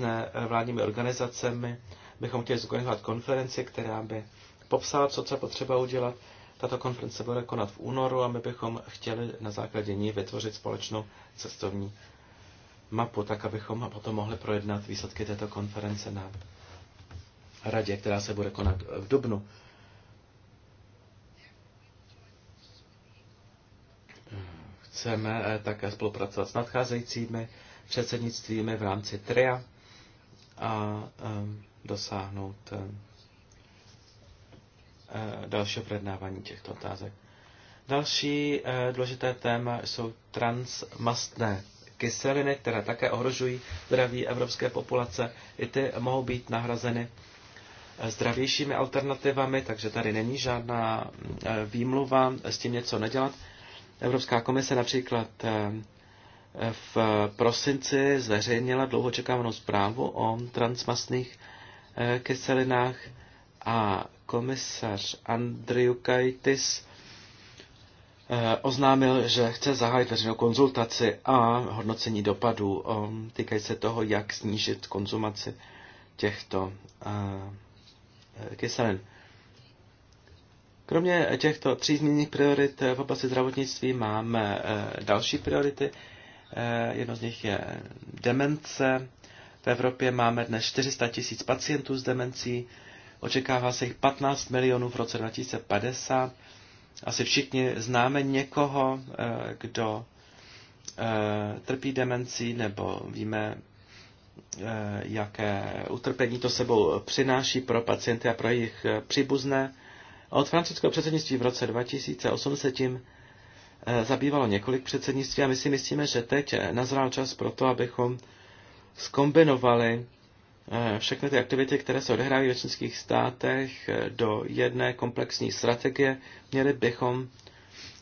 vládními organizacemi bychom chtěli zorganizovat konferenci, která by popsala, co se potřeba udělat. Tato konference bude konat v únoru a my bychom chtěli na základě ní vytvořit společnou cestovní mapu, tak abychom potom mohli projednat výsledky této konference na radě, která se bude konat v Dubnu. Chceme eh, také spolupracovat s nadcházejícími předsednictvími v rámci TRIA a ehm, dosáhnout ehm, eh, dalšího projednávání těchto otázek. Další eh, důležité téma jsou transmastné kyseliny, které také ohrožují zdraví evropské populace. I ty mohou být nahrazeny zdravějšími alternativami, takže tady není žádná výmluva s tím něco nedělat. Evropská komise například eh, v prosinci zveřejnila dlouho čekávanou zprávu o transmasných eh, kyselinách a komisař Andriukaitis eh, oznámil, že chce zahájit veřejnou konzultaci a hodnocení dopadů týkají se toho, jak snížit konzumaci těchto kyselin. Kromě těchto tří zmíněných priorit eh, v oblasti zdravotnictví máme eh, další priority. Eh, jedno z nich je demence. V Evropě máme dnes 400 tisíc pacientů s demencí, očekává se jich 15 milionů v roce 2050. Asi všichni známe někoho, kdo trpí demencí, nebo víme, jaké utrpení to sebou přináší pro pacienty a pro jejich příbuzné. A od francouzského předsednictví v roce 2008 se tím eh, zabývalo několik předsednictví a my si myslíme, že teď nazrál čas pro to, abychom skombinovali eh, všechny ty aktivity, které se odehrávají ve členských státech eh, do jedné komplexní strategie. Měli bychom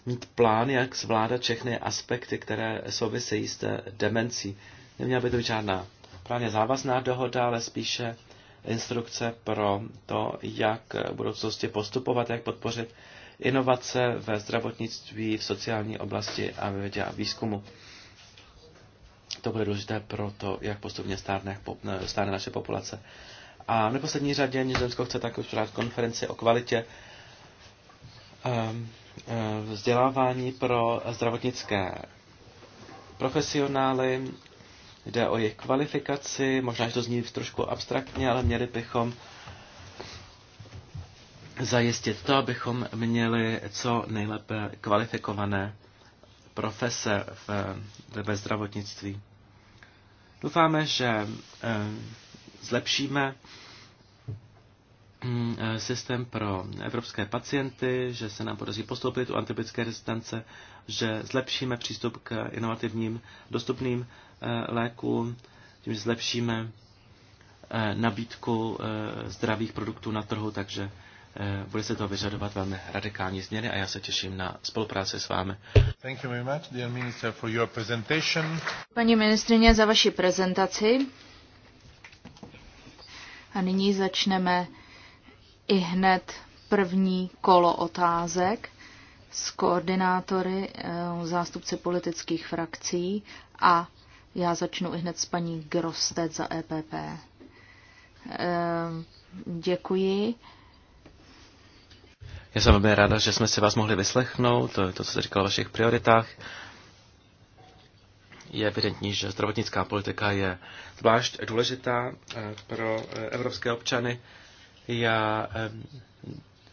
mít plán, jak zvládat všechny aspekty, které souvisejí s demencí. Neměla by to být žádná právně závazná dohoda, ale spíše instrukce pro to, jak v budoucnosti postupovat, jak podpořit inovace ve zdravotnictví, v sociální oblasti a ve vědě a výzkumu. To bude důležité pro to, jak postupně stárne, stárne naše populace. A v neposlední řadě Nizozemsko chce také uspořádat konferenci o kvalitě ehm, ehm, vzdělávání pro zdravotnické profesionály Jde o jejich kvalifikaci, možná, že to zní trošku abstraktně, ale měli bychom zajistit to, abychom měli co nejlépe kvalifikované profese v, ve zdravotnictví. Doufáme, že eh, zlepšíme Mm, eh, systém pro evropské pacienty, že se nám podaří postoupit u antibiotické rezistence, že zlepšíme přístup k inovativním dostupným eh, lékům, tím, že zlepšíme eh, nabídku zdravých produktů na trhu, takže bude se to vyžadovat velmi radikální změny a já se těším na spolupráci s vámi. Thank you very much, dear minister, for your presentation. Paní ministrině, za vaši prezentaci. A nyní začneme i hned první kolo otázek s koordinátory, eh, zástupce politických frakcí a já začnu i hned s paní Grostet za EPP. Eh, děkuji. Já jsem velmi ráda, že jsme se vás mohli vyslechnout, to, to co jste říkal o vašich prioritách. Je evidentní, že zdravotnická politika je zvlášť důležitá eh, pro evropské občany. Já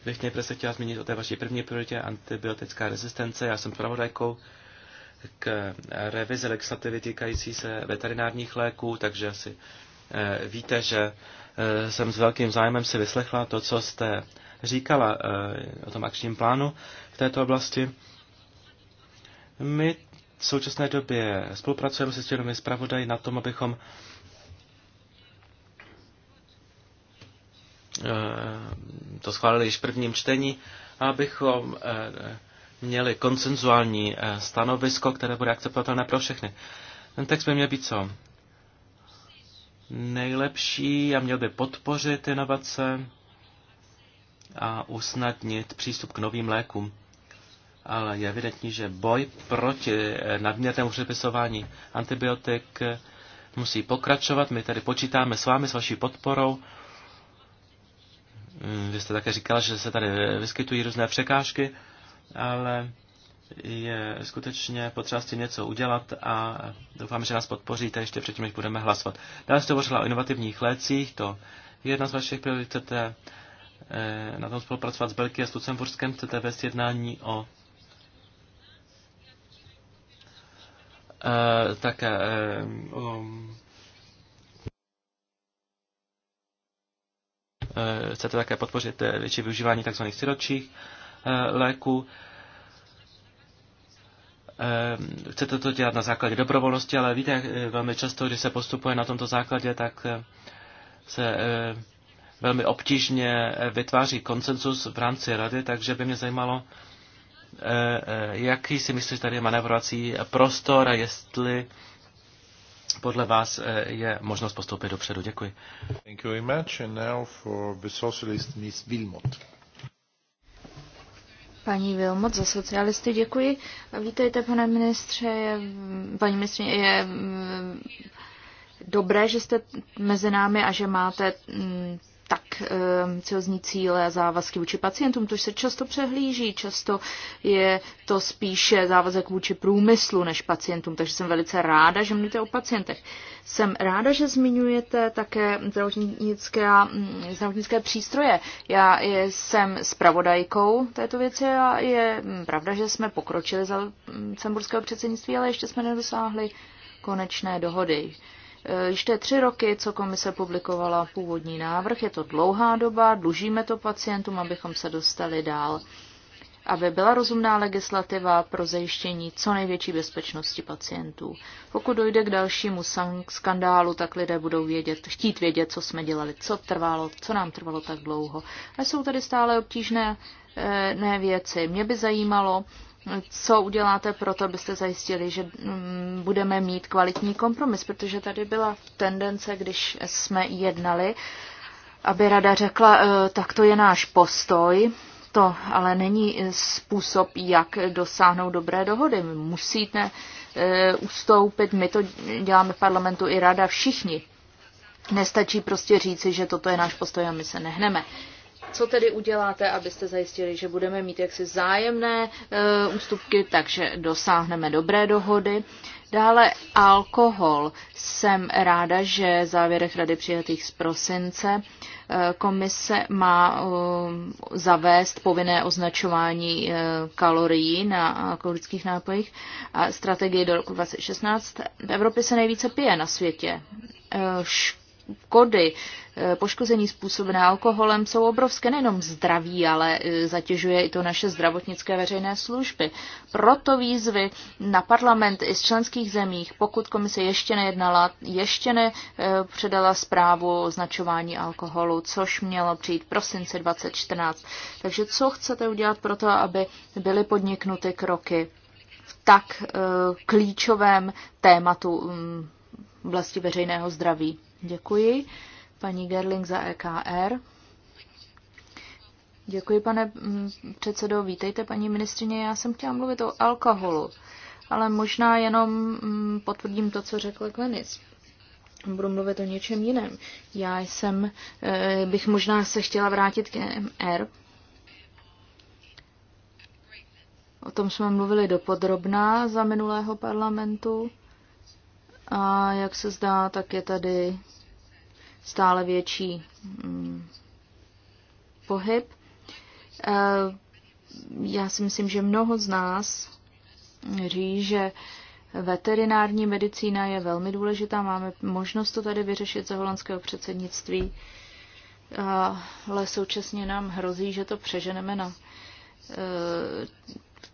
bych nejprve se chtěla zmínit o té vaší první prioritě antibiotická rezistence. Já jsem pravodajkou k eh, revizi legislativy týkající se veterinárních léků, takže asi eh, víte, že eh, jsem s velkým zájmem si vyslechla to, co jste říkala o tom akčním plánu v této oblasti. My v současné době spolupracujeme se stěnými zpravodaji na tom, abychom Eh, to schválili již v prvním čtení, abychom eh, měli konsenzuální eh, stanovisko, které bude akceptovatelné pro všechny. Ten text by měl být co? Nejlepší a měl by podpořit inovace a usnadnit přístup k novým lékům. Ale je evidentní, že boj proti nadměrnému přepisování antibiotik musí pokračovat. My tady počítáme s vámi, s vaší podporou Mm, vy jste také říkal, že se tady vyskytují různé překážky, ale je skutečně potřeba s tím něco udělat a doufám, že nás podpoříte ještě předtím, než budeme hlasovat. Dále jste hovořila o inovativních lécích, to je jedna z vašich priorit, chcete eh, na tom spolupracovat s Belky a s Lucemburskem, chcete vést jednání o eh, také eh, o Eh, chcete také podpořit eh, větší využívání tzv. siročích eh, léků. Chcete to dělat na základě dobrovolnosti, ale víte, velmi často, když se postupuje na tomto základě, tak se velmi obtížně vytváří konsenzus v rámci rady, takže by mě zajímalo, jaký si myslíš tady je manévrovací prostor a jestli podle vás eh, je možnost postoupit dopředu. Děkuji. Thank you very much. And now for the socialist Ms. Wilmot. Paní Vilmot za socialisty, děkuji. Vítejte, pane ministře, paní ministře, je mm, dobré, že jste mezi námi a že máte mm, tak ehm, celzní cíle a závazky vůči pacientům, což se často přehlíží. Často je to spíše závazek vůči průmyslu než pacientům, takže jsem velice ráda, že mluvíte o pacientech. Jsem ráda, že zmiňujete také zdravotnické, mm, zdravotnické přístroje. Já jsem zpravodajkou této věci a je mm, pravda, že jsme pokročili za mm, Cemburského předsednictví, ale ještě jsme nedosáhli konečné dohody. Eh, již to je tři roky, co komise publikovala původní návrh, je to dlouhá doba, dlužíme to pacientům, abychom se dostali dál, aby byla rozumná legislativa pro zajištění co největší bezpečnosti pacientů. Pokud dojde k dalšímu skandálu, tak lidé budou vědět, chtít vědět, co jsme dělali, co trvalo, co nám trvalo tak dlouho. A jsou tady stále obtížné eh, ne věci. Mě by zajímalo, co uděláte pro to, abyste zajistili, že mm, budeme mít kvalitní kompromis, protože tady byla tendence, když jsme jednali, aby rada řekla, e, tak to je náš postoj, to ale není způsob, jak dosáhnout dobré dohody. My musíte e, ustoupit, my to děláme v parlamentu i rada, všichni. Nestačí prostě říci, že toto je náš postoj a my se nehneme. Uh, co tedy uděláte, abyste zajistili, že budeme mít jaksi zájemné e, ústupky, takže dosáhneme dobré dohody. Dále alkohol. Jsem ráda, že v závěrech rady přijatých z prosince eh, komise má eh, zavést povinné označování kalorií na alkoholických nápojích a strategii do roku 2016. V Evropě se nejvíce pije na světě škody eh, poškození způsobené alkoholem jsou obrovské nejenom zdraví, ale eh, zatěžuje i to naše zdravotnické veřejné služby. Proto výzvy na parlament i z členských zemích, pokud komise ještě nejednala, ještě nepředala eh, zprávu o značování alkoholu, což mělo přijít prosince 2014. Takže co chcete udělat pro to, aby byly podniknuty kroky v tak klíčovém tématu oblasti mm, veřejného zdraví? Děkuji. Paní Gerling za EKR. Děkuji, pane mm, předsedo. Vítejte, paní ministrině. Já jsem chtěla mluvit o alkoholu, ale možná jenom mm, potvrdím to, co řekl Glenis. Budu mluvit o něčem jiném. Já jsem, eh, bych možná se chtěla vrátit k MR. O tom jsme mluvili dopodrobná za minulého parlamentu. A jak se zdá, tak je tady stále větší mm, pohyb. E, já si myslím, že mnoho z nás ří, že veterinární medicína je velmi důležitá. Máme možnost to tady vyřešit za holandského předsednictví, eh, ale současně nám hrozí, že to přeženeme na eh,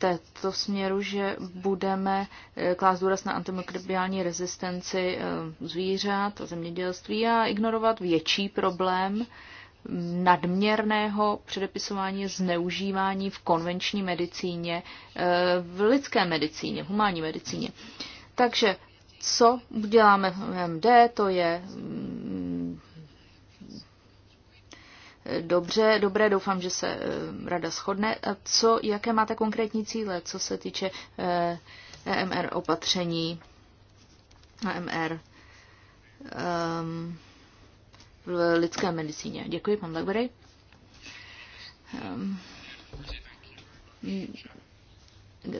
této směru, že budeme eh, klást důraz na antimikrobiální rezistenci eh, zvířat a zemědělství a ignorovat větší problém nadměrného předepisování zneužívání v konvenční medicíně, eh, v lidské medicíně, v humánní medicíně. Takže co uděláme v MD, to je mm, dobře, dobré, doufám, že se eh, rada shodne. A co, jaké máte konkrétní cíle, co se týče EMR eh, e opatření, EMR um, ehm, v lidské medicíně? Děkuji, pan Blackberry. Um,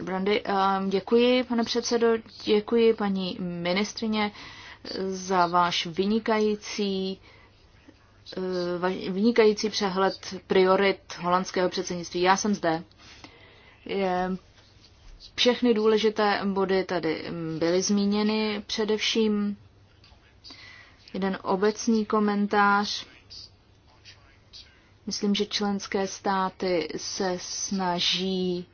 Brandy, um, děkuji, pane předsedo, děkuji, paní ministrině, za váš vynikající Eh, vynikající přehled priorit holandského předsednictví. Já jsem zde. Všechny důležité body tady mm, byly zmíněny, především jeden obecný komentář. Myslím, že členské státy se snaží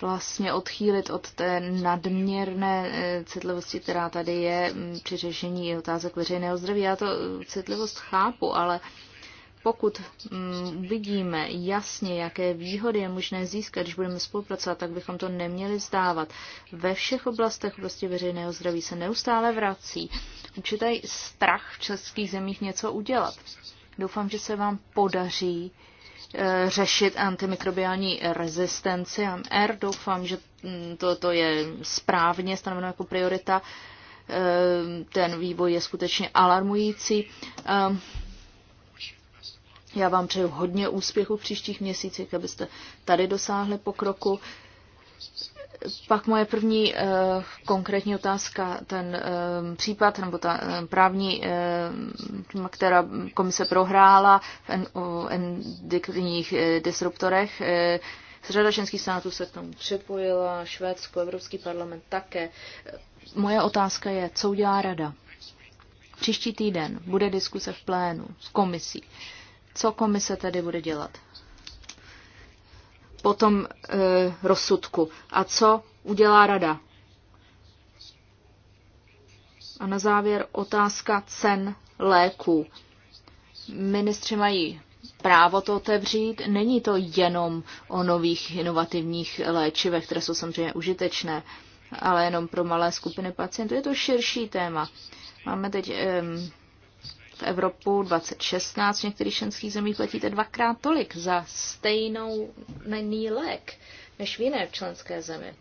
vlastně odchýlit od té nadměrné eh, citlivosti, která tady je mm, při řešení otázek veřejného zdraví. Já to eh, citlivost chápu, ale pokud mm, vidíme jasně, jaké výhody je možné získat, když budeme spolupracovat, tak bychom to neměli vzdávat. Ve všech oblastech prostě veřejného zdraví se neustále vrací určitý strach v českých zemích něco udělat. Doufám, že se vám podaří Eh, řešit antimikrobiální rezistenci R, Doufám, že toto mm, je správně stanoveno jako priorita. Eh, ten vývoj je skutečně alarmující. Eh, já vám přeju hodně úspěchu v příštích měsících, abyste tady dosáhli pokroku. Pak moje první uh, konkrétní otázka, ten uh, případ nebo ta uh, právní, uh, která komise prohrála v en, o endokrinních uh, disruptorech, uh, řada ženských států se k tomu připojila, Švédsko, Evropský parlament také. Moje otázka je, co udělá rada? Příští týden bude diskuse v plénu s komisí. Co komise tedy bude dělat? potom e, rozsudku. A co udělá rada? A na závěr otázka cen léků. Ministři mají právo to otevřít. Není to jenom o nových inovativních léčivech, které jsou samozřejmě užitečné, ale jenom pro malé skupiny pacientů. Je to širší téma. Máme teď E, v Evropu 2016 v některých členských zemích platíte dvakrát tolik za stejnou není lék než v jiné členské zemi.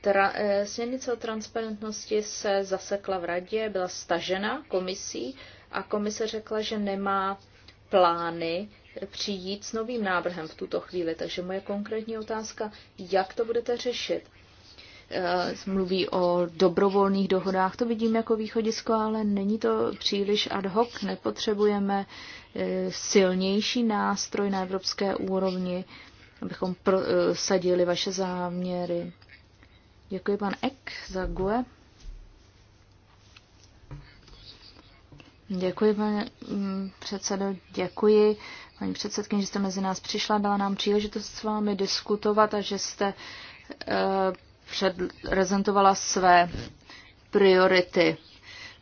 Tra, e, směrnice o transparentnosti se zasekla v radě, byla stažena komisí a komise řekla, že nemá plány přijít s novým návrhem v tuto chvíli. Takže moje konkrétní otázka, jak to budete řešit? Eh, mluví o dobrovolných dohodách. To vidím jako východisko, ale není to příliš ad hoc. Nepotřebujeme eh, silnější nástroj na evropské úrovni, abychom prosadili vaše záměry. Děkuji pan Ek za GUE. Děkuji, pane mm, předsedo, děkuji. Paní předsedkyně, že jste mezi nás přišla, dala nám příležitost s vámi diskutovat a že jste eh, prezentovala své priority.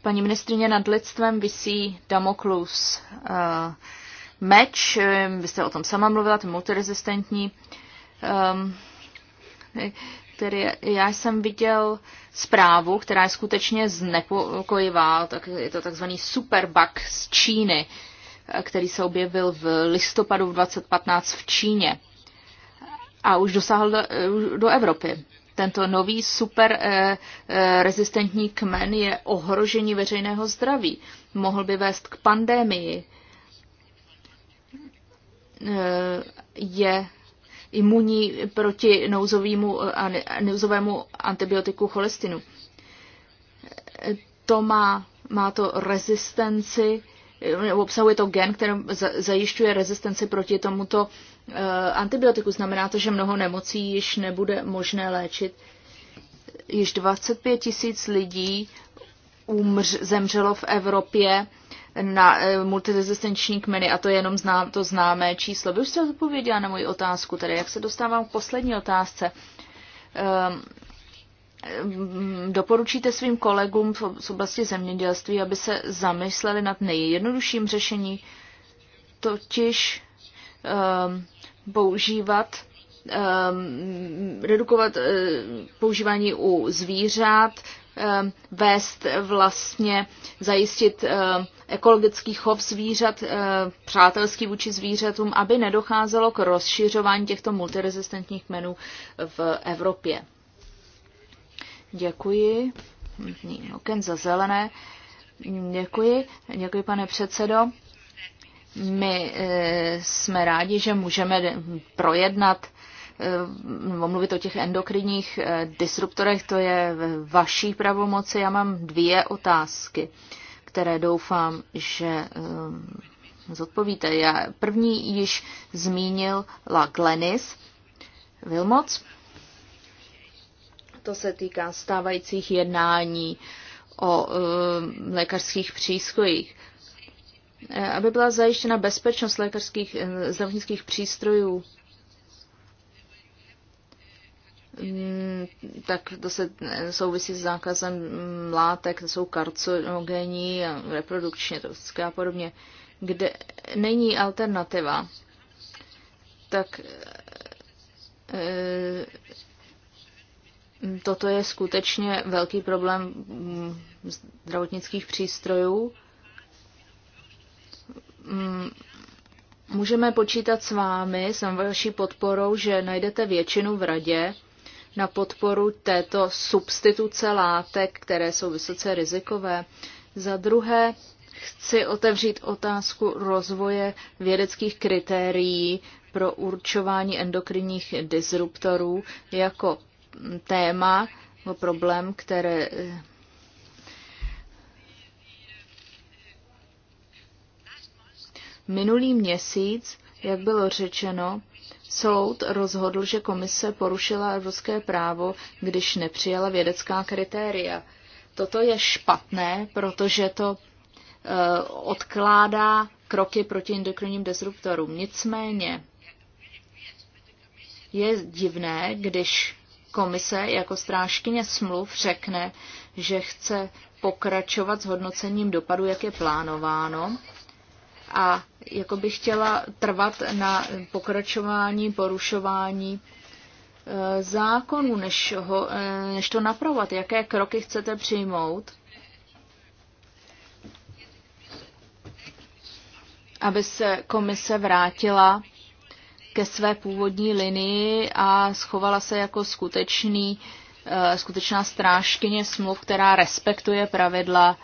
Paní ministrině nad lidstvem vysí Damoklus uh, meč, eh, vy jste o tom sama mluvila, ten multirezistentní, um, který já jsem viděl zprávu, která je skutečně znepokojivá, tak je to takzvaný superbug z Číny, eh, který se objevil v listopadu 2015 v Číně a už dosáhl do, do Evropy tento nový super eh, eh, rezistentní kmen je ohrožení veřejného zdraví. Mohl by vést k pandémii. Eh, je imunní proti nouzovému, nouzovému antibiotiku cholestinu. To má, má to rezistenci, obsahuje to gen, který zajišťuje rezistenci proti tomuto Eh, antibiotiku. Znamená to, že mnoho nemocí již nebude možné léčit. Již 25 tisíc lidí umř, zemřelo v Evropě na e, eh, multiresistenční kmeny a to je jenom zná, to známé číslo. Vy už jste odpověděla na moji otázku, tedy jak se dostávám k poslední otázce. Ehm, doporučíte svým kolegům z oblasti zemědělství, aby se zamysleli nad nejjednodušším řešení, totiž eh, používat, um, redukovat uh, používání u zvířat, um, vést vlastně, zajistit ehm, ekologický chov zvířat, eh, přátelský vůči zvířatům, aby nedocházelo k rozšiřování těchto multirezistentních kmenů v Evropě. Děkuji. Hm, hm, oken za zelené. Děkuji. Děkuji, pane předsedo. My e, jsme rádi, že můžeme projednat e, mluvit o těch endokrinních e, disruptorech, to je vaší pravomoci. Já mám dvě otázky, které doufám, že zodpovíte. Já první již zmínil La Glenis Vilmoc. To se týká stávajících jednání o lékařských přískojích. Eh, aby byla zajištěna bezpečnost lékařských eh, zdravotnických přístrojů, mm, tak to se eh, souvisí s zákazem látek, to jsou karcinogenní a reprodukčně toxické a podobně, kde není alternativa, tak toto je skutečně velký problém mm, zdravotnických přístrojů Mm, můžeme počítat s vámi, s vaší podporou, že najdete většinu v radě na podporu této substituce látek, které jsou vysoce rizikové. Za druhé, chci otevřít otázku rozvoje vědeckých kritérií pro určování endokrinních disruptorů jako téma, problém, které eh, Minulý měsíc, jak bylo řečeno, soud rozhodl, že komise porušila evropské právo, když nepřijala vědecká kritéria. Toto je špatné, protože to eh, odkládá kroky proti endokrinním disruptorům. Nicméně je divné, když komise jako strážkyně smluv řekne, že chce pokračovat s hodnocením dopadu, jak je plánováno, a jako by chtěla trvat na pokračování, porušování e, zákonů, než, ho, e, než to napravovat. Jaké kroky chcete přijmout, aby se komise vrátila ke své původní linii a schovala se jako skutečný, e, skutečná strážkyně smluv, která respektuje pravidla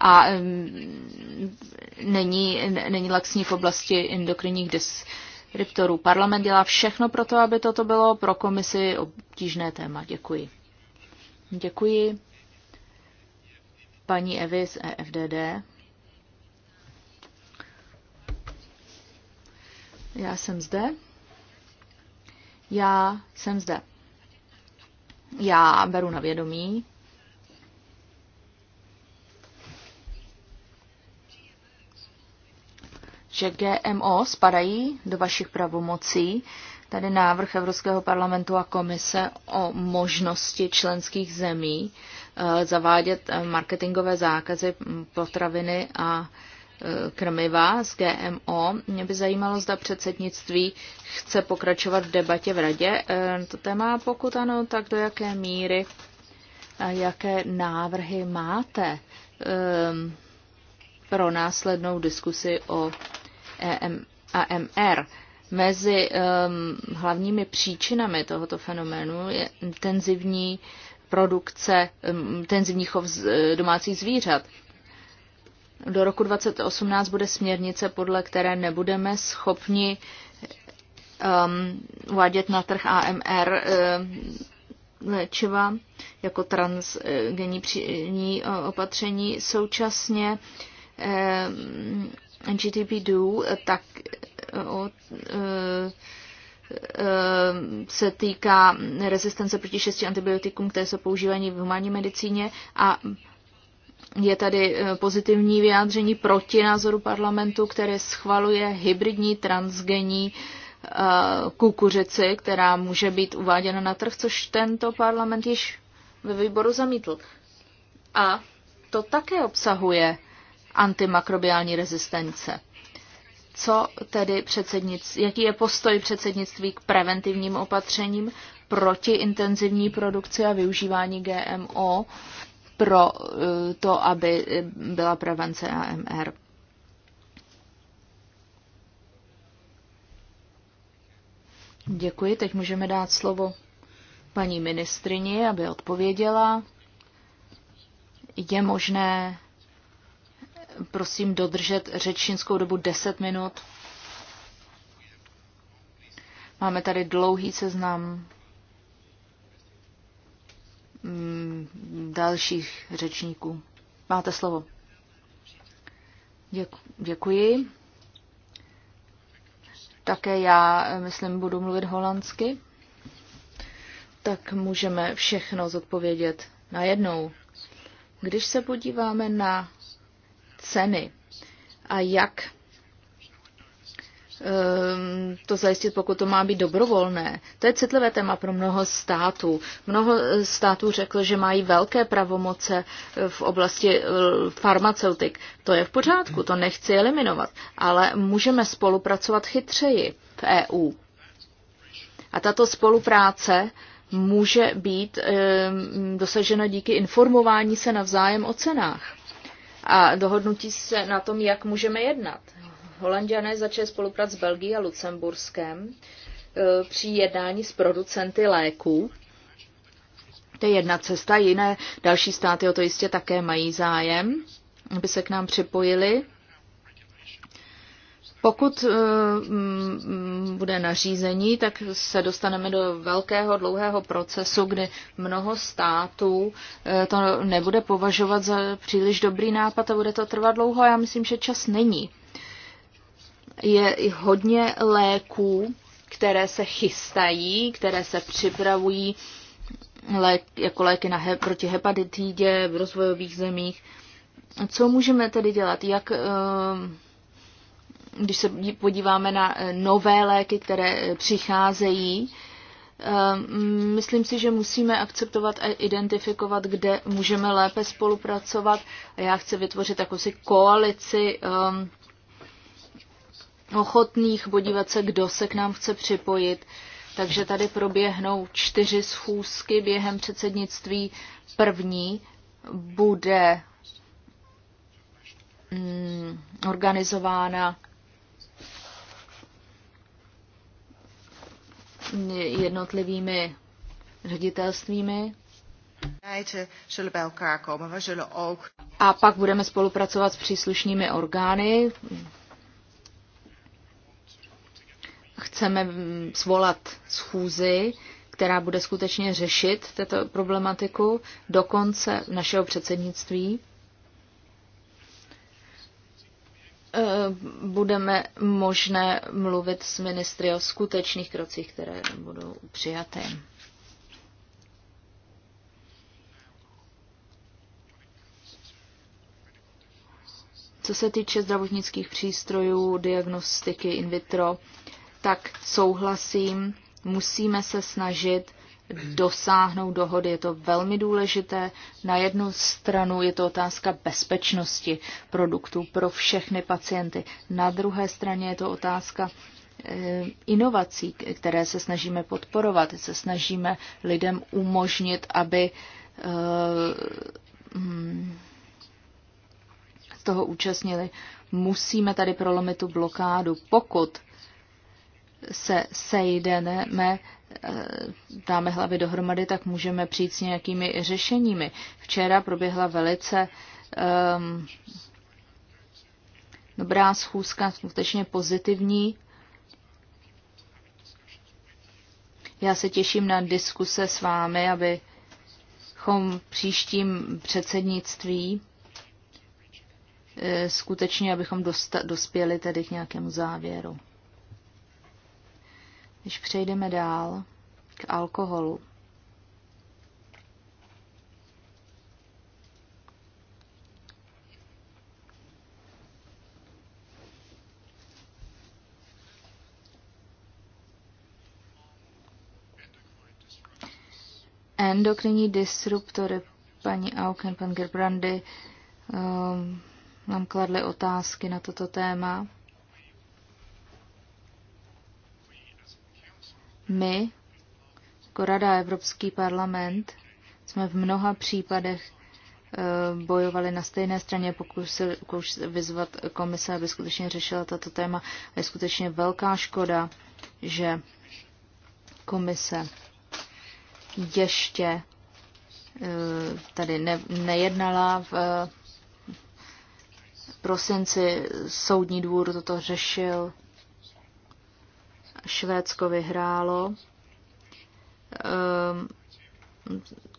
a mm, není, není laxní v oblasti endokrinních disruptorů. Parlament dělá všechno pro to, aby toto bylo pro komisi obtížné téma. Děkuji. Děkuji. Paní Evy z EFDD. Já jsem zde. Já jsem zde. Já beru na vědomí že GMO spadají do vašich pravomocí. Tady návrh Evropského parlamentu a komise o možnosti členských zemí eh, zavádět eh, marketingové zákazy mm, potraviny a eh, krmiva z GMO. Mě by zajímalo, zda předsednictví chce pokračovat v debatě v radě. To téma, pokud ano, tak do jaké míry a jaké návrhy máte pro následnou diskusi o EM, AMR. Mezi um, hlavními příčinami tohoto fenoménu je intenzivní produkce, um, intenzivních chov z, e, domácích zvířat. Do roku 2018 bude směrnice, podle které nebudeme schopni um, uvádět na trh AMR um, e, léčiva jako transgenní e, opatření. Současně um, GDPDů, tak eh, od, eh, eh, se týká rezistence proti šesti antibiotikům, které jsou používány v humánní medicíně a je tady pozitivní vyjádření proti názoru parlamentu, které schvaluje hybridní transgenní kukuřici, která může být uváděna na trh, což tento parlament již ve výboru zamítl. A to také obsahuje antimakrobiální rezistence. Co tedy jaký je postoj předsednictví k preventivním opatřením proti intenzivní produkci a využívání GMO pro eh, to, aby byla prevence AMR? Děkuji. Teď můžeme dát slovo paní ministrině, aby odpověděla. Je možné prosím dodržet řečnickou dobu 10 minut. Máme tady dlouhý seznam mm, dalších řečníků. Máte slovo. Děkuji. Také já, myslím, budu mluvit holandsky. Tak můžeme všechno zodpovědět najednou. Když se podíváme na ceny a jak ehm, to zajistit, pokud to má být dobrovolné. To je citlivé téma pro mnoho států. Mnoho eh, států řeklo, že mají velké pravomoce eh, v oblasti eh, farmaceutik. To je v pořádku, to nechci eliminovat, ale můžeme spolupracovat chytřeji v EU. A tato spolupráce může být ehm, dosažena díky informování se navzájem o cenách a dohodnutí se na tom, jak můžeme jednat. Holandiané začali spolupracovat s Belgií a Lucemburskem e, při jednání s producenty léků. To je jedna cesta, jiné další státy o to jistě také mají zájem, aby se k nám připojili. Pokud eh, mm, bude nařízení, tak se dostaneme do velkého, dlouhého procesu, kdy mnoho států eh, to nebude považovat za příliš dobrý nápad a bude to trvat dlouho. Já myslím, že čas není. Je i hodně léků, které se chystají, které se připravují lék, jako léky na he, proti hepatitidě v rozvojových zemích. Co můžeme tedy dělat? Jak eh, když se podíváme na eh, nové léky, které eh, přicházejí, eh, myslím si, že musíme akceptovat a identifikovat, kde můžeme lépe spolupracovat. A já chci vytvořit jakousi koalici ochotných podívat se, kdo se k nám chce připojit. Takže tady proběhnou čtyři schůzky během předsednictví. První bude mm, organizována jednotlivými ředitelstvími. A pak budeme spolupracovat s příslušnými orgány. Chceme mm, svolat schůzi, která bude skutečně řešit tuto problematiku do konce našeho předsednictví. Eh, budeme možné mluvit s ministry o skutečných krocích, které budou přijaté. Co se týče zdravotnických přístrojů, diagnostiky in vitro, tak souhlasím, musíme se snažit dosáhnout dohody. Je to velmi důležité. Na jednu stranu je to otázka bezpečnosti produktů pro všechny pacienty. Na druhé straně je to otázka eh, inovací, které se snažíme podporovat. Se snažíme lidem umožnit, aby eh, hm, z toho účastnili. Musíme tady prolomit tu blokádu. Pokud se sejdeme, eh, dáme hlavy dohromady, tak můžeme přijít s nějakými řešeními. Včera proběhla velice um, dobrá schůzka, skutečně pozitivní. Já se těším na diskuse s vámi, abychom příštím předsednictví eh, skutečně, abychom dospěli tedy k nějakému závěru. Když přejdeme dál k alkoholu. endokrinní disruptory paní Auken, pan Gerbrandy um, nám kladly otázky na toto téma. My, jako Rada Evropský parlament, jsme v mnoha případech eh, bojovali na stejné straně, pokusili vyzvat komise, aby skutečně řešila tato téma. A je skutečně velká škoda, že komise ještě eh, tady ne, nejednala v eh, prosinci soudní dvůr toto řešil Švédsko vyhrálo. Ehm,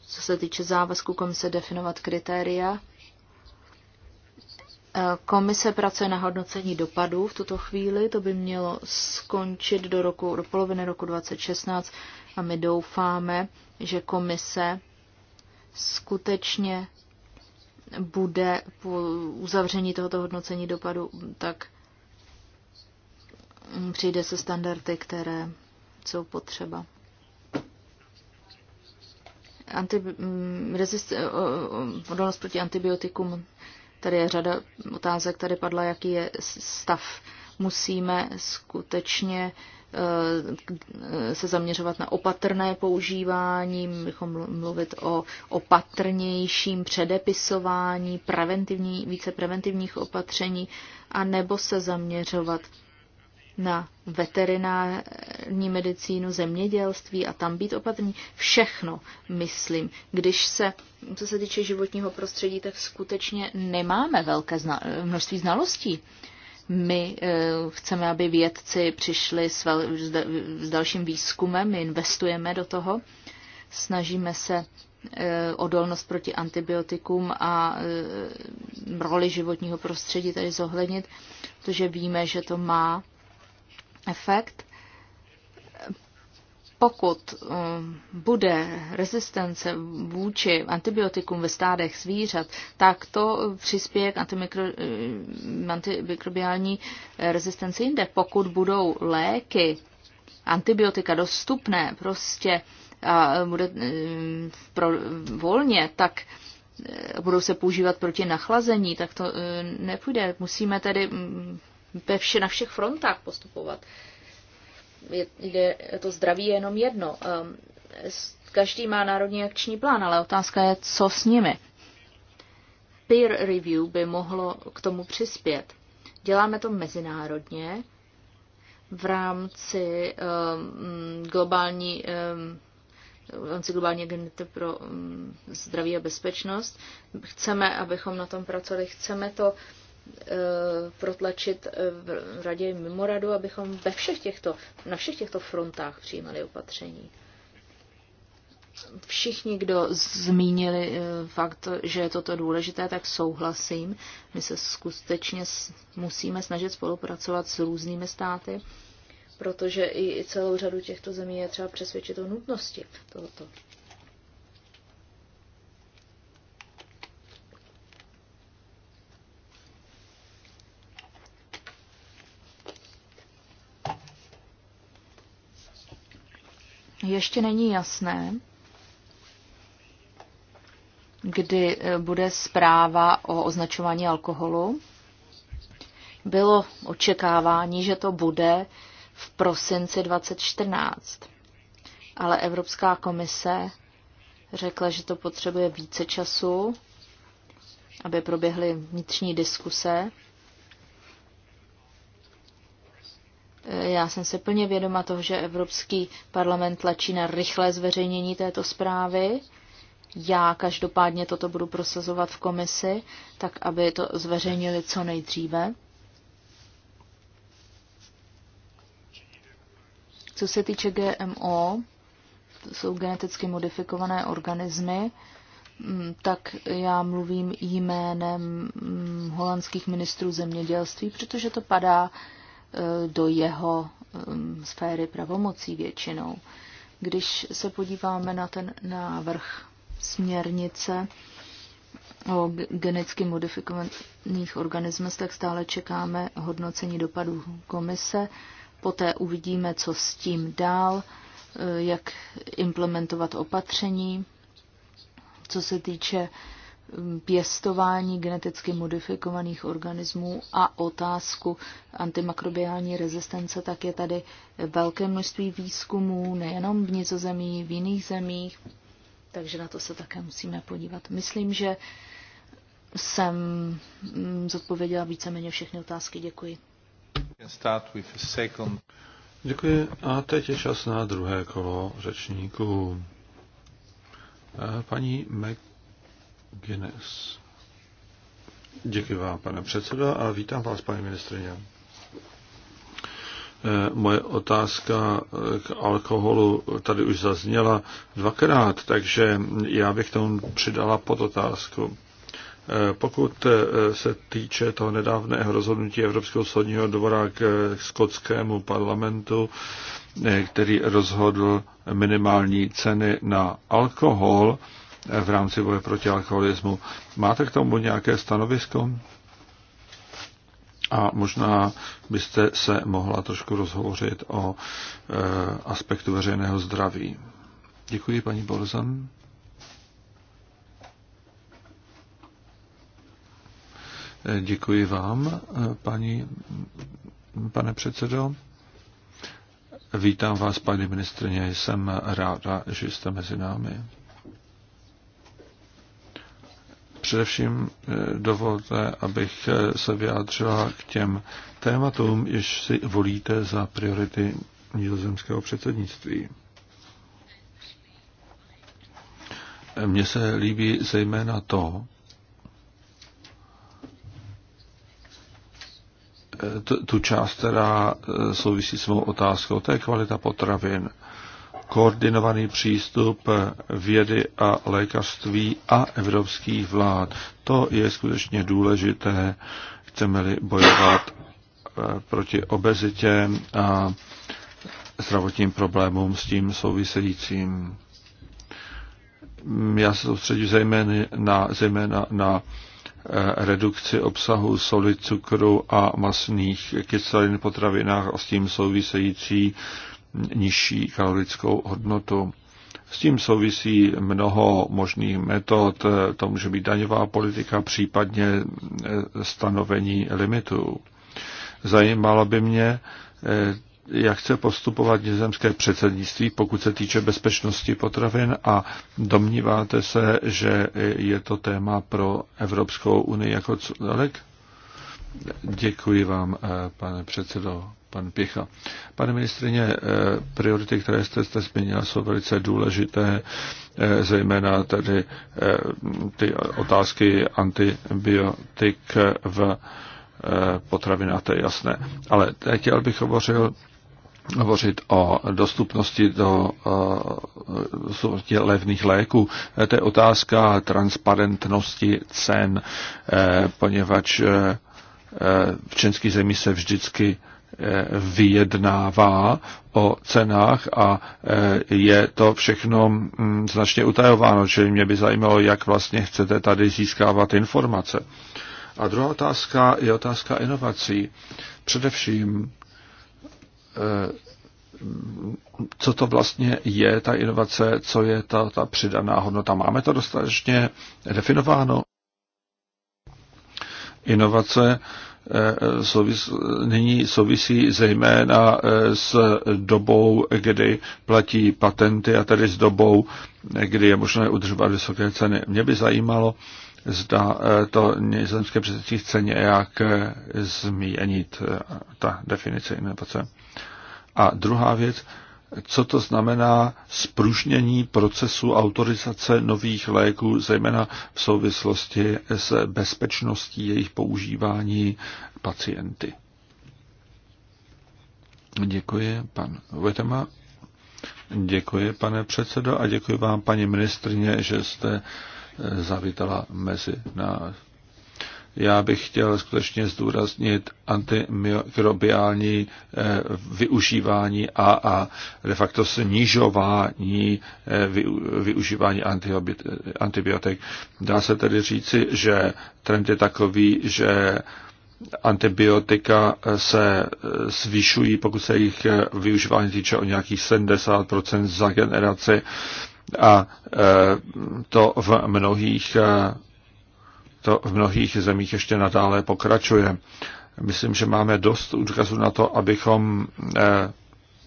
co se týče závazku komise definovat kritéria. Eh, komise pracuje na hodnocení dopadů v tuto chvíli, to by mělo skončit do, roku, do poloviny roku 2016 a my doufáme, že komise skutečně bude po uzavření tohoto hodnocení dopadu tak Mm, přijde se standardy, které jsou potřeba. Anti, mm, eh, odolnost proti antibiotikům. Tady je řada otázek, tady padla, jaký je stav. Musíme skutečně eh, se zaměřovat na opatrné používání, bychom mluvit o opatrnějším předepisování, preventivní, více preventivních opatření, a nebo se zaměřovat na veterinární medicínu, zemědělství a tam být opatrní. Všechno, myslím. Když se, co se týče životního prostředí, tak skutečně nemáme velké zna- množství znalostí. My e, chceme, aby vědci přišli s, vel- s, da- s dalším výzkumem, my investujeme do toho, snažíme se eh, odolnost proti antibiotikům a eh, roli životního prostředí tady zohlednit, protože víme, že to má efekt, pokud um, bude rezistence vůči antibiotikům ve stádech zvířat, tak to přispěje k antimikro, um, antimikrobiální rezistenci jinde. Pokud budou léky, antibiotika dostupné prostě a bude um, pro, volně, tak uh, budou se používat proti nachlazení, tak to uh, nepůjde. Musíme tedy ve vše, na všech frontách postupovat. Je, je to zdraví je jenom jedno. Um, každý má národní akční plán, ale otázka je, co s nimi. Peer review by mohlo k tomu přispět. Děláme to mezinárodně v rámci um, globální um, v rámci globální agenty pro um, zdraví a bezpečnost. Chceme, abychom na tom pracovali, chceme to Eh, protlačit eh, v radě mimo radu, abychom ve všech těchto, na všech těchto frontách přijímali opatření. Všichni, kdo zmínili eh, fakt, že je toto důležité, tak souhlasím. My se skutečně musíme snažit spolupracovat s různými státy, protože i celou řadu těchto zemí je třeba přesvědčit o nutnosti tohoto. ještě není jasné, kdy eh, bude zpráva o označování alkoholu. Bylo očekávání, že to bude v prosinci 2014, ale Evropská komise řekla, že to potřebuje více času, aby proběhly vnitřní diskuse Já jsem se plně vědoma toho, že Evropský parlament tlačí na rychlé zveřejnění této zprávy. Já každopádně toto budu prosazovat v komisi, tak aby to zveřejnili co nejdříve. Co se týče GMO, to jsou geneticky modifikované organismy, mm, tak já mluvím jménem mm, holandských ministrů zemědělství, protože to padá Eh, do jeho sféry pravomocí většinou. Když se podíváme na ten návrh směrnice o geneticky modifikovaných organismech, tak stále čekáme hodnocení dopadů komise. Poté uvidíme, co s tím dál, eh, jak implementovat opatření. Co se týče pěstování geneticky modifikovaných organismů a otázku antimakrobiální rezistence, tak je tady velké množství výzkumů, nejenom v Nizozemí, v jiných zemích, takže na to se také musíme podívat. Myslím, že jsem mm, zodpověděla víceméně všechny otázky. Děkuji. Děkuji. A teď je čas na druhé kolo řečníků. Eh, paní Mek Guinness. Děkuji vám, pane předsedo, a vítám vás, paní ministrině. Eh, moje otázka k alkoholu tady už zazněla dvakrát, takže já bych tomu přidala podotázku. Eh, pokud eh, se týče toho nedávného rozhodnutí Evropského soudního dvora k skotskému parlamentu, který rozhodl minimální ceny na alkohol, v rámci boje proti alkoholismu. Máte k tomu nějaké stanovisko? A možná byste se mohla trošku rozhovořit o e, aspektu veřejného zdraví. Děkuji, paní Borzan. Eh, děkuji vám, eh, paní, pane předsedo. Vítám vás, paní ministrině, jsem ráda, že jste mezi námi. Především eh, dovolte, abych eh, se vyjádřila k těm tématům, jež si volíte za priority nizozemského předsednictví. Eh, mně se líbí zejména to, tu část, která souvisí s mou otázkou, to je kvalita potravin koordinovaný přístup vědy a lékařství a evropských vlád. To je skutečně důležité, chceme-li bojovat eh, proti obezitě a zdravotním problémům s tím souvisejícím. Já se soustředím zejména na, zejména na eh, redukci obsahu soli, cukru a masných kyselin v potravinách a s tím související nižší kalorickou hodnotu. S tím souvisí mnoho možných metod, to může být daňová politika, případně eh, stanovení limitů. Zajímalo by mě, eh, jak chce postupovat nizemské předsednictví, pokud se týče bezpečnosti potravin a domníváte se, že je to téma pro Evropskou unii jako celek? Děkuji vám, eh, pane předsedo pan Pěcha. Pane ministrině, eh, priority, které jste jste zmínila, jsou velice důležité, eh, zejména tady eh, ty otázky antibiotik v potravinách, to je jasné. Ale teď bych hovořil hovořit o dostupnosti do uh, levných léků. To je otázka transparentnosti cen, poněvadž v českých zemích se vždycky vyjednává o cenách a e, je to všechno mm, značně utajováno, čili mě by zajímalo, jak vlastně chcete tady získávat informace. A druhá otázka je otázka inovací. Především, e, co to vlastně je ta inovace, co je ta, ta přidaná hodnota. Máme to dostatečně definováno? Inovace Eh, souvis, nyní souvisí zejména eh, s dobou, kdy platí patenty a tedy s dobou, kdy je možné udržovat vysoké ceny. Mě by zajímalo, zda eh, to nizozemské předsednictví chce nějak změnit ta definice inovace. A druhá věc, co to znamená spružnění procesu autorizace nových léků, zejména v souvislosti s bezpečností jejich používání pacienty. Děkuji, pan Vetema. Děkuji, pane předsedo, a děkuji vám, paní ministrině, že jste eh, zavítala mezi nás já bych chtěl skutečně zdůraznit antimikrobiální eh, využívání a, a de facto snižování eh, využívání antibiotik. Dá se tedy říci, že trend je takový, že antibiotika eh, se zvyšují, pokud se jich využívání týče o nějakých 70% za generaci a to v mnohých to v mnohých zemích ještě nadále pokračuje. Myslím, že máme dost úkazů na to, abychom eh,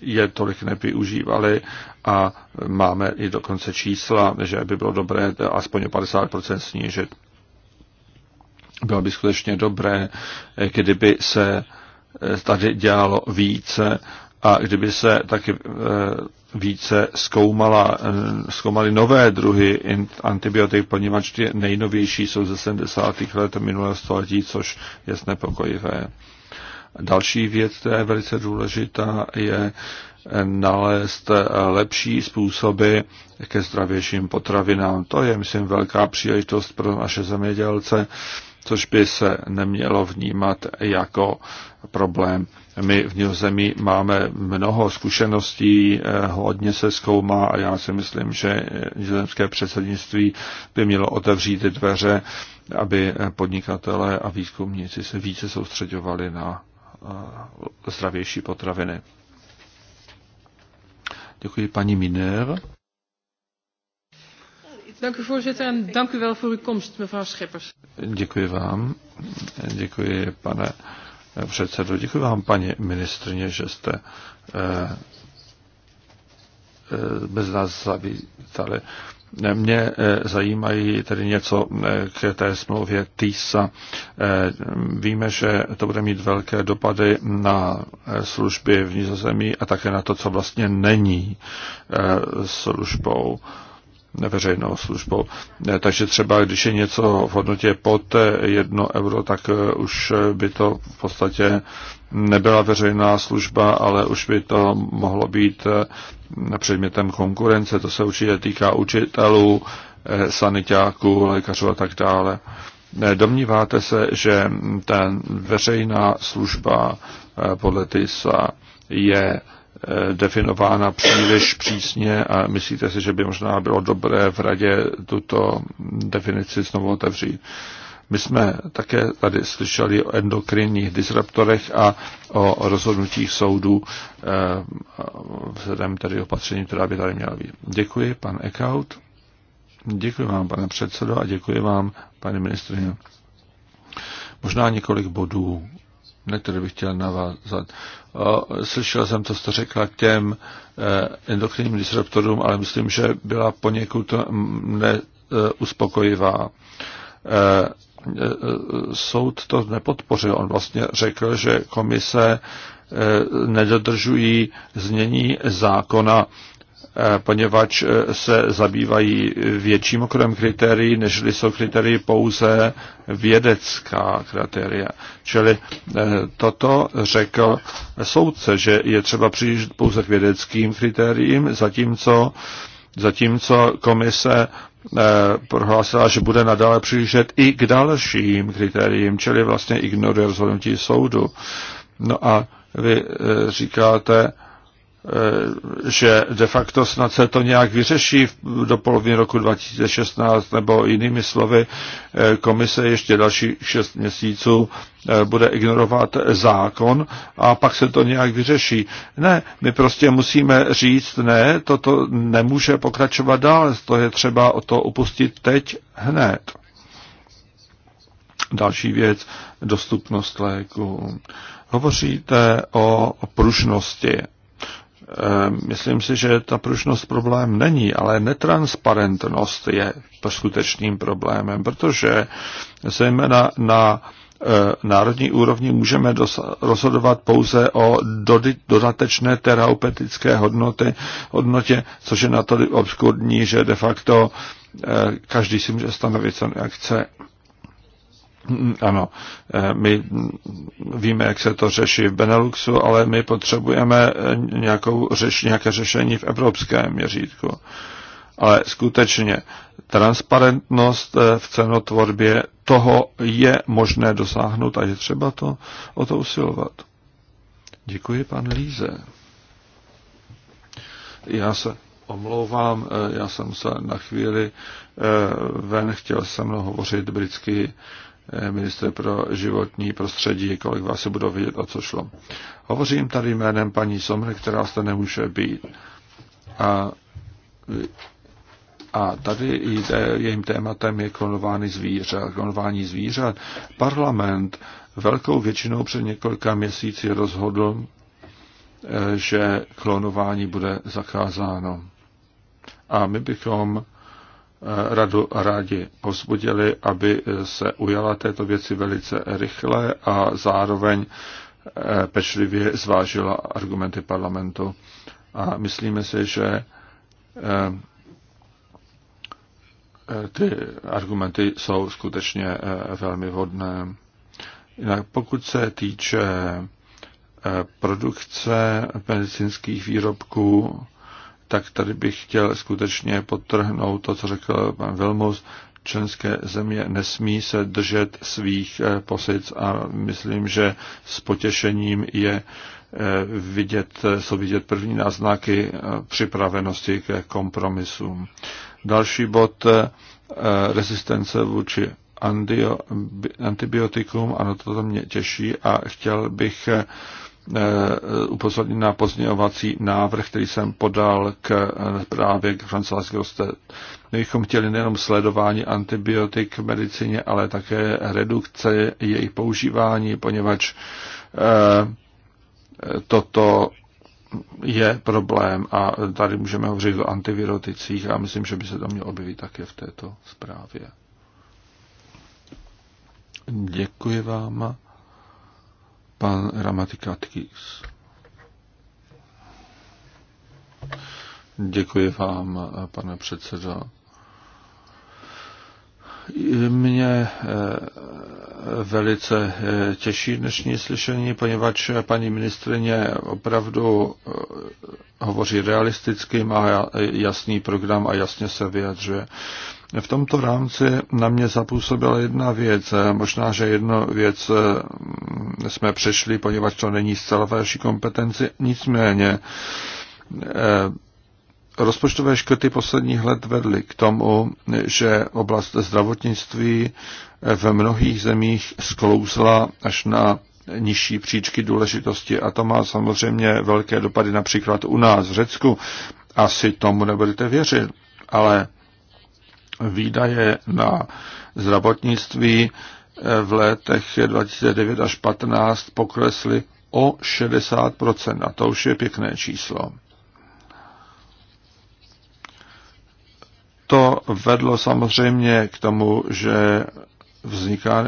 je tolik nevyužívali a máme i dokonce čísla, že by bylo dobré aspoň o 50% snížit. Bylo by skutečně dobré, eh, kdyby se eh, tady dělalo více a kdyby se taky více zkoumala, eh, zkoumali nové druhy antibiotik, poněvadž ty nejnovější jsou ze 70. let minulého století, což je znepokojivé. Další věc, která je velice důležitá, je eh, nalézt eh, lepší způsoby ke zdravějším potravinám. To je, myslím, velká příležitost pro naše zemědělce, což by se nemělo vnímat jako problém my v Nizozemí máme mnoho zkušeností, eh, hodně se zkoumá a já si myslím, že nizozemské předsednictví by mělo otevřít ty dveře, aby eh, podnikatelé a výzkumníci se více soustředovali na eh, zdravější potraviny. Děkuji paní Miner. Děkuji, voorzitter en dank vám, mevrouw Schippers. Děkuji vám. Děkuji, pane předsedo. Děkuji vám, paní ministrně, že jste eh, eh, bez nás zavítali. Mě eh, zajímají tedy něco k té smlouvě TISA. Víme, že to bude mít velké dopady na služby v Nizozemí a také na to, co vlastně není službou veřejnou službou. Eh, takže třeba, když je něco v hodnotě pod eh, jedno euro, tak eh, už by to v podstatě nebyla veřejná služba, ale už by to mohlo být předmětem konkurence. To se určitě týká učitelů, sanitáků, lékařů a tak dále. Domníváte se, že ta veřejná služba podle TISA je Eh, definována příliš přísně a myslíte si, že by možná bylo dobré v radě tuto definici znovu otevřít? My jsme také tady slyšeli o endokrinních disruptorech a o rozhodnutích soudů eh, vzhledem tedy opatření, která by tady měla být. Děkuji, pan Ekaut. Děkuji vám, pane předsedo, a děkuji vám, paní ministrině. Možná několik bodů, na které bych chtěl navázat slyšel jsem to, co řekla k těm eh, endokrinním disruptorům, ale myslím, že byla poněkud mm, neuspokojivá. Eh, eh, soud to nepodpořil. On vlastně řekl, že komise nedodržují znění zákona Eh, poněvadž eh, se zabývají větším okruhem kritérií, než jsou kritérii pouze vědecká kritéria. Čili eh, toto řekl soudce, že je třeba přijít pouze k vědeckým kritériím, zatímco, zatímco komise prohlásila, že bude nadále přihlížet i k dalším kritériím, čili vlastně ignoruje rozhodnutí soudu. No a vy říkáte, Eh, že de facto snad se to nějak vyřeší do poloviny roku 2016, nebo jinými slovy, eh, komise ještě další šest měsíců eh, bude ignorovat zákon a pak se to nějak vyřeší. Ne, my prostě musíme říct, ne, toto nemůže pokračovat dál, to je třeba o to upustit teď hned. Další věc, dostupnost léku. Hovoříte o pružnosti Ehm, myslím si, že ta pružnost problém není, ale netransparentnost je to skutečným problémem, protože zejména na eh, národní úrovni můžeme rozhodovat pouze o dodatečné terapeutické hodnoty, hodnotě, což je natolik obskurní, že de facto eh, každý si může stanovit, co jak chce. Ano, eh, my víme, jak se to řeší v Beneluxu, ale my potřebujeme eh, nějakou řeš, nějaké řešení v evropském měřítku. Ale skutečně transparentnost eh, v cenotvorbě toho je možné dosáhnout a je třeba to o to usilovat. Děkuji, pan Líze. Já se omlouvám, já jsem se na chvíli ven, chtěl jsem hovořit britsky, Eh, ministr pro životní prostředí, kolik vás se budou vidět, o co šlo. Hovořím tady jménem paní Somr, která zde nemůže být. A, a tady jde, jejím tématem je klonování zvířat. Klonování zvířat. Parlament velkou většinou před několika měsíci rozhodl, eh, že klonování bude zakázáno. A my bychom Eh, radu rádi pozbudili, aby eh, se ujala této věci velice rychle a zároveň eh, pečlivě zvážila argumenty parlamentu. A myslíme si, že ty argumenty jsou skutečně velmi vhodné. Jinak pokud se týče produkce medicinských výrobků, tak tady bych chtěl skutečně podtrhnout to, co řekl pan Vilmus. Členské země nesmí se držet svých eh, posic a myslím, že s potěšením je eh, vidět, jsou vidět první náznaky eh, připravenosti ke kompromisům. Další bod rezistence vůči antibiotikum, ano, to mě těší a chtěl bych Eh, upozornit na pozměňovací návrh, který jsem podal k eh, právě k francouzské roste. My bychom chtěli nejenom sledování antibiotik v medicíně, ale také redukce jejich používání, poněvadž eh, toto je problém a tady můžeme hovořit o antiviroticích a myslím, že by se to mělo objevit také v této zprávě. Děkuji vám pan Ramatikatkis. Děkuji vám, pane předsedo. Mě eh, velice eh, těší dnešní slyšení, poněvadž paní ministrině opravdu eh, hovoří realisticky, má jasný program a jasně se vyjadřuje. V tomto rámci na mě zapůsobila jedna věc. Eh, možná, že jedno věc eh, jsme přešli, poněvadž to není zcela vaší kompetenci. Nicméně, eh, rozpočtové škrty posledních let vedly k tomu, že oblast zdravotnictví v mnohých zemích sklouzla až na nižší příčky důležitosti. A to má samozřejmě velké dopady například u nás v Řecku. Asi tomu nebudete věřit, ale výdaje na zdravotnictví eh, v letech 2009 až 2015 poklesly o 60%. A to už je pěkné číslo. To vedlo samozřejmě k tomu, že vzniká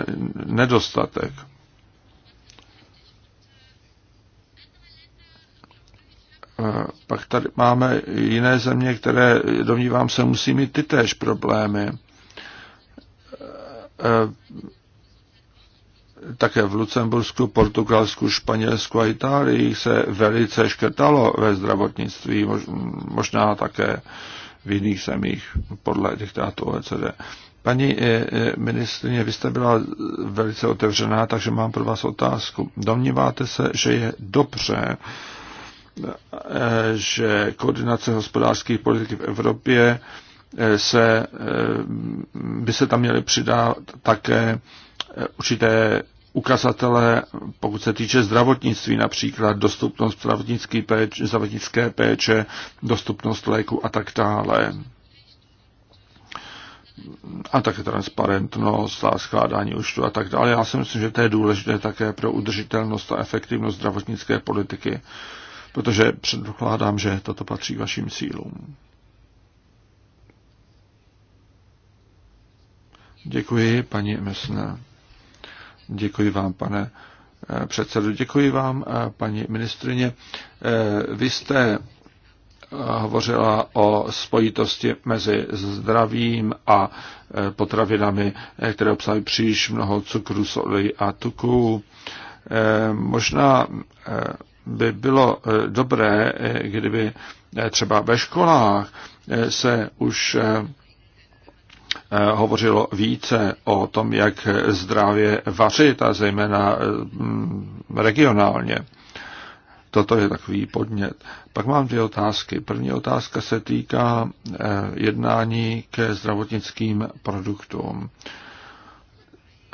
nedostatek. Pak tady máme jiné země, které, domnívám se, musí mít ty též problémy. E, e, také v Lucembursku, Portugalsku, Španělsku a Itálii se velice škrtalo ve zdravotnictví, možná také v jiných zemích podle diktátu OECD. Paní e, ministrině, vy jste byla velice otevřená, takže mám pro vás otázku. Domníváte se, že je dobře, že koordinace hospodářských politik v Evropě eh, se, eh, by se tam měly přidat také eh, určité ukazatele, pokud se týče zdravotnictví, například dostupnost zdravotnické péče, zdravotnické péče dostupnost léku a tak dále. A také transparentnost a skládání účtu a tak dále. Já si myslím, že to je důležité také pro udržitelnost a efektivnost zdravotnické politiky protože předpokládám, že toto patří vašim cílům. Děkuji, paní Mesna. Děkuji vám, pane eh, předsedu. Děkuji vám, eh, paní ministrině. Eh, vy jste hovořila o spojitosti mezi zdravím a potravinami, které obsahují příliš mnoho cukru, soli a tuku. Možná by bylo eh, dobré, eh, kdyby eh, třeba ve školách se už hovořilo více o tom, jak zdravě vařit a zejména mm, regionálně. Toto je takový podnět. Pak mám dvě otázky. První otázka se týká jednání ke zdravotnickým produktům.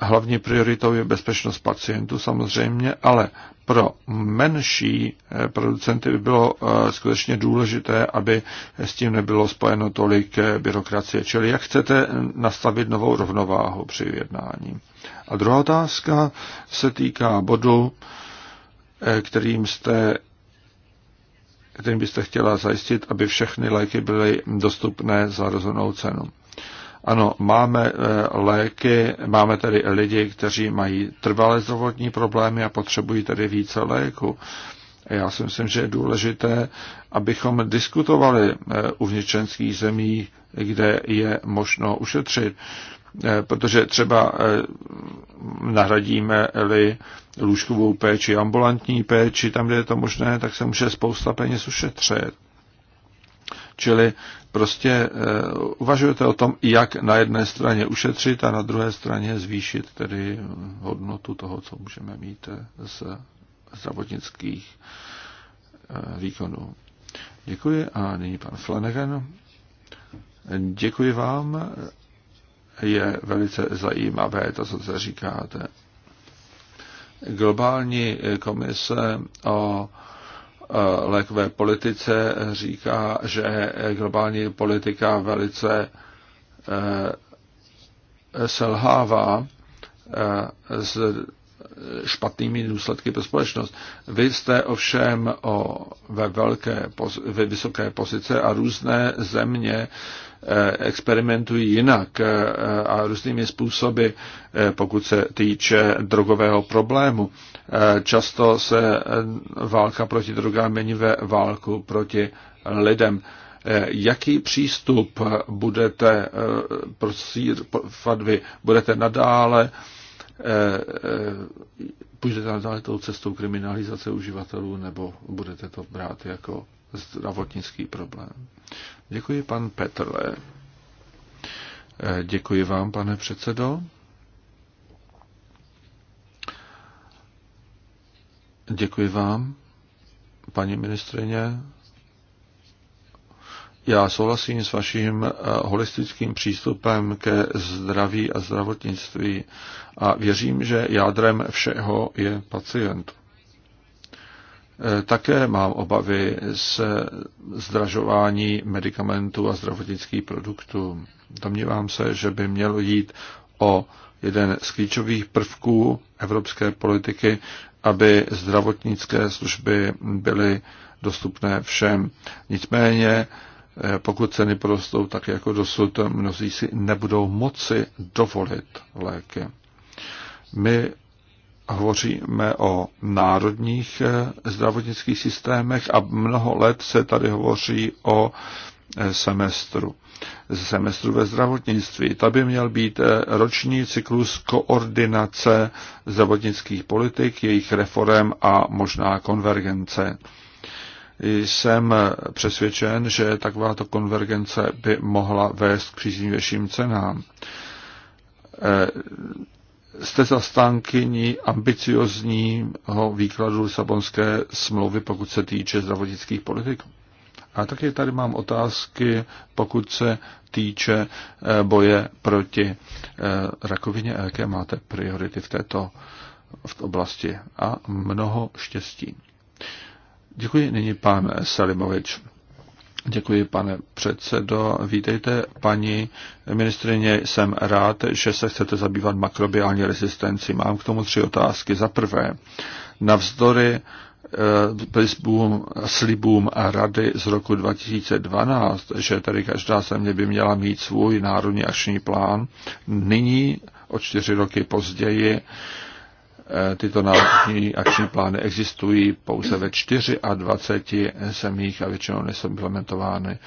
Hlavní prioritou je bezpečnost pacientů samozřejmě, ale pro menší eh, producenty by bylo eh, skutečně důležité, aby s tím nebylo spojeno tolik eh, byrokracie. Čili jak chcete nastavit novou rovnováhu při jednání? A druhá otázka se týká bodu, kterým jste kterým byste chtěla zajistit, aby všechny léky byly dostupné za rozhodnou cenu. Ano, máme eh, léky, máme tedy lidi, kteří mají trvalé zdravotní problémy a potřebují tedy více léku. Já si myslím, že je důležité, abychom diskutovali eh, uvnitř členských zemí, kde je možno ušetřit. Eh, protože třeba nahradíme-li lůžkovou péči ambulantní péči, tam, kde je to možné, tak se může spousta peněz ušetřit. Čili prostě eh, uvažujete o tom, jak na jedné straně ušetřit a na druhé straně zvýšit tedy hodnotu toho, co můžeme mít eh, z zdravotnických eh, výkonů. Děkuji a nyní pan Flanagan. Děkuji vám. Je velice zajímavé to, co se říkáte. Globální komise o Eh, lékové politice říká, že globální politika velice eh, selhává eh, s špatnými důsledky pro společnost. Vy jste ovšem o, ve velké, ve vysoké pozice a různé země Eh, experimentují jinak eh, a různými způsoby, eh, pokud se týče drogového problému. Často se válka proti drogám mění ve válku proti lidem. Jaký přístup budete prosírovat vy? Budete nadále půjdete nadále tou cestou kriminalizace uživatelů nebo budete to brát jako zdravotnický problém? Děkuji, pan Petrle. Eh, děkuji vám, pane předsedo. Děkuji vám, paní ministrině. Já souhlasím s vaším eh, holistickým přístupem ke zdraví a zdravotnictví a věřím, že jádrem všeho je pacient. Eh, také mám obavy se zdražování medicamentů a zdravotnických produktů. Domnívám se, že by mělo jít o jeden z klíčových prvků evropské politiky, aby zdravotnické služby byly dostupné všem. Nicméně, eh, pokud ceny porostou tak jako dosud, mnozí si nebudou moci dovolit léky. My hovoříme o národních eh, zdravotnických systémech a mnoho let se tady hovoří o eh, semestru. Semestru ve zdravotnictví. Ta by měl být eh, roční cyklus koordinace zdravotnických politik, jejich reform a možná konvergence. Jsem přesvědčen, že takováto konvergence by mohla vést k příznivějším cenám jste zastánkyní ambiciozního výkladu Lisabonské smlouvy, pokud se týče zdravotnických politik? A taky tady mám otázky, pokud se týče eh, boje proti eh, rakovině, jaké máte priority v této v oblasti. A mnoho štěstí. Děkuji nyní pán Salimovič. Děkuji, pane předsedo. Vítejte, paní ministrině. Jsem rád, že se chcete zabývat makrobiální rezistenci. Mám k tomu tři otázky. Za prvé, navzdory eh, slibům, slibům rady z roku 2012, že tady každá země by měla mít svůj národní akční plán, nyní o čtyři roky později Eh, tyto národní akční plány existují pouze ve 24 zemích a většinou nejsou implementovány.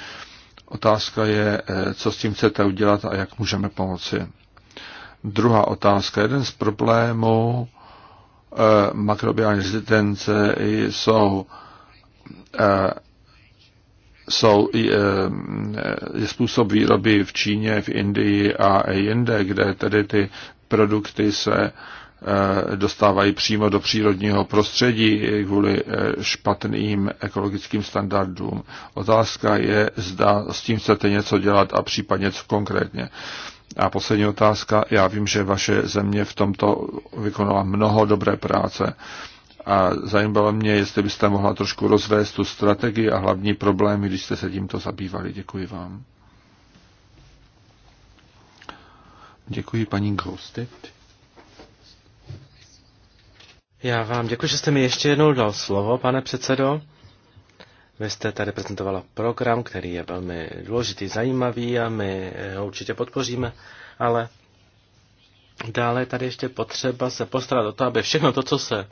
Otázka je, eh, co s tím chcete udělat a jak můžeme pomoci. Druhá otázka. Jeden z problémů eh, makrobiální rezistence jsou jsou, je, je způsob výroby v Číně, v Indii a jinde, kde tedy ty produkty se Eh, dostávají přímo do přírodního prostředí kvůli eh, špatným ekologickým standardům. Otázka je, zda s tím chcete něco dělat a případně co konkrétně. A poslední otázka. Já vím, že vaše země v tomto vykonala mnoho dobré práce. A zajímalo mě, jestli byste mohla trošku rozvést tu strategii a hlavní problémy, když jste se tímto zabývali. Děkuji vám. Děkuji paní Grostet. Já vám děkuji, že jste mi ještě jednou dal slovo, pane předsedo. Vy jste tady prezentovala program, který je velmi důležitý, zajímavý a my ho určitě podpoříme, ale dále je tady ještě potřeba se postarat o to, aby všechno to, co se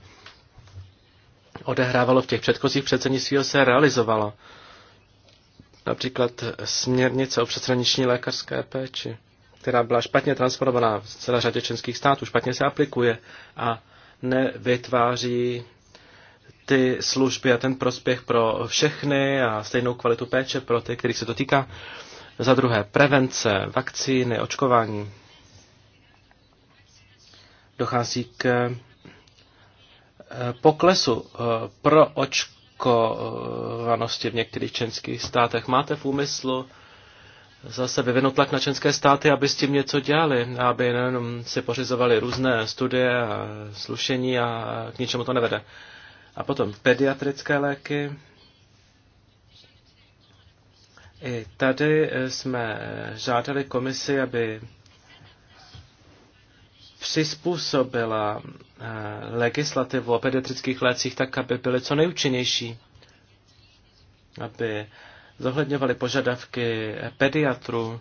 odehrávalo v těch předchozích předsednictvích, se realizovalo. Například směrnice o přeshraniční lékařské péči, která byla špatně transformovaná v celé řadě členských států, špatně se aplikuje a nevytváří ty služby a ten prospěch pro všechny a stejnou kvalitu péče pro ty, kterých se to týká. Za druhé, prevence, vakcíny, očkování. Dochází k eh, poklesu eh, pro očkování v některých členských státech. Máte v úmyslu zase vyvinul tlak na členské státy, aby s tím něco dělali, aby nejenom si pořizovali různé studie a slušení a k ničemu to nevede. A potom pediatrické léky. I tady jsme žádali komisi, aby přizpůsobila eh, legislativu o pediatrických lécích tak, aby byly co nejúčinnější, aby Zohledňovali požadavky pediatru,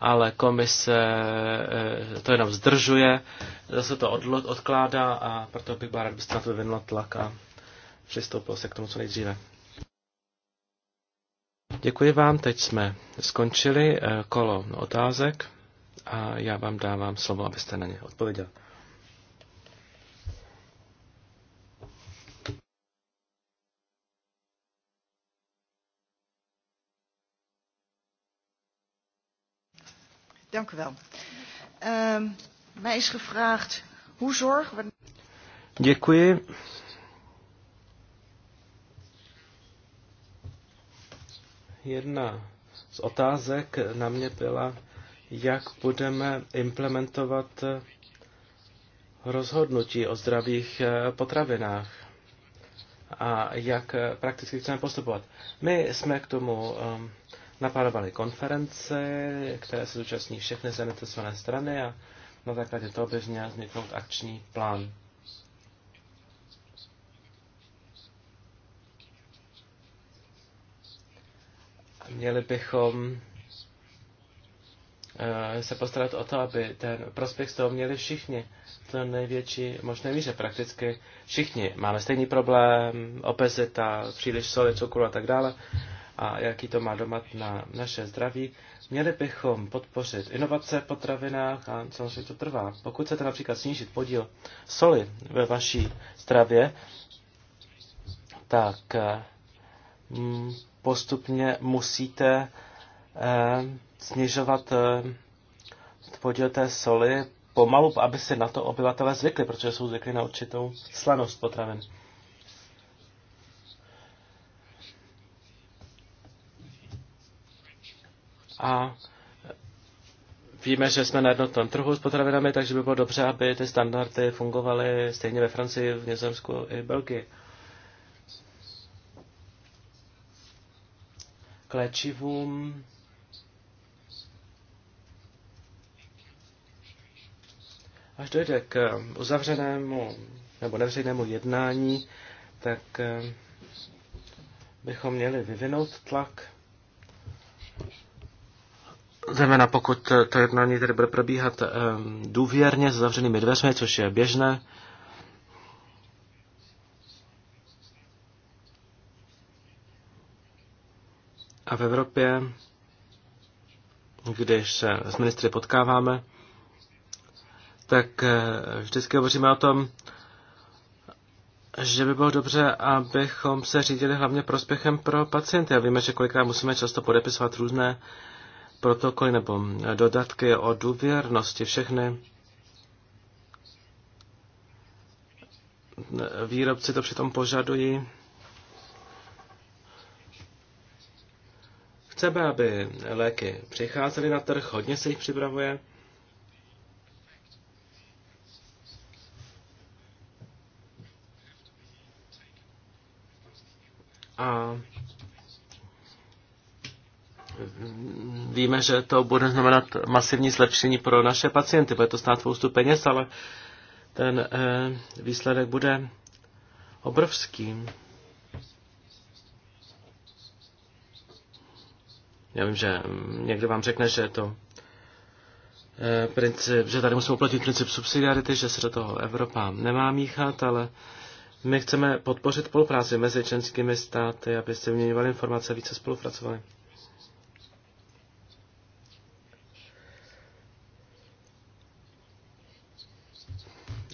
ale komise eh, to jenom zdržuje, zase to odkládá a proto bych byl rád, byste na to vyvinula tlak a přistoupil se k tomu co nejdříve. Děkuji vám, teď jsme skončili eh, kolo otázek a já vám dávám slovo, abyste na ně odpověděli. Dank u wel. Uh, mij is gevraagd hoe zorgen we. Děkuji. Jedna z otázek na mě byla, jak budeme implementovat eh, rozhodnutí o zdravých eh, potravinách a jak eh, prakticky chceme postupovat. My jsme k tomu ehm, naplánovali konference, které se zúčastní všechny zainteresované strany a na základě toho by měl vzniknout akční plán. Měli bychom eh, se postarat o to, aby ten prospěch z toho měli všichni v největší možné míře. Prakticky všichni máme stejný problém, obezita, příliš soli, cukru a tak dále a jaký to má domat na naše zdraví. Měli bychom podpořit inovace v potravinách a samozřejmě to trvá. Pokud chcete například snížit podíl soli ve vaší stravě, tak eh, mm, postupně musíte eh, snižovat eh, podíl té soli pomalu, aby se na to obyvatelé zvykli, protože jsou zvykli na určitou slanost potravin. a víme, že jsme na jednotném trhu s potravinami, takže by bylo dobře, aby ty standardy fungovaly stejně ve Francii, v Nizozemsku i v Belgii. K léčivům až dojde k uzavřenému nebo neveřejnému jednání, tak eh, bychom měli vyvinout tlak Zejména pokud to jednání tedy bude probíhat ehm, důvěrně s zavřenými dveřmi, což je běžné, A v Evropě, když se s ministry potkáváme, tak eh, vždycky hovoříme o tom, že by bylo dobře, abychom se řídili hlavně prospěchem pro pacienty. A víme, že kolikrát musíme často podepisovat různé protokoly nebo eh, dodatky o důvěrnosti. Všechny eh, výrobci to přitom požadují. Chceme, aby léky přicházely na trh, hodně se jich připravuje. A víme, že to bude znamenat masivní zlepšení pro naše pacienty. Bude to stát spoustu peněz, ale ten eh, výsledek bude obrovský. Já vím, že někdo vám řekne, že je to eh, princip, že tady musíme uplatit princip subsidiarity, že se do toho Evropa nemá míchat, ale my chceme podpořit spolupráci mezi členskými státy, aby se vyměňovali informace, více spolupracovali.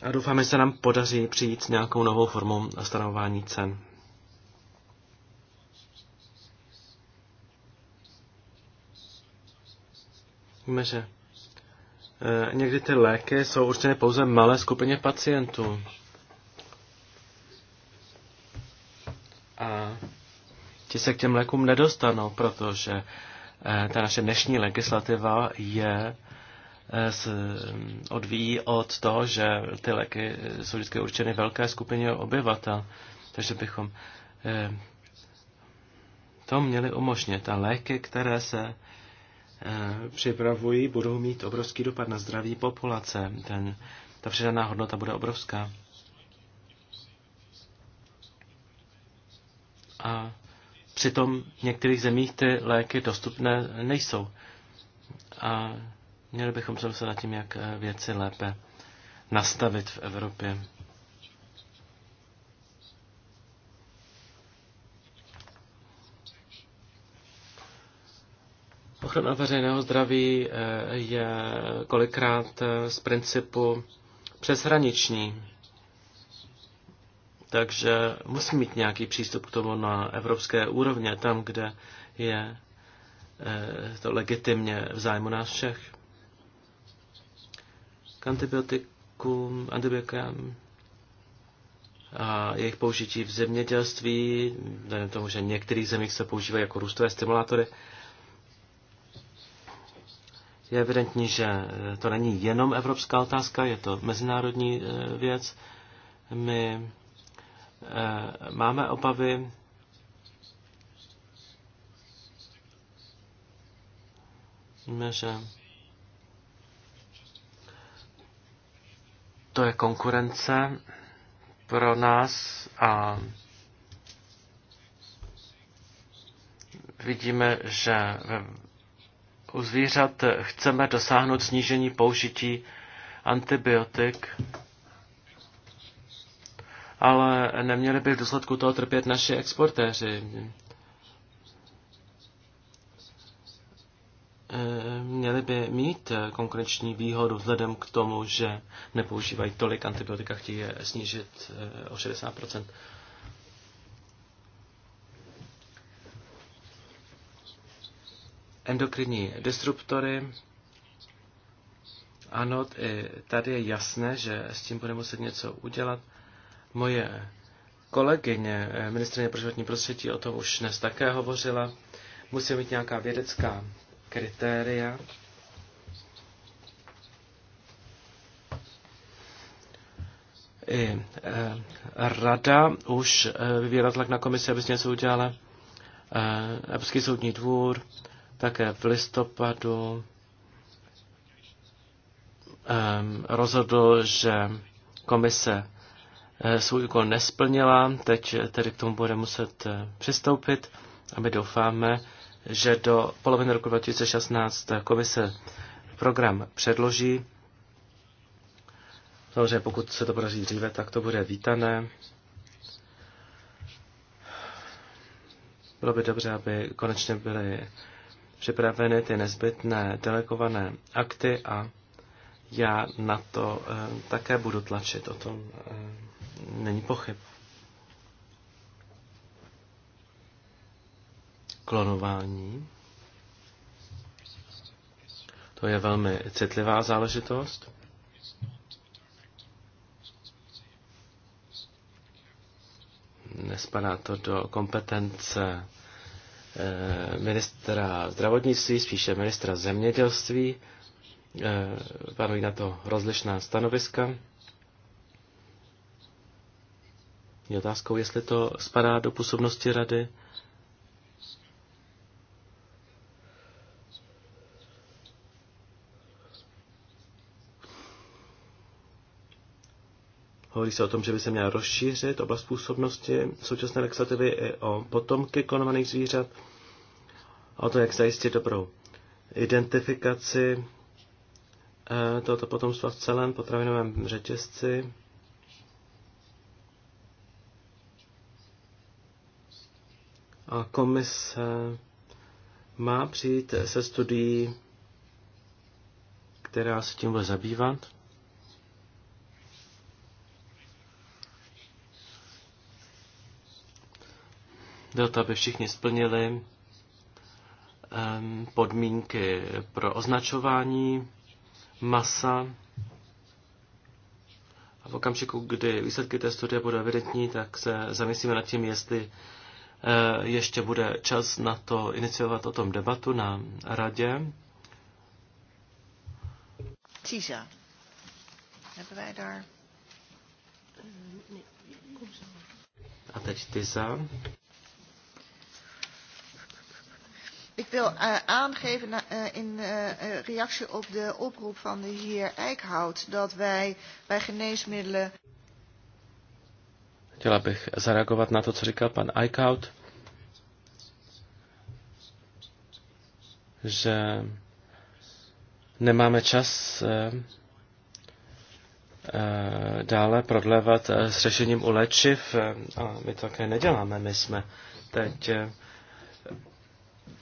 A doufáme, že se nám podaří přijít s nějakou novou formou stanovování cen. Víme, že e, někdy ty léky jsou určené pouze malé skupině pacientů. A ti se k těm lékům nedostanou, protože e, ta naše dnešní legislativa je Eh, s mm, odvíjí od toho, že ty léky jsou vždycky určeny velké skupině obyvatel. Takže bychom eh, to měli umožnit. A léky, které se eh, připravují, budou mít obrovský dopad na zdraví populace. Ten, ta přidaná hodnota bude obrovská. A přitom v některých zemích ty léky dostupné nejsou. A Měli bychom se nad tím, jak eh, věci lépe nastavit v Evropě. Ochrana veřejného zdraví eh, je kolikrát eh, z principu přeshraniční. Takže musí mít nějaký přístup k tomu na evropské úrovně, tam, kde je to legitimně v zájmu nás všech k antibiotikům, antibiotikám a jejich použití v zemědělství, vzhledem tomu, že v některých zemích se používají jako růstové stimulátory, je evidentní, že to není jenom evropská otázka, je to mezinárodní eh, věc. My eh, máme obavy, že To je konkurence pro nás a vidíme, že u zvířat chceme dosáhnout snížení použití antibiotik, ale neměli by v důsledku toho trpět naši exportéři. měli by mít eh, konkurenční výhodu vzhledem k tomu, že nepoužívají tolik antibiotika, chtějí je snížit eh, o 60%. Endokrinní disruptory. Ano, tady je jasné, že s tím bude muset něco udělat. Moje kolegyně, eh, ministrině pro životní prostředí, o tom už dnes také hovořila. Musí mít nějaká vědecká kritéria. I eh, rada už eh, vyvíjela tlak na komisi, aby s něco udělala. Eh, Evropský soudní dvůr také v listopadu eh, rozhodl, že komise eh, svůj úkol nesplnila, teď tedy k tomu bude muset eh, přistoupit a my doufáme, že do poloviny roku 2016 komise program předloží. Samozřejmě pokud se to podaří dříve, tak to bude vítané. Bylo by dobře, aby konečně byly připraveny ty nezbytné delegované akty a já na to e, také budu tlačit, o tom e, není pochyb. klonování. To je velmi citlivá záležitost. Nespadá to do kompetence eh, ministra zdravotnictví, spíše ministra zemědělství. Eh, panují na to rozlišná stanoviska. Je otázkou, jestli to spadá do působnosti rady. Hovoří se o tom, že by se měla rozšířit oblast působnosti současné legislativy i o potomky klonovaných zvířat a o to, jak zajistit dobrou identifikaci eh, tohoto potomstva v celém potravinovém řetězci. A komise má přijít se studií, která se tím bude zabývat. Jde to, aby všichni splnili podmínky pro označování masa. A v okamžiku, kdy výsledky té studie budou evidentní, tak se zamyslíme nad tím, jestli eh, ještě bude čas na to iniciovat o tom debatu na radě. Tisa. A teď Tisa. Ik wil uh, aangeven uh, in uh, reactie op de oproep van de heer Eickhout dat wij bij geneesmiddelen. Chtěla bych zareagovat na to, co říkal pan Eickhout, že nemáme čas dále prodlevat s řešením u léčiv a my to také neděláme. My jsme teď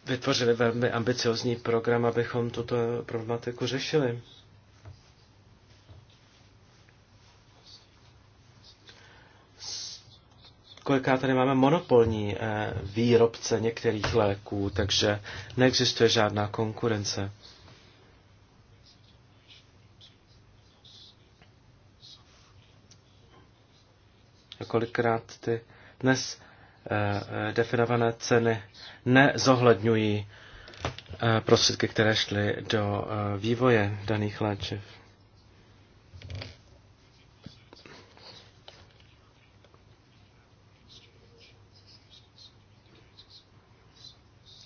vytvořili velmi ambiciozní program, abychom tuto problematiku řešili. koliká tady máme monopolní eh, výrobce některých léků, takže neexistuje žádná konkurence. A kolikrát ty dnes Eh, eh, definované ceny nezohledňují eh, prostředky, které šly do vývoje daných léčiv.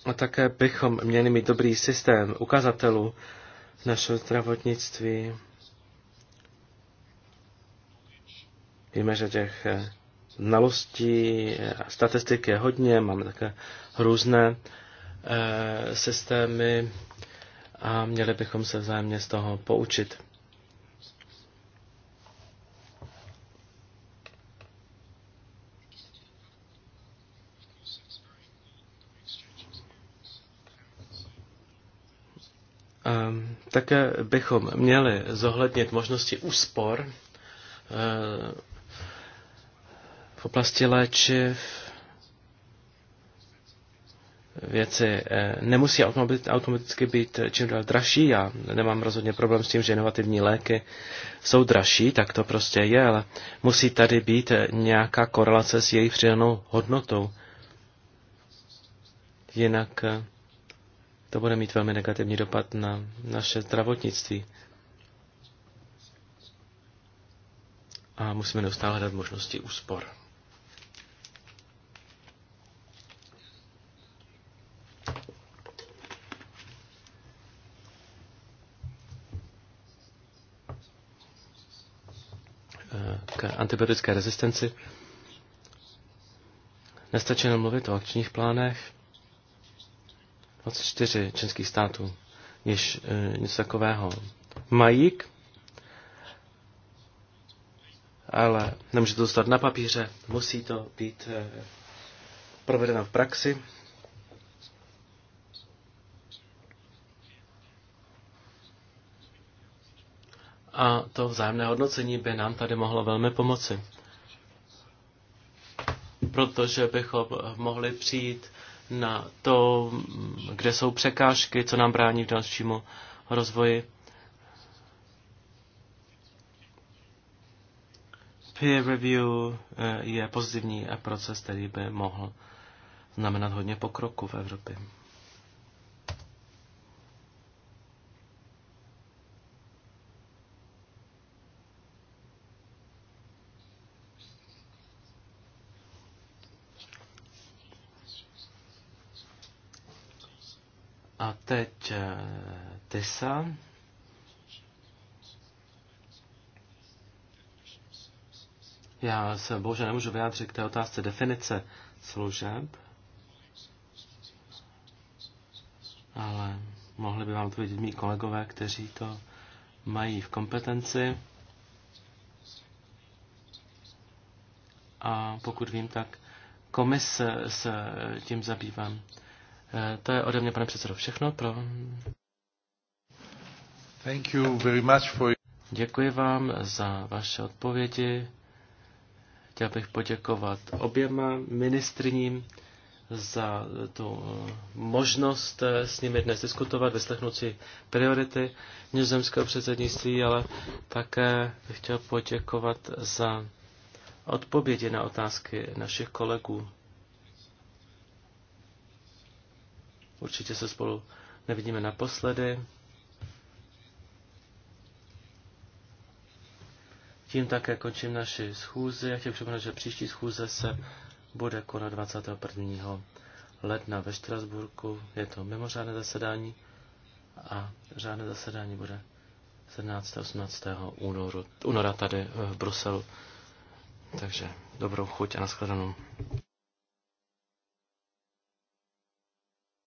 A také bychom měli mít dobrý systém ukazatelů našeho zdravotnictví. Víme, že těch znalostí a je hodně, máme také různé e, systémy a měli bychom se vzájemně z toho poučit. Ehm, také bychom měli zohlednit možnosti úspor eh, v oblasti léčiv věci eh, nemusí automaticky být čím dál dražší. Já nemám rozhodně problém s tím, že inovativní léky jsou dražší, tak to prostě je, ale musí tady být eh, nějaká korelace s jejich přidanou hodnotou. Jinak eh, to bude mít velmi negativní dopad na naše zdravotnictví. A musíme neustále hledat možnosti úspor. antibiotické rezistenci. Nestačí jenom mluvit o akčních plánech. 24 českých států již e, něco takového mají, ale nemůže to zůstat na papíře, musí to být e, provedeno v praxi. a to vzájemné hodnocení by nám tady mohlo velmi pomoci. Protože bychom mohli přijít na to, kde jsou překážky, co nám brání v dalšímu rozvoji. Peer review eh, je pozitivní proces, který by mohl znamenat hodně pokroku v Evropě. Teď eh, TISA. Já se bohužel nemůžu vyjádřit k té otázce definice služeb, ale mohli by vám to vidět mý kolegové, kteří to mají v kompetenci. A pokud vím, tak komise se tím zabývá. Eh, to je ode mě, pane předsedo, všechno pro... Thank you very much for... Děkuji vám za vaše odpovědi. Chtěl bych poděkovat oběma ministriním za tu eh, možnost eh, s nimi dnes diskutovat, vyslechnout si priority nizozemského předsednictví, ale také bych chtěl poděkovat za odpovědi na otázky našich kolegů. Určitě se spolu nevidíme naposledy. Tím také končím naši schůzi. Já chtěl připomenout, že příští schůze se bude konat 21. ledna ve Štrasburku. Je to mimořádné zasedání a řádné zasedání bude 17. 18. únoru, února tady v Bruselu. Takže dobrou chuť a nashledanou.